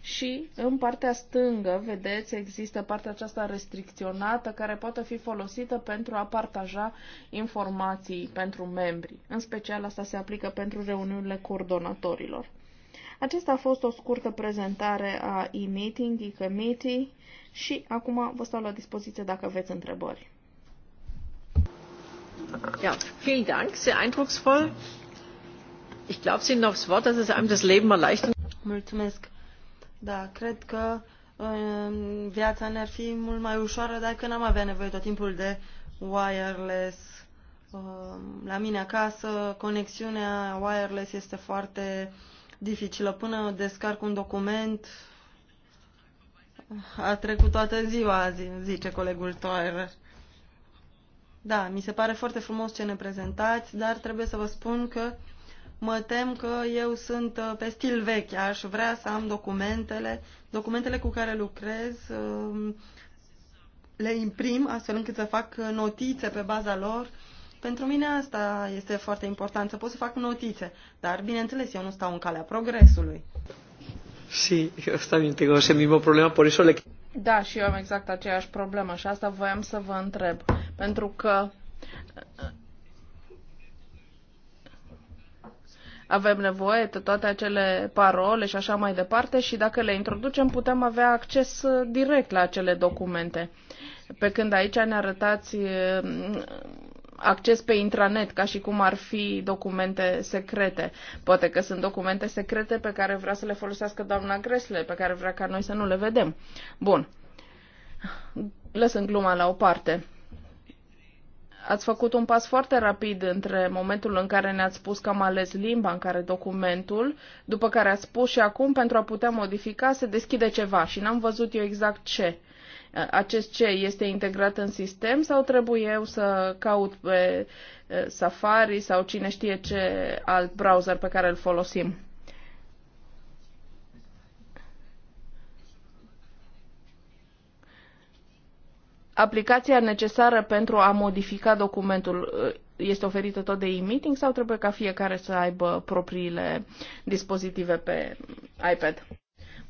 Și în partea stângă, vedeți, există partea aceasta restricționată care poate fi folosită pentru a partaja informații pentru membri. În special asta se aplică pentru reuniunile coordonatorilor. Acesta a fost o scurtă prezentare a e-meeting, e-committee și acum vă stau la dispoziție dacă aveți întrebări. Ja, vielen Dank, sehr eindrucksvoll. Ich glaube, Sie noch das Wort, dass es einem das Leben erleichtert. Mulțumesc. Da, cred că um, viața ne-ar fi mult mai ușoară dacă n-am avea nevoie tot timpul de wireless. Um, la mine acasă, conexiunea wireless este foarte dificilă. Până descarc un document, a trecut toată ziua, zice colegul Toirer. Da, mi se pare foarte frumos ce ne prezentați, dar trebuie să vă spun că mă tem că eu sunt uh, pe stil vechi, aș vrea să am documentele, documentele cu care lucrez, um, le imprim astfel încât să fac uh, notițe pe baza lor pentru mine asta este foarte important, să pot să fac notițe. Dar, bineînțeles, eu nu stau în calea progresului. Sí, yo también tengo ese mismo problema, por eso le... Da, și eu am exact aceeași problemă și asta voiam să vă întreb. Pentru că uh, avem nevoie de toate acele parole și așa mai departe și dacă le introducem putem avea acces uh, direct la acele documente. Pe când aici ne arătați uh, acces pe intranet, ca și cum ar fi documente secrete. Poate că sunt documente secrete pe care vrea să le folosească doamna Gresle, pe care vrea ca noi să nu le vedem. Bun. Lăsând gluma la o parte. Ați făcut un pas foarte rapid între momentul în care ne-ați spus că am ales limba în care documentul, după care ați spus și acum pentru a putea modifica se deschide ceva și n-am văzut eu exact ce acest ce este integrat în sistem sau trebuie eu să caut pe eh, Safari sau cine știe ce alt browser pe care îl folosim? Aplicația necesară pentru a modifica documentul eh, este oferită tot de e-meeting sau trebuie ca fiecare să aibă propriile dispozitive pe iPad?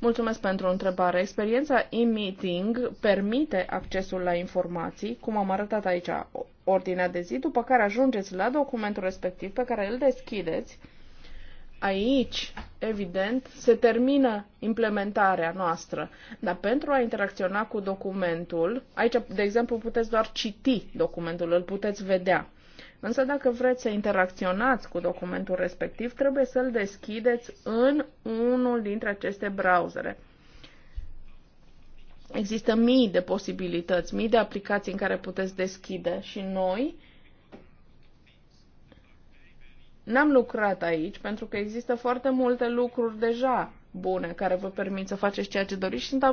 Mulțumesc pentru întrebare. Experiența e-meeting permite accesul la informații, cum am arătat aici ordinea de zi, după care ajungeți la documentul respectiv pe care îl deschideți. Aici, evident, se termină implementarea noastră, dar pentru a interacționa cu documentul, aici, de exemplu, puteți doar citi documentul, îl puteți vedea. Însă dacă vreți să interacționați cu documentul respectiv, trebuie să-l deschideți în unul dintre aceste browsere. Există mii de posibilități, mii de aplicații în care puteți deschide și noi n-am lucrat aici pentru că există foarte multe lucruri deja bune care vă permit să faceți ceea ce doriți și sunt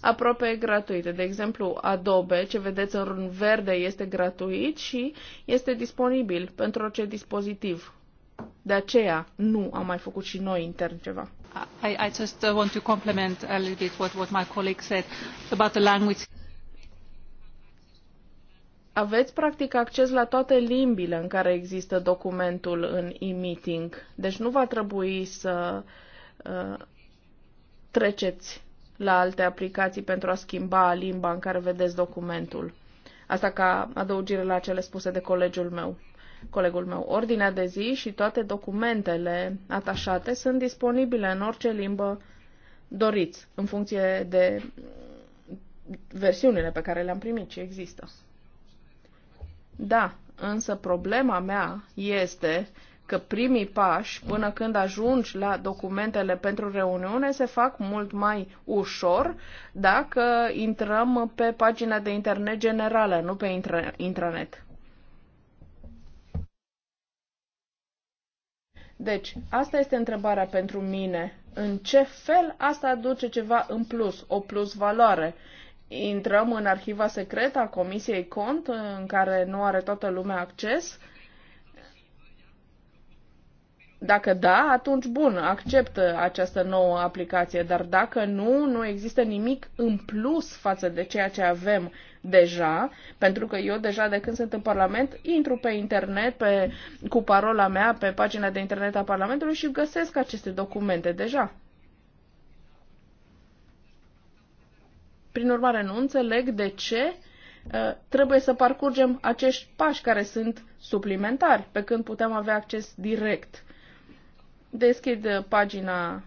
aproape gratuite. De exemplu, Adobe, ce vedeți în verde, este gratuit și este disponibil pentru orice dispozitiv. De aceea nu am mai făcut și noi intern ceva. I, I just uh, want to complement a little bit what, what my colleague said about the language aveți practic acces la toate limbile în care există documentul în e-meeting. Deci nu va trebui să uh, treceți la alte aplicații pentru a schimba limba în care vedeți documentul. Asta ca adăugire la cele spuse de colegul meu. Colegul meu, ordinea de zi și toate documentele atașate sunt disponibile în orice limbă doriți, în funcție de versiunile pe care le-am primit și există. Da, însă problema mea este că primii pași, până când ajungi la documentele pentru reuniune, se fac mult mai ușor dacă intrăm pe pagina de internet generală, nu pe intranet. Deci, asta este întrebarea pentru mine. În ce fel asta aduce ceva în plus, o plus valoare? Intrăm în arhiva secretă a Comisiei Cont, în care nu are toată lumea acces? Dacă da, atunci bun, accept această nouă aplicație, dar dacă nu, nu există nimic în plus față de ceea ce avem deja, pentru că eu deja de când sunt în Parlament, intru pe internet pe, cu parola mea pe pagina de internet a Parlamentului și găsesc aceste documente deja. Prin urmare, nu înțeleg de ce uh, trebuie să parcurgem acești pași care sunt suplimentari, pe când putem avea acces direct Deschid uh, pagina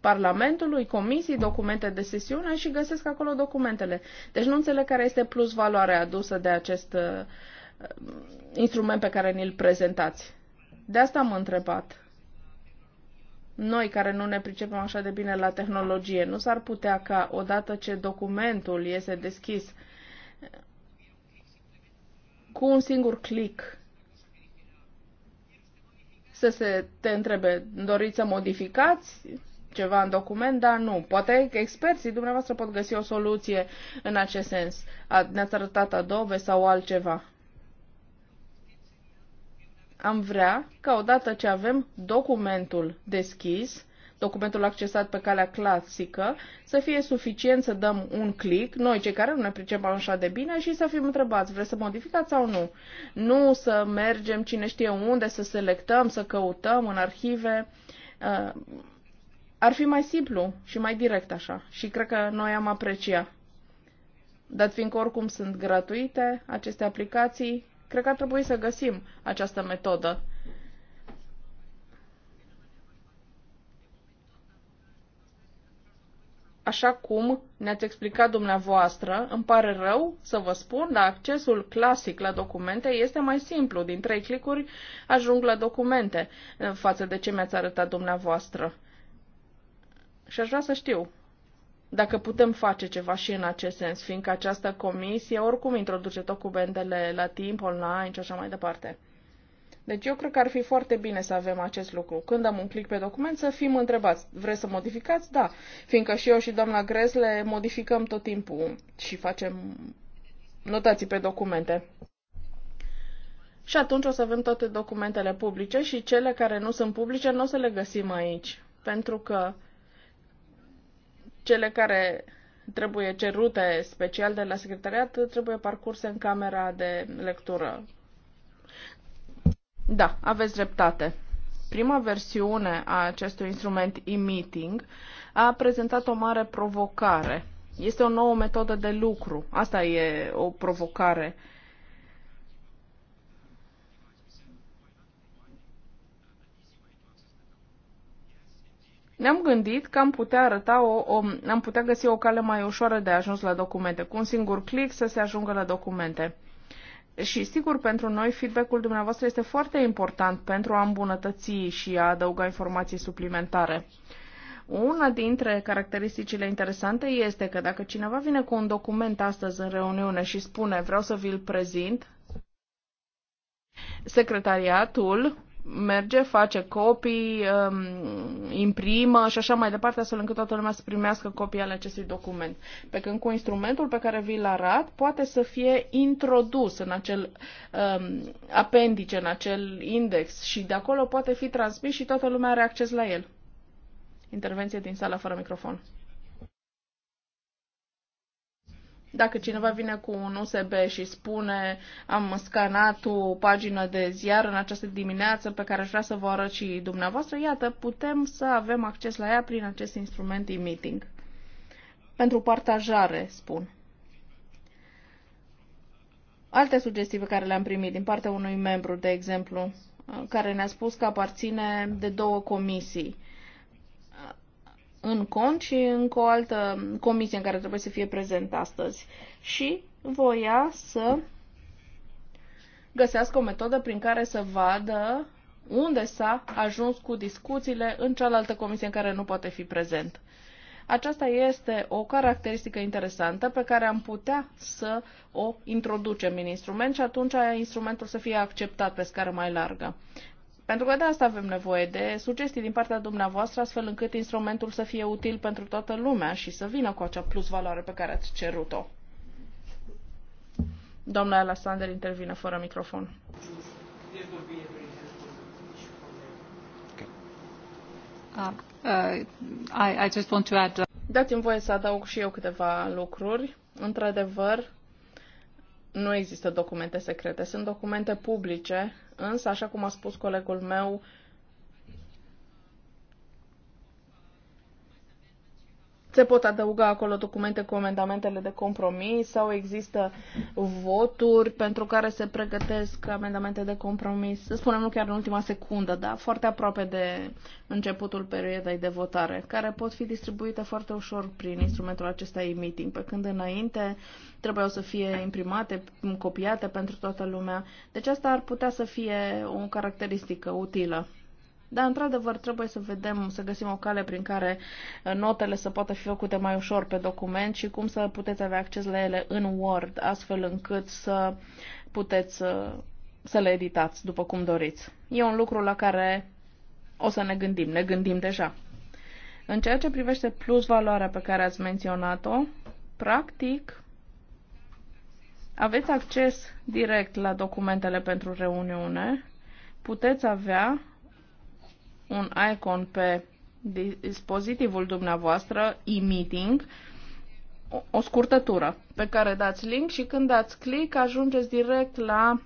Parlamentului, comisii, documente de sesiune și găsesc acolo documentele. Deci nu înțeleg care este plus valoarea adusă de acest uh, uh, instrument pe care ni-l prezentați. De asta am întrebat. Noi care nu ne pricepem așa de bine la tehnologie, nu s-ar putea ca odată ce documentul este deschis cu un singur click să se te întrebe, doriți să modificați ceva în document, dar nu. Poate experții dumneavoastră pot găsi o soluție în acest sens. Ne-ați arătat adobe sau altceva. Am vrea ca odată ce avem documentul deschis, documentul accesat pe calea clasică, să fie suficient să dăm un click, noi cei care nu ne pricepem așa de bine, și să fim întrebați, vreți să modificați sau nu? Nu să mergem cine știe unde, să selectăm, să căutăm în arhive. Uh, ar fi mai simplu și mai direct așa și cred că noi am aprecia. Dat fiindcă oricum sunt gratuite aceste aplicații, cred că ar trebui să găsim această metodă așa cum ne-ați explicat dumneavoastră, îmi pare rău să vă spun, dar accesul clasic la documente este mai simplu. Din trei clicuri ajung la documente eh, față de ce mi-ați arătat dumneavoastră. Și aș vrea să știu dacă putem face ceva și în acest sens, fiindcă această comisie oricum introduce documentele la timp, online și așa mai departe. Deci eu cred că ar fi foarte bine să avem acest lucru. Când am un click pe document să fim întrebați, vreți să modificați? Da, fiindcă și eu și doamna Gresle modificăm tot timpul și facem notații pe documente. Și atunci o să avem toate documentele publice și cele care nu sunt publice nu o să le găsim aici. Pentru că cele care trebuie cerute special de la secretariat trebuie parcurse în camera de lectură da, aveți dreptate. Prima versiune a acestui instrument e-meeting a prezentat o mare provocare. Este o nouă metodă de lucru. Asta e o provocare. Ne-am gândit că am putea, arăta o, o, am putea găsi o cale mai ușoară de a ajuns la documente, cu un singur click să se ajungă la documente. Și sigur, pentru noi feedback-ul dumneavoastră este foarte important pentru a îmbunătăți și a adăuga informații suplimentare. Una dintre caracteristicile interesante este că dacă cineva vine cu un document astăzi în reuniune și spune vreau să vi-l prezint, secretariatul merge, face copii, um, imprimă și așa mai departe, astfel încât toată lumea să primească copii ale acestui document. Pe când cu instrumentul pe care vi-l arat, poate să fie introdus în acel um, apendice, în acel index și de acolo poate fi transmis și toată lumea are acces la el. Intervenție din sala fără microfon. Dacă cineva vine cu un USB și spune am scanat o pagină de ziar în această dimineață pe care aș vrea să vă arăt și dumneavoastră, iată, putem să avem acces la ea prin acest instrument e-meeting. Pentru partajare, spun. Alte sugestii pe care le-am primit din partea unui membru, de exemplu, care ne-a spus că aparține de două comisii în cont și încă o altă comisie în care trebuie să fie prezent astăzi. Și voia să găsească o metodă prin care să vadă unde s-a ajuns cu discuțiile în cealaltă comisie în care nu poate fi prezent. Aceasta este o caracteristică interesantă pe care am putea să o introducem în instrument și atunci instrumentul să fie acceptat pe scară mai largă. Pentru că de asta avem nevoie de sugestii din partea dumneavoastră, astfel încât instrumentul să fie util pentru toată lumea și să vină cu acea plus valoare pe care ați cerut-o. Domnul Alexander intervine fără microfon. Uh, uh, I, I just want to add... Uh, Dați-mi voie să adaug și eu câteva lucruri. Într-adevăr, nu există documente secrete, sunt documente publice Însă, așa cum a spus colegul meu, se pot adăuga acolo documente cu amendamentele de compromis sau există voturi pentru care se pregătesc amendamente de compromis, să spunem nu chiar în ultima secundă, dar foarte aproape de începutul perioadei de votare, care pot fi distribuite foarte ușor prin instrumentul acesta e-meeting, pe când înainte trebuiau să fie imprimate, copiate pentru toată lumea. Deci asta ar putea să fie o caracteristică utilă. Dar, într-adevăr, trebuie să vedem, să găsim o cale prin care uh, notele să poată fi făcute mai ușor pe document și cum să puteți avea acces la ele în Word, astfel încât să puteți uh, să le editați după cum doriți. E un lucru la care o să ne gândim, ne gândim deja. În ceea ce privește plus valoarea pe care ați menționat-o, practic aveți acces direct la documentele pentru reuniune, puteți avea un icon pe dispozitivul dumneavoastră, e-meeting, o scurtătură pe care dați link și când dați click ajungeți direct la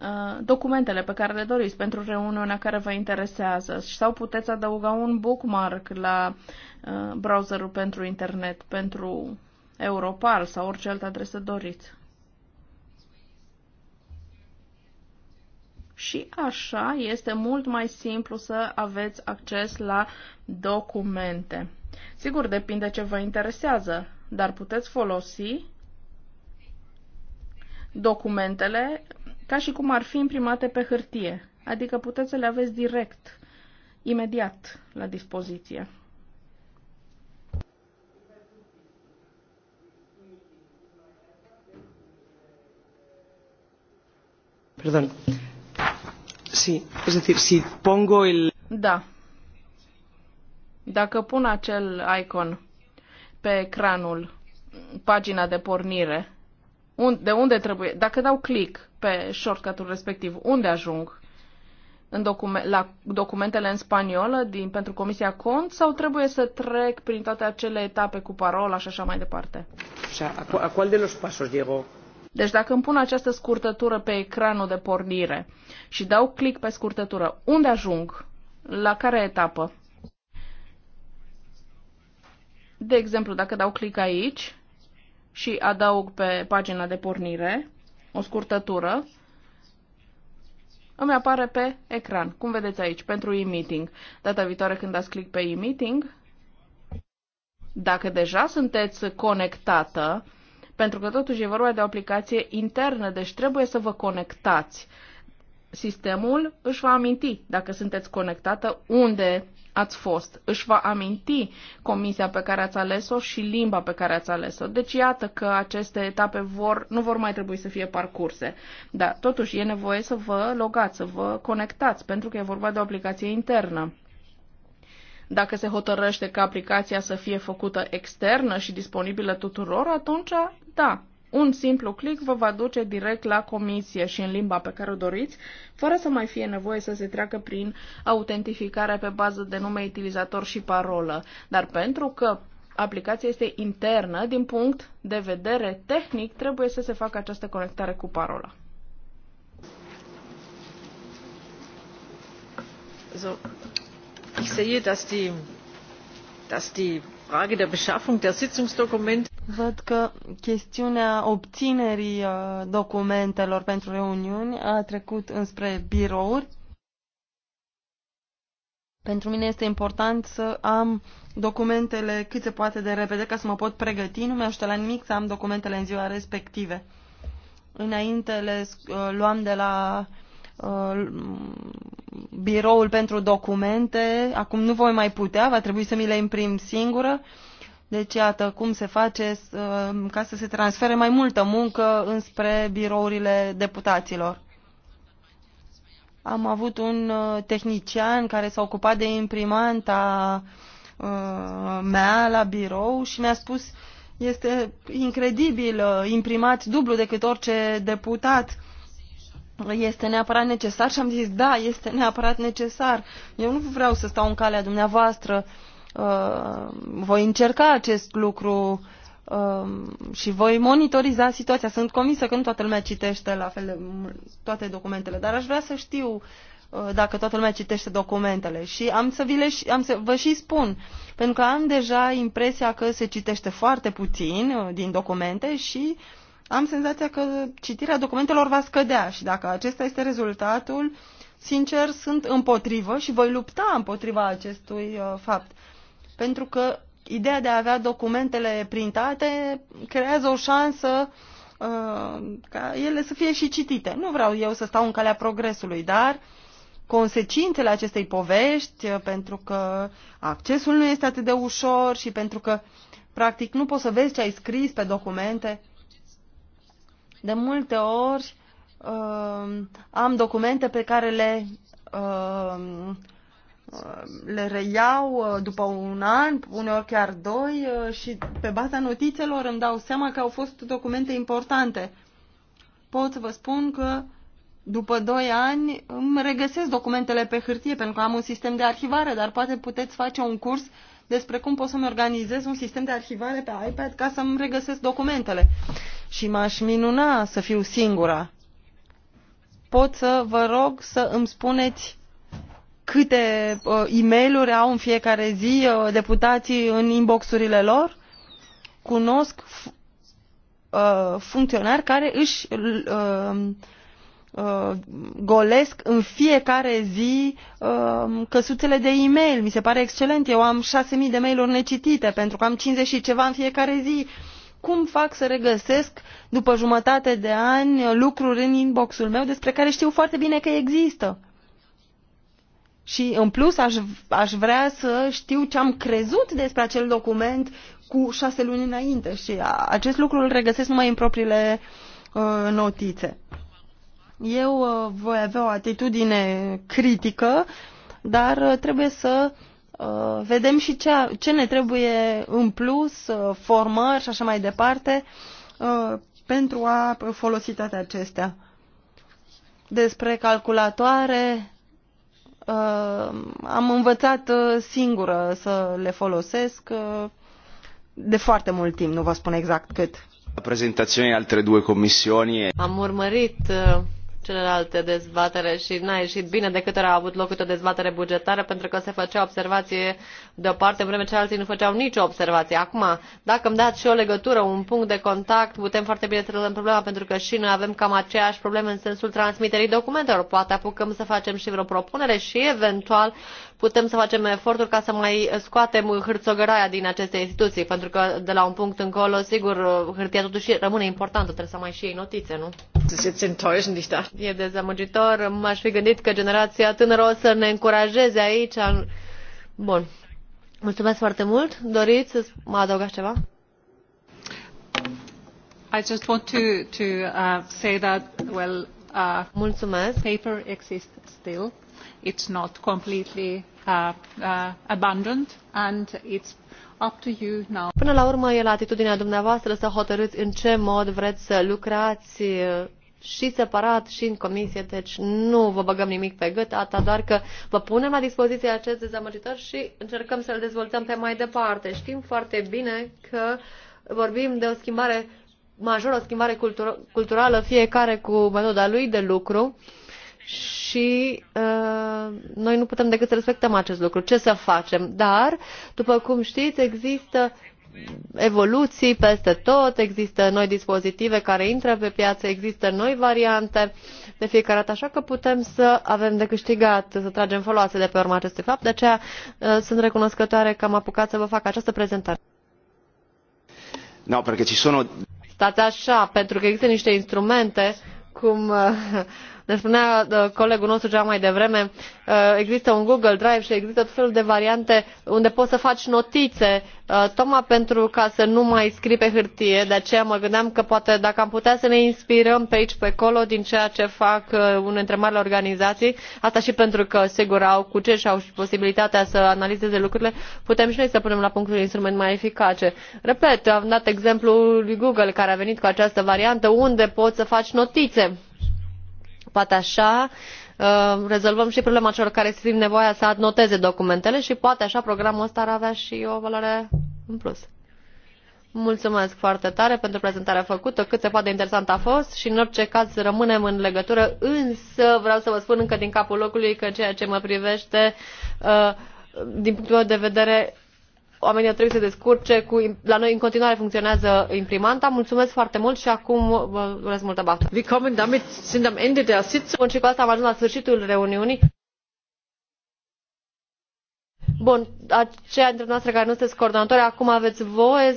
uh, documentele pe care le doriți pentru reuniunea care vă interesează sau puteți adăuga un bookmark la uh, browserul pentru internet, pentru Europal sau orice altă adresă doriți. și așa este mult mai simplu să aveți acces la documente. Sigur, depinde ce vă interesează, dar puteți folosi documentele ca și cum ar fi imprimate pe hârtie, adică puteți să le aveți direct, imediat la dispoziție. Pardon si, Es decir, si pongo el... Da. Dacă pun acel icon pe ecranul, pagina de pornire, de unde trebuie, dacă dau click pe shortcut respectiv, unde ajung? În document, la documentele în spaniolă din, pentru Comisia Cont sau trebuie să trec prin toate acele etape cu parola și așa mai departe? O sea, ¿a, a cuál de los pasos Diego? Deci dacă îmi pun această scurtătură pe ecranul de pornire și dau click pe scurtătură, unde ajung? La care etapă? De exemplu, dacă dau click aici și adaug pe pagina de pornire o scurtătură, îmi apare pe ecran, cum vedeți aici, pentru e-meeting. Data viitoare când dați click pe e-meeting, dacă deja sunteți conectată, pentru că totuși e vorba de o aplicație internă, deci trebuie să vă conectați. Sistemul își va aminti dacă sunteți conectată unde ați fost. Își va aminti comisia pe care ați ales-o și limba pe care ați ales-o. Deci iată că aceste etape vor, nu vor mai trebui să fie parcurse. Dar totuși e nevoie să vă logați, să vă conectați, pentru că e vorba de o aplicație internă. Dacă se hotărăște ca aplicația să fie făcută externă și disponibilă tuturor, atunci da, un simplu click vă va duce direct la comisie și în limba pe care o doriți, fără să mai fie nevoie să se treacă prin autentificarea pe bază de nume utilizator și parolă. Dar pentru că aplicația este internă, din punct de vedere tehnic, trebuie să se facă această conectare cu parola. So, ich sehe, dass die, dass die Frage der Beschaffung der Sitzungsdokumente Văd că chestiunea obținerii uh, documentelor pentru reuniuni a trecut înspre birouri. Pentru mine este important să am documentele cât se poate de repede ca să mă pot pregăti. Nu mi aș la nimic să am documentele în ziua respective. Înainte le uh, luam de la uh, biroul pentru documente. Acum nu voi mai putea, va trebui să mi le imprim singură. Uh, deci, iată cum se face ca să se transfere mai multă muncă înspre birourile deputaților. Am avut un uh, tehnician care s-a ocupat de imprimanta uh, mea la birou și mi-a spus este incredibil, uh, imprimat dublu decât orice deputat. Este neapărat necesar și am zis, da, este neapărat necesar. Eu nu vreau să stau în calea dumneavoastră. Uh, Uh, voi încerca acest lucru uh, și voi monitoriza situația. Sunt convinsă că nu toată lumea citește la fel de toate documentele, dar aș vrea să știu uh, dacă toată lumea citește documentele și am să, vi le, am să vă și spun, pentru că am deja impresia că se citește foarte puțin uh, din documente și am senzația că citirea documentelor va scădea și dacă acesta este rezultatul, sincer, sunt împotrivă și voi lupta împotriva acestui fapt pentru că ideea de a avea documentele printate creează o șansă uh, ca ele să fie și citite. Nu vreau eu să stau în calea progresului, dar consecințele acestei povești, uh, pentru că accesul nu este atât de ușor și pentru că, practic, nu poți să vezi ce ai scris pe documente. De multe ori uh, am documente pe care le uh, Uh, le reiau uh, după un an, uneori chiar doi uh, și pe baza notițelor îmi dau seama că au fost documente importante. Pot să vă spun că după doi ani îmi regăsesc documentele pe hârtie pentru că am un sistem de arhivare, dar poate puteți face un curs despre cum pot să-mi organizez un sistem de arhivare pe iPad ca să-mi regăsesc documentele. Și m-aș minuna să fiu singura. Pot să vă rog să îmi spuneți câte uh, e mail au în fiecare zi uh, deputații în inboxurile lor? Cunosc uh, funcționari care își golesc în fiecare zi căsuțele de e-mail. Mi se pare excelent. Eu am 6.000 de mail-uri necitite pentru că am 50 și ceva în fiecare zi. Cum fac să regăsesc după jumătate de ani lucruri în inboxul meu despre care știu foarte bine că există? Și în plus aș, aș vrea să știu ce am crezut despre acel document cu șase luni înainte și a, acest lucru îl regăsesc numai în propriile uh, notițe. Eu uh, voi avea o atitudine critică, dar uh, trebuie să uh, vedem și ce, ce ne trebuie în plus, uh, formări și așa mai departe, uh, pentru a folosi toate acestea. Despre calculatoare, Uh, am învățat uh, singură să le folosesc uh, de foarte mult timp, nu vă spun exact cât. Prezentațiunea altre două comisiuni. Am urmărit celelalte dezbatere și n-a ieșit bine de câte ori a avut loc câte o dezbatere bugetară, pentru că se făcea observație de o parte, în vreme ce alții nu făceau nicio observație. Acum, dacă îmi dați și o legătură, un punct de contact, putem foarte bine să rezolvăm problema, pentru că și noi avem cam aceeași probleme în sensul transmiterii documentelor. Poate apucăm să facem și vreo propunere și eventual putem să facem eforturi ca să mai scoatem hârțogăraia din aceste instituții, pentru că de la un punct încolo, sigur, hârtia totuși rămâne importantă, trebuie să mai și iei notițe, nu? E dezamăgitor, m-aș fi gândit că generația tânără o să ne încurajeze aici. Bun. Mulțumesc foarte mult. Doriți să mă adăugați ceva? I just want to, to uh, say that, well, uh, Mulțumesc. paper exists still is not completely uh, uh, abandoned and it is up to you now. Până la urmă e la atitudinea dumneavoastră să hotărâți în ce mod vreți să lucrați uh, și separat și în comisie, deci nu vă băgăm nimic pe gât, atât, doar că vă punem la dispoziție acest dezamăgitor și încercăm să-l dezvoltăm pe mai departe. Știm foarte bine că vorbim de o schimbare majoră, o schimbare culturală, fiecare cu metoda lui de lucru și uh, noi nu putem decât să respectăm acest lucru. Ce să facem? Dar, după cum știți, există evoluții peste tot, există noi dispozitive care intră pe piață, există noi variante de fiecare dată, așa că putem să avem de câștigat, să tragem foloase de pe urma acestui fapt. De aceea uh, sunt recunoscătoare că am apucat să vă fac această prezentare. No, perché ci sono... Stați așa, pentru că există niște instrumente cum uh, ne spunea uh, colegul nostru ceva mai devreme uh, există un google drive și există tot felul de variante unde poți să faci notițe uh, tocmai pentru ca să nu mai scrii pe hârtie de aceea mă gândeam că poate dacă am putea să ne inspirăm pe aici pe acolo din ceea ce fac unele dintre marile organizații asta și pentru că sigur au cu ce și au și posibilitatea să analizeze lucrurile putem și noi să punem la punct un instrument mai eficace. repet am dat exemplul lui google care a venit cu această variantă unde poți să faci notițe Poate așa uh, rezolvăm și problema celor care simt nevoia să adnoteze documentele și poate așa programul ăsta ar avea și o valoare în plus. Mulțumesc foarte tare pentru prezentarea făcută, cât se poate interesant a fost și în orice caz rămânem în legătură, însă vreau să vă spun încă din capul locului că ceea ce mă privește, uh, din punctul meu de vedere, oamenii trebuie să se descurce cu la noi în continuare funcționează imprimanta mulțumesc foarte mult și acum vă urez multă baftă. Bun, și cu asta am ajuns la sfârșitul reuniunii. Bun, aceia dintre noastre care nu sunteți coordonatori, acum aveți voie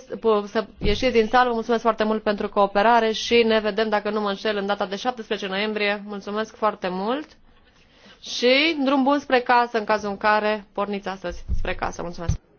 să ieșiți din sală. Mulțumesc foarte mult pentru cooperare și ne vedem, dacă nu mă înșel, în data de 17 noiembrie. Mulțumesc foarte mult și drum bun spre casă în cazul în care porniți astăzi spre casă. Mulțumesc!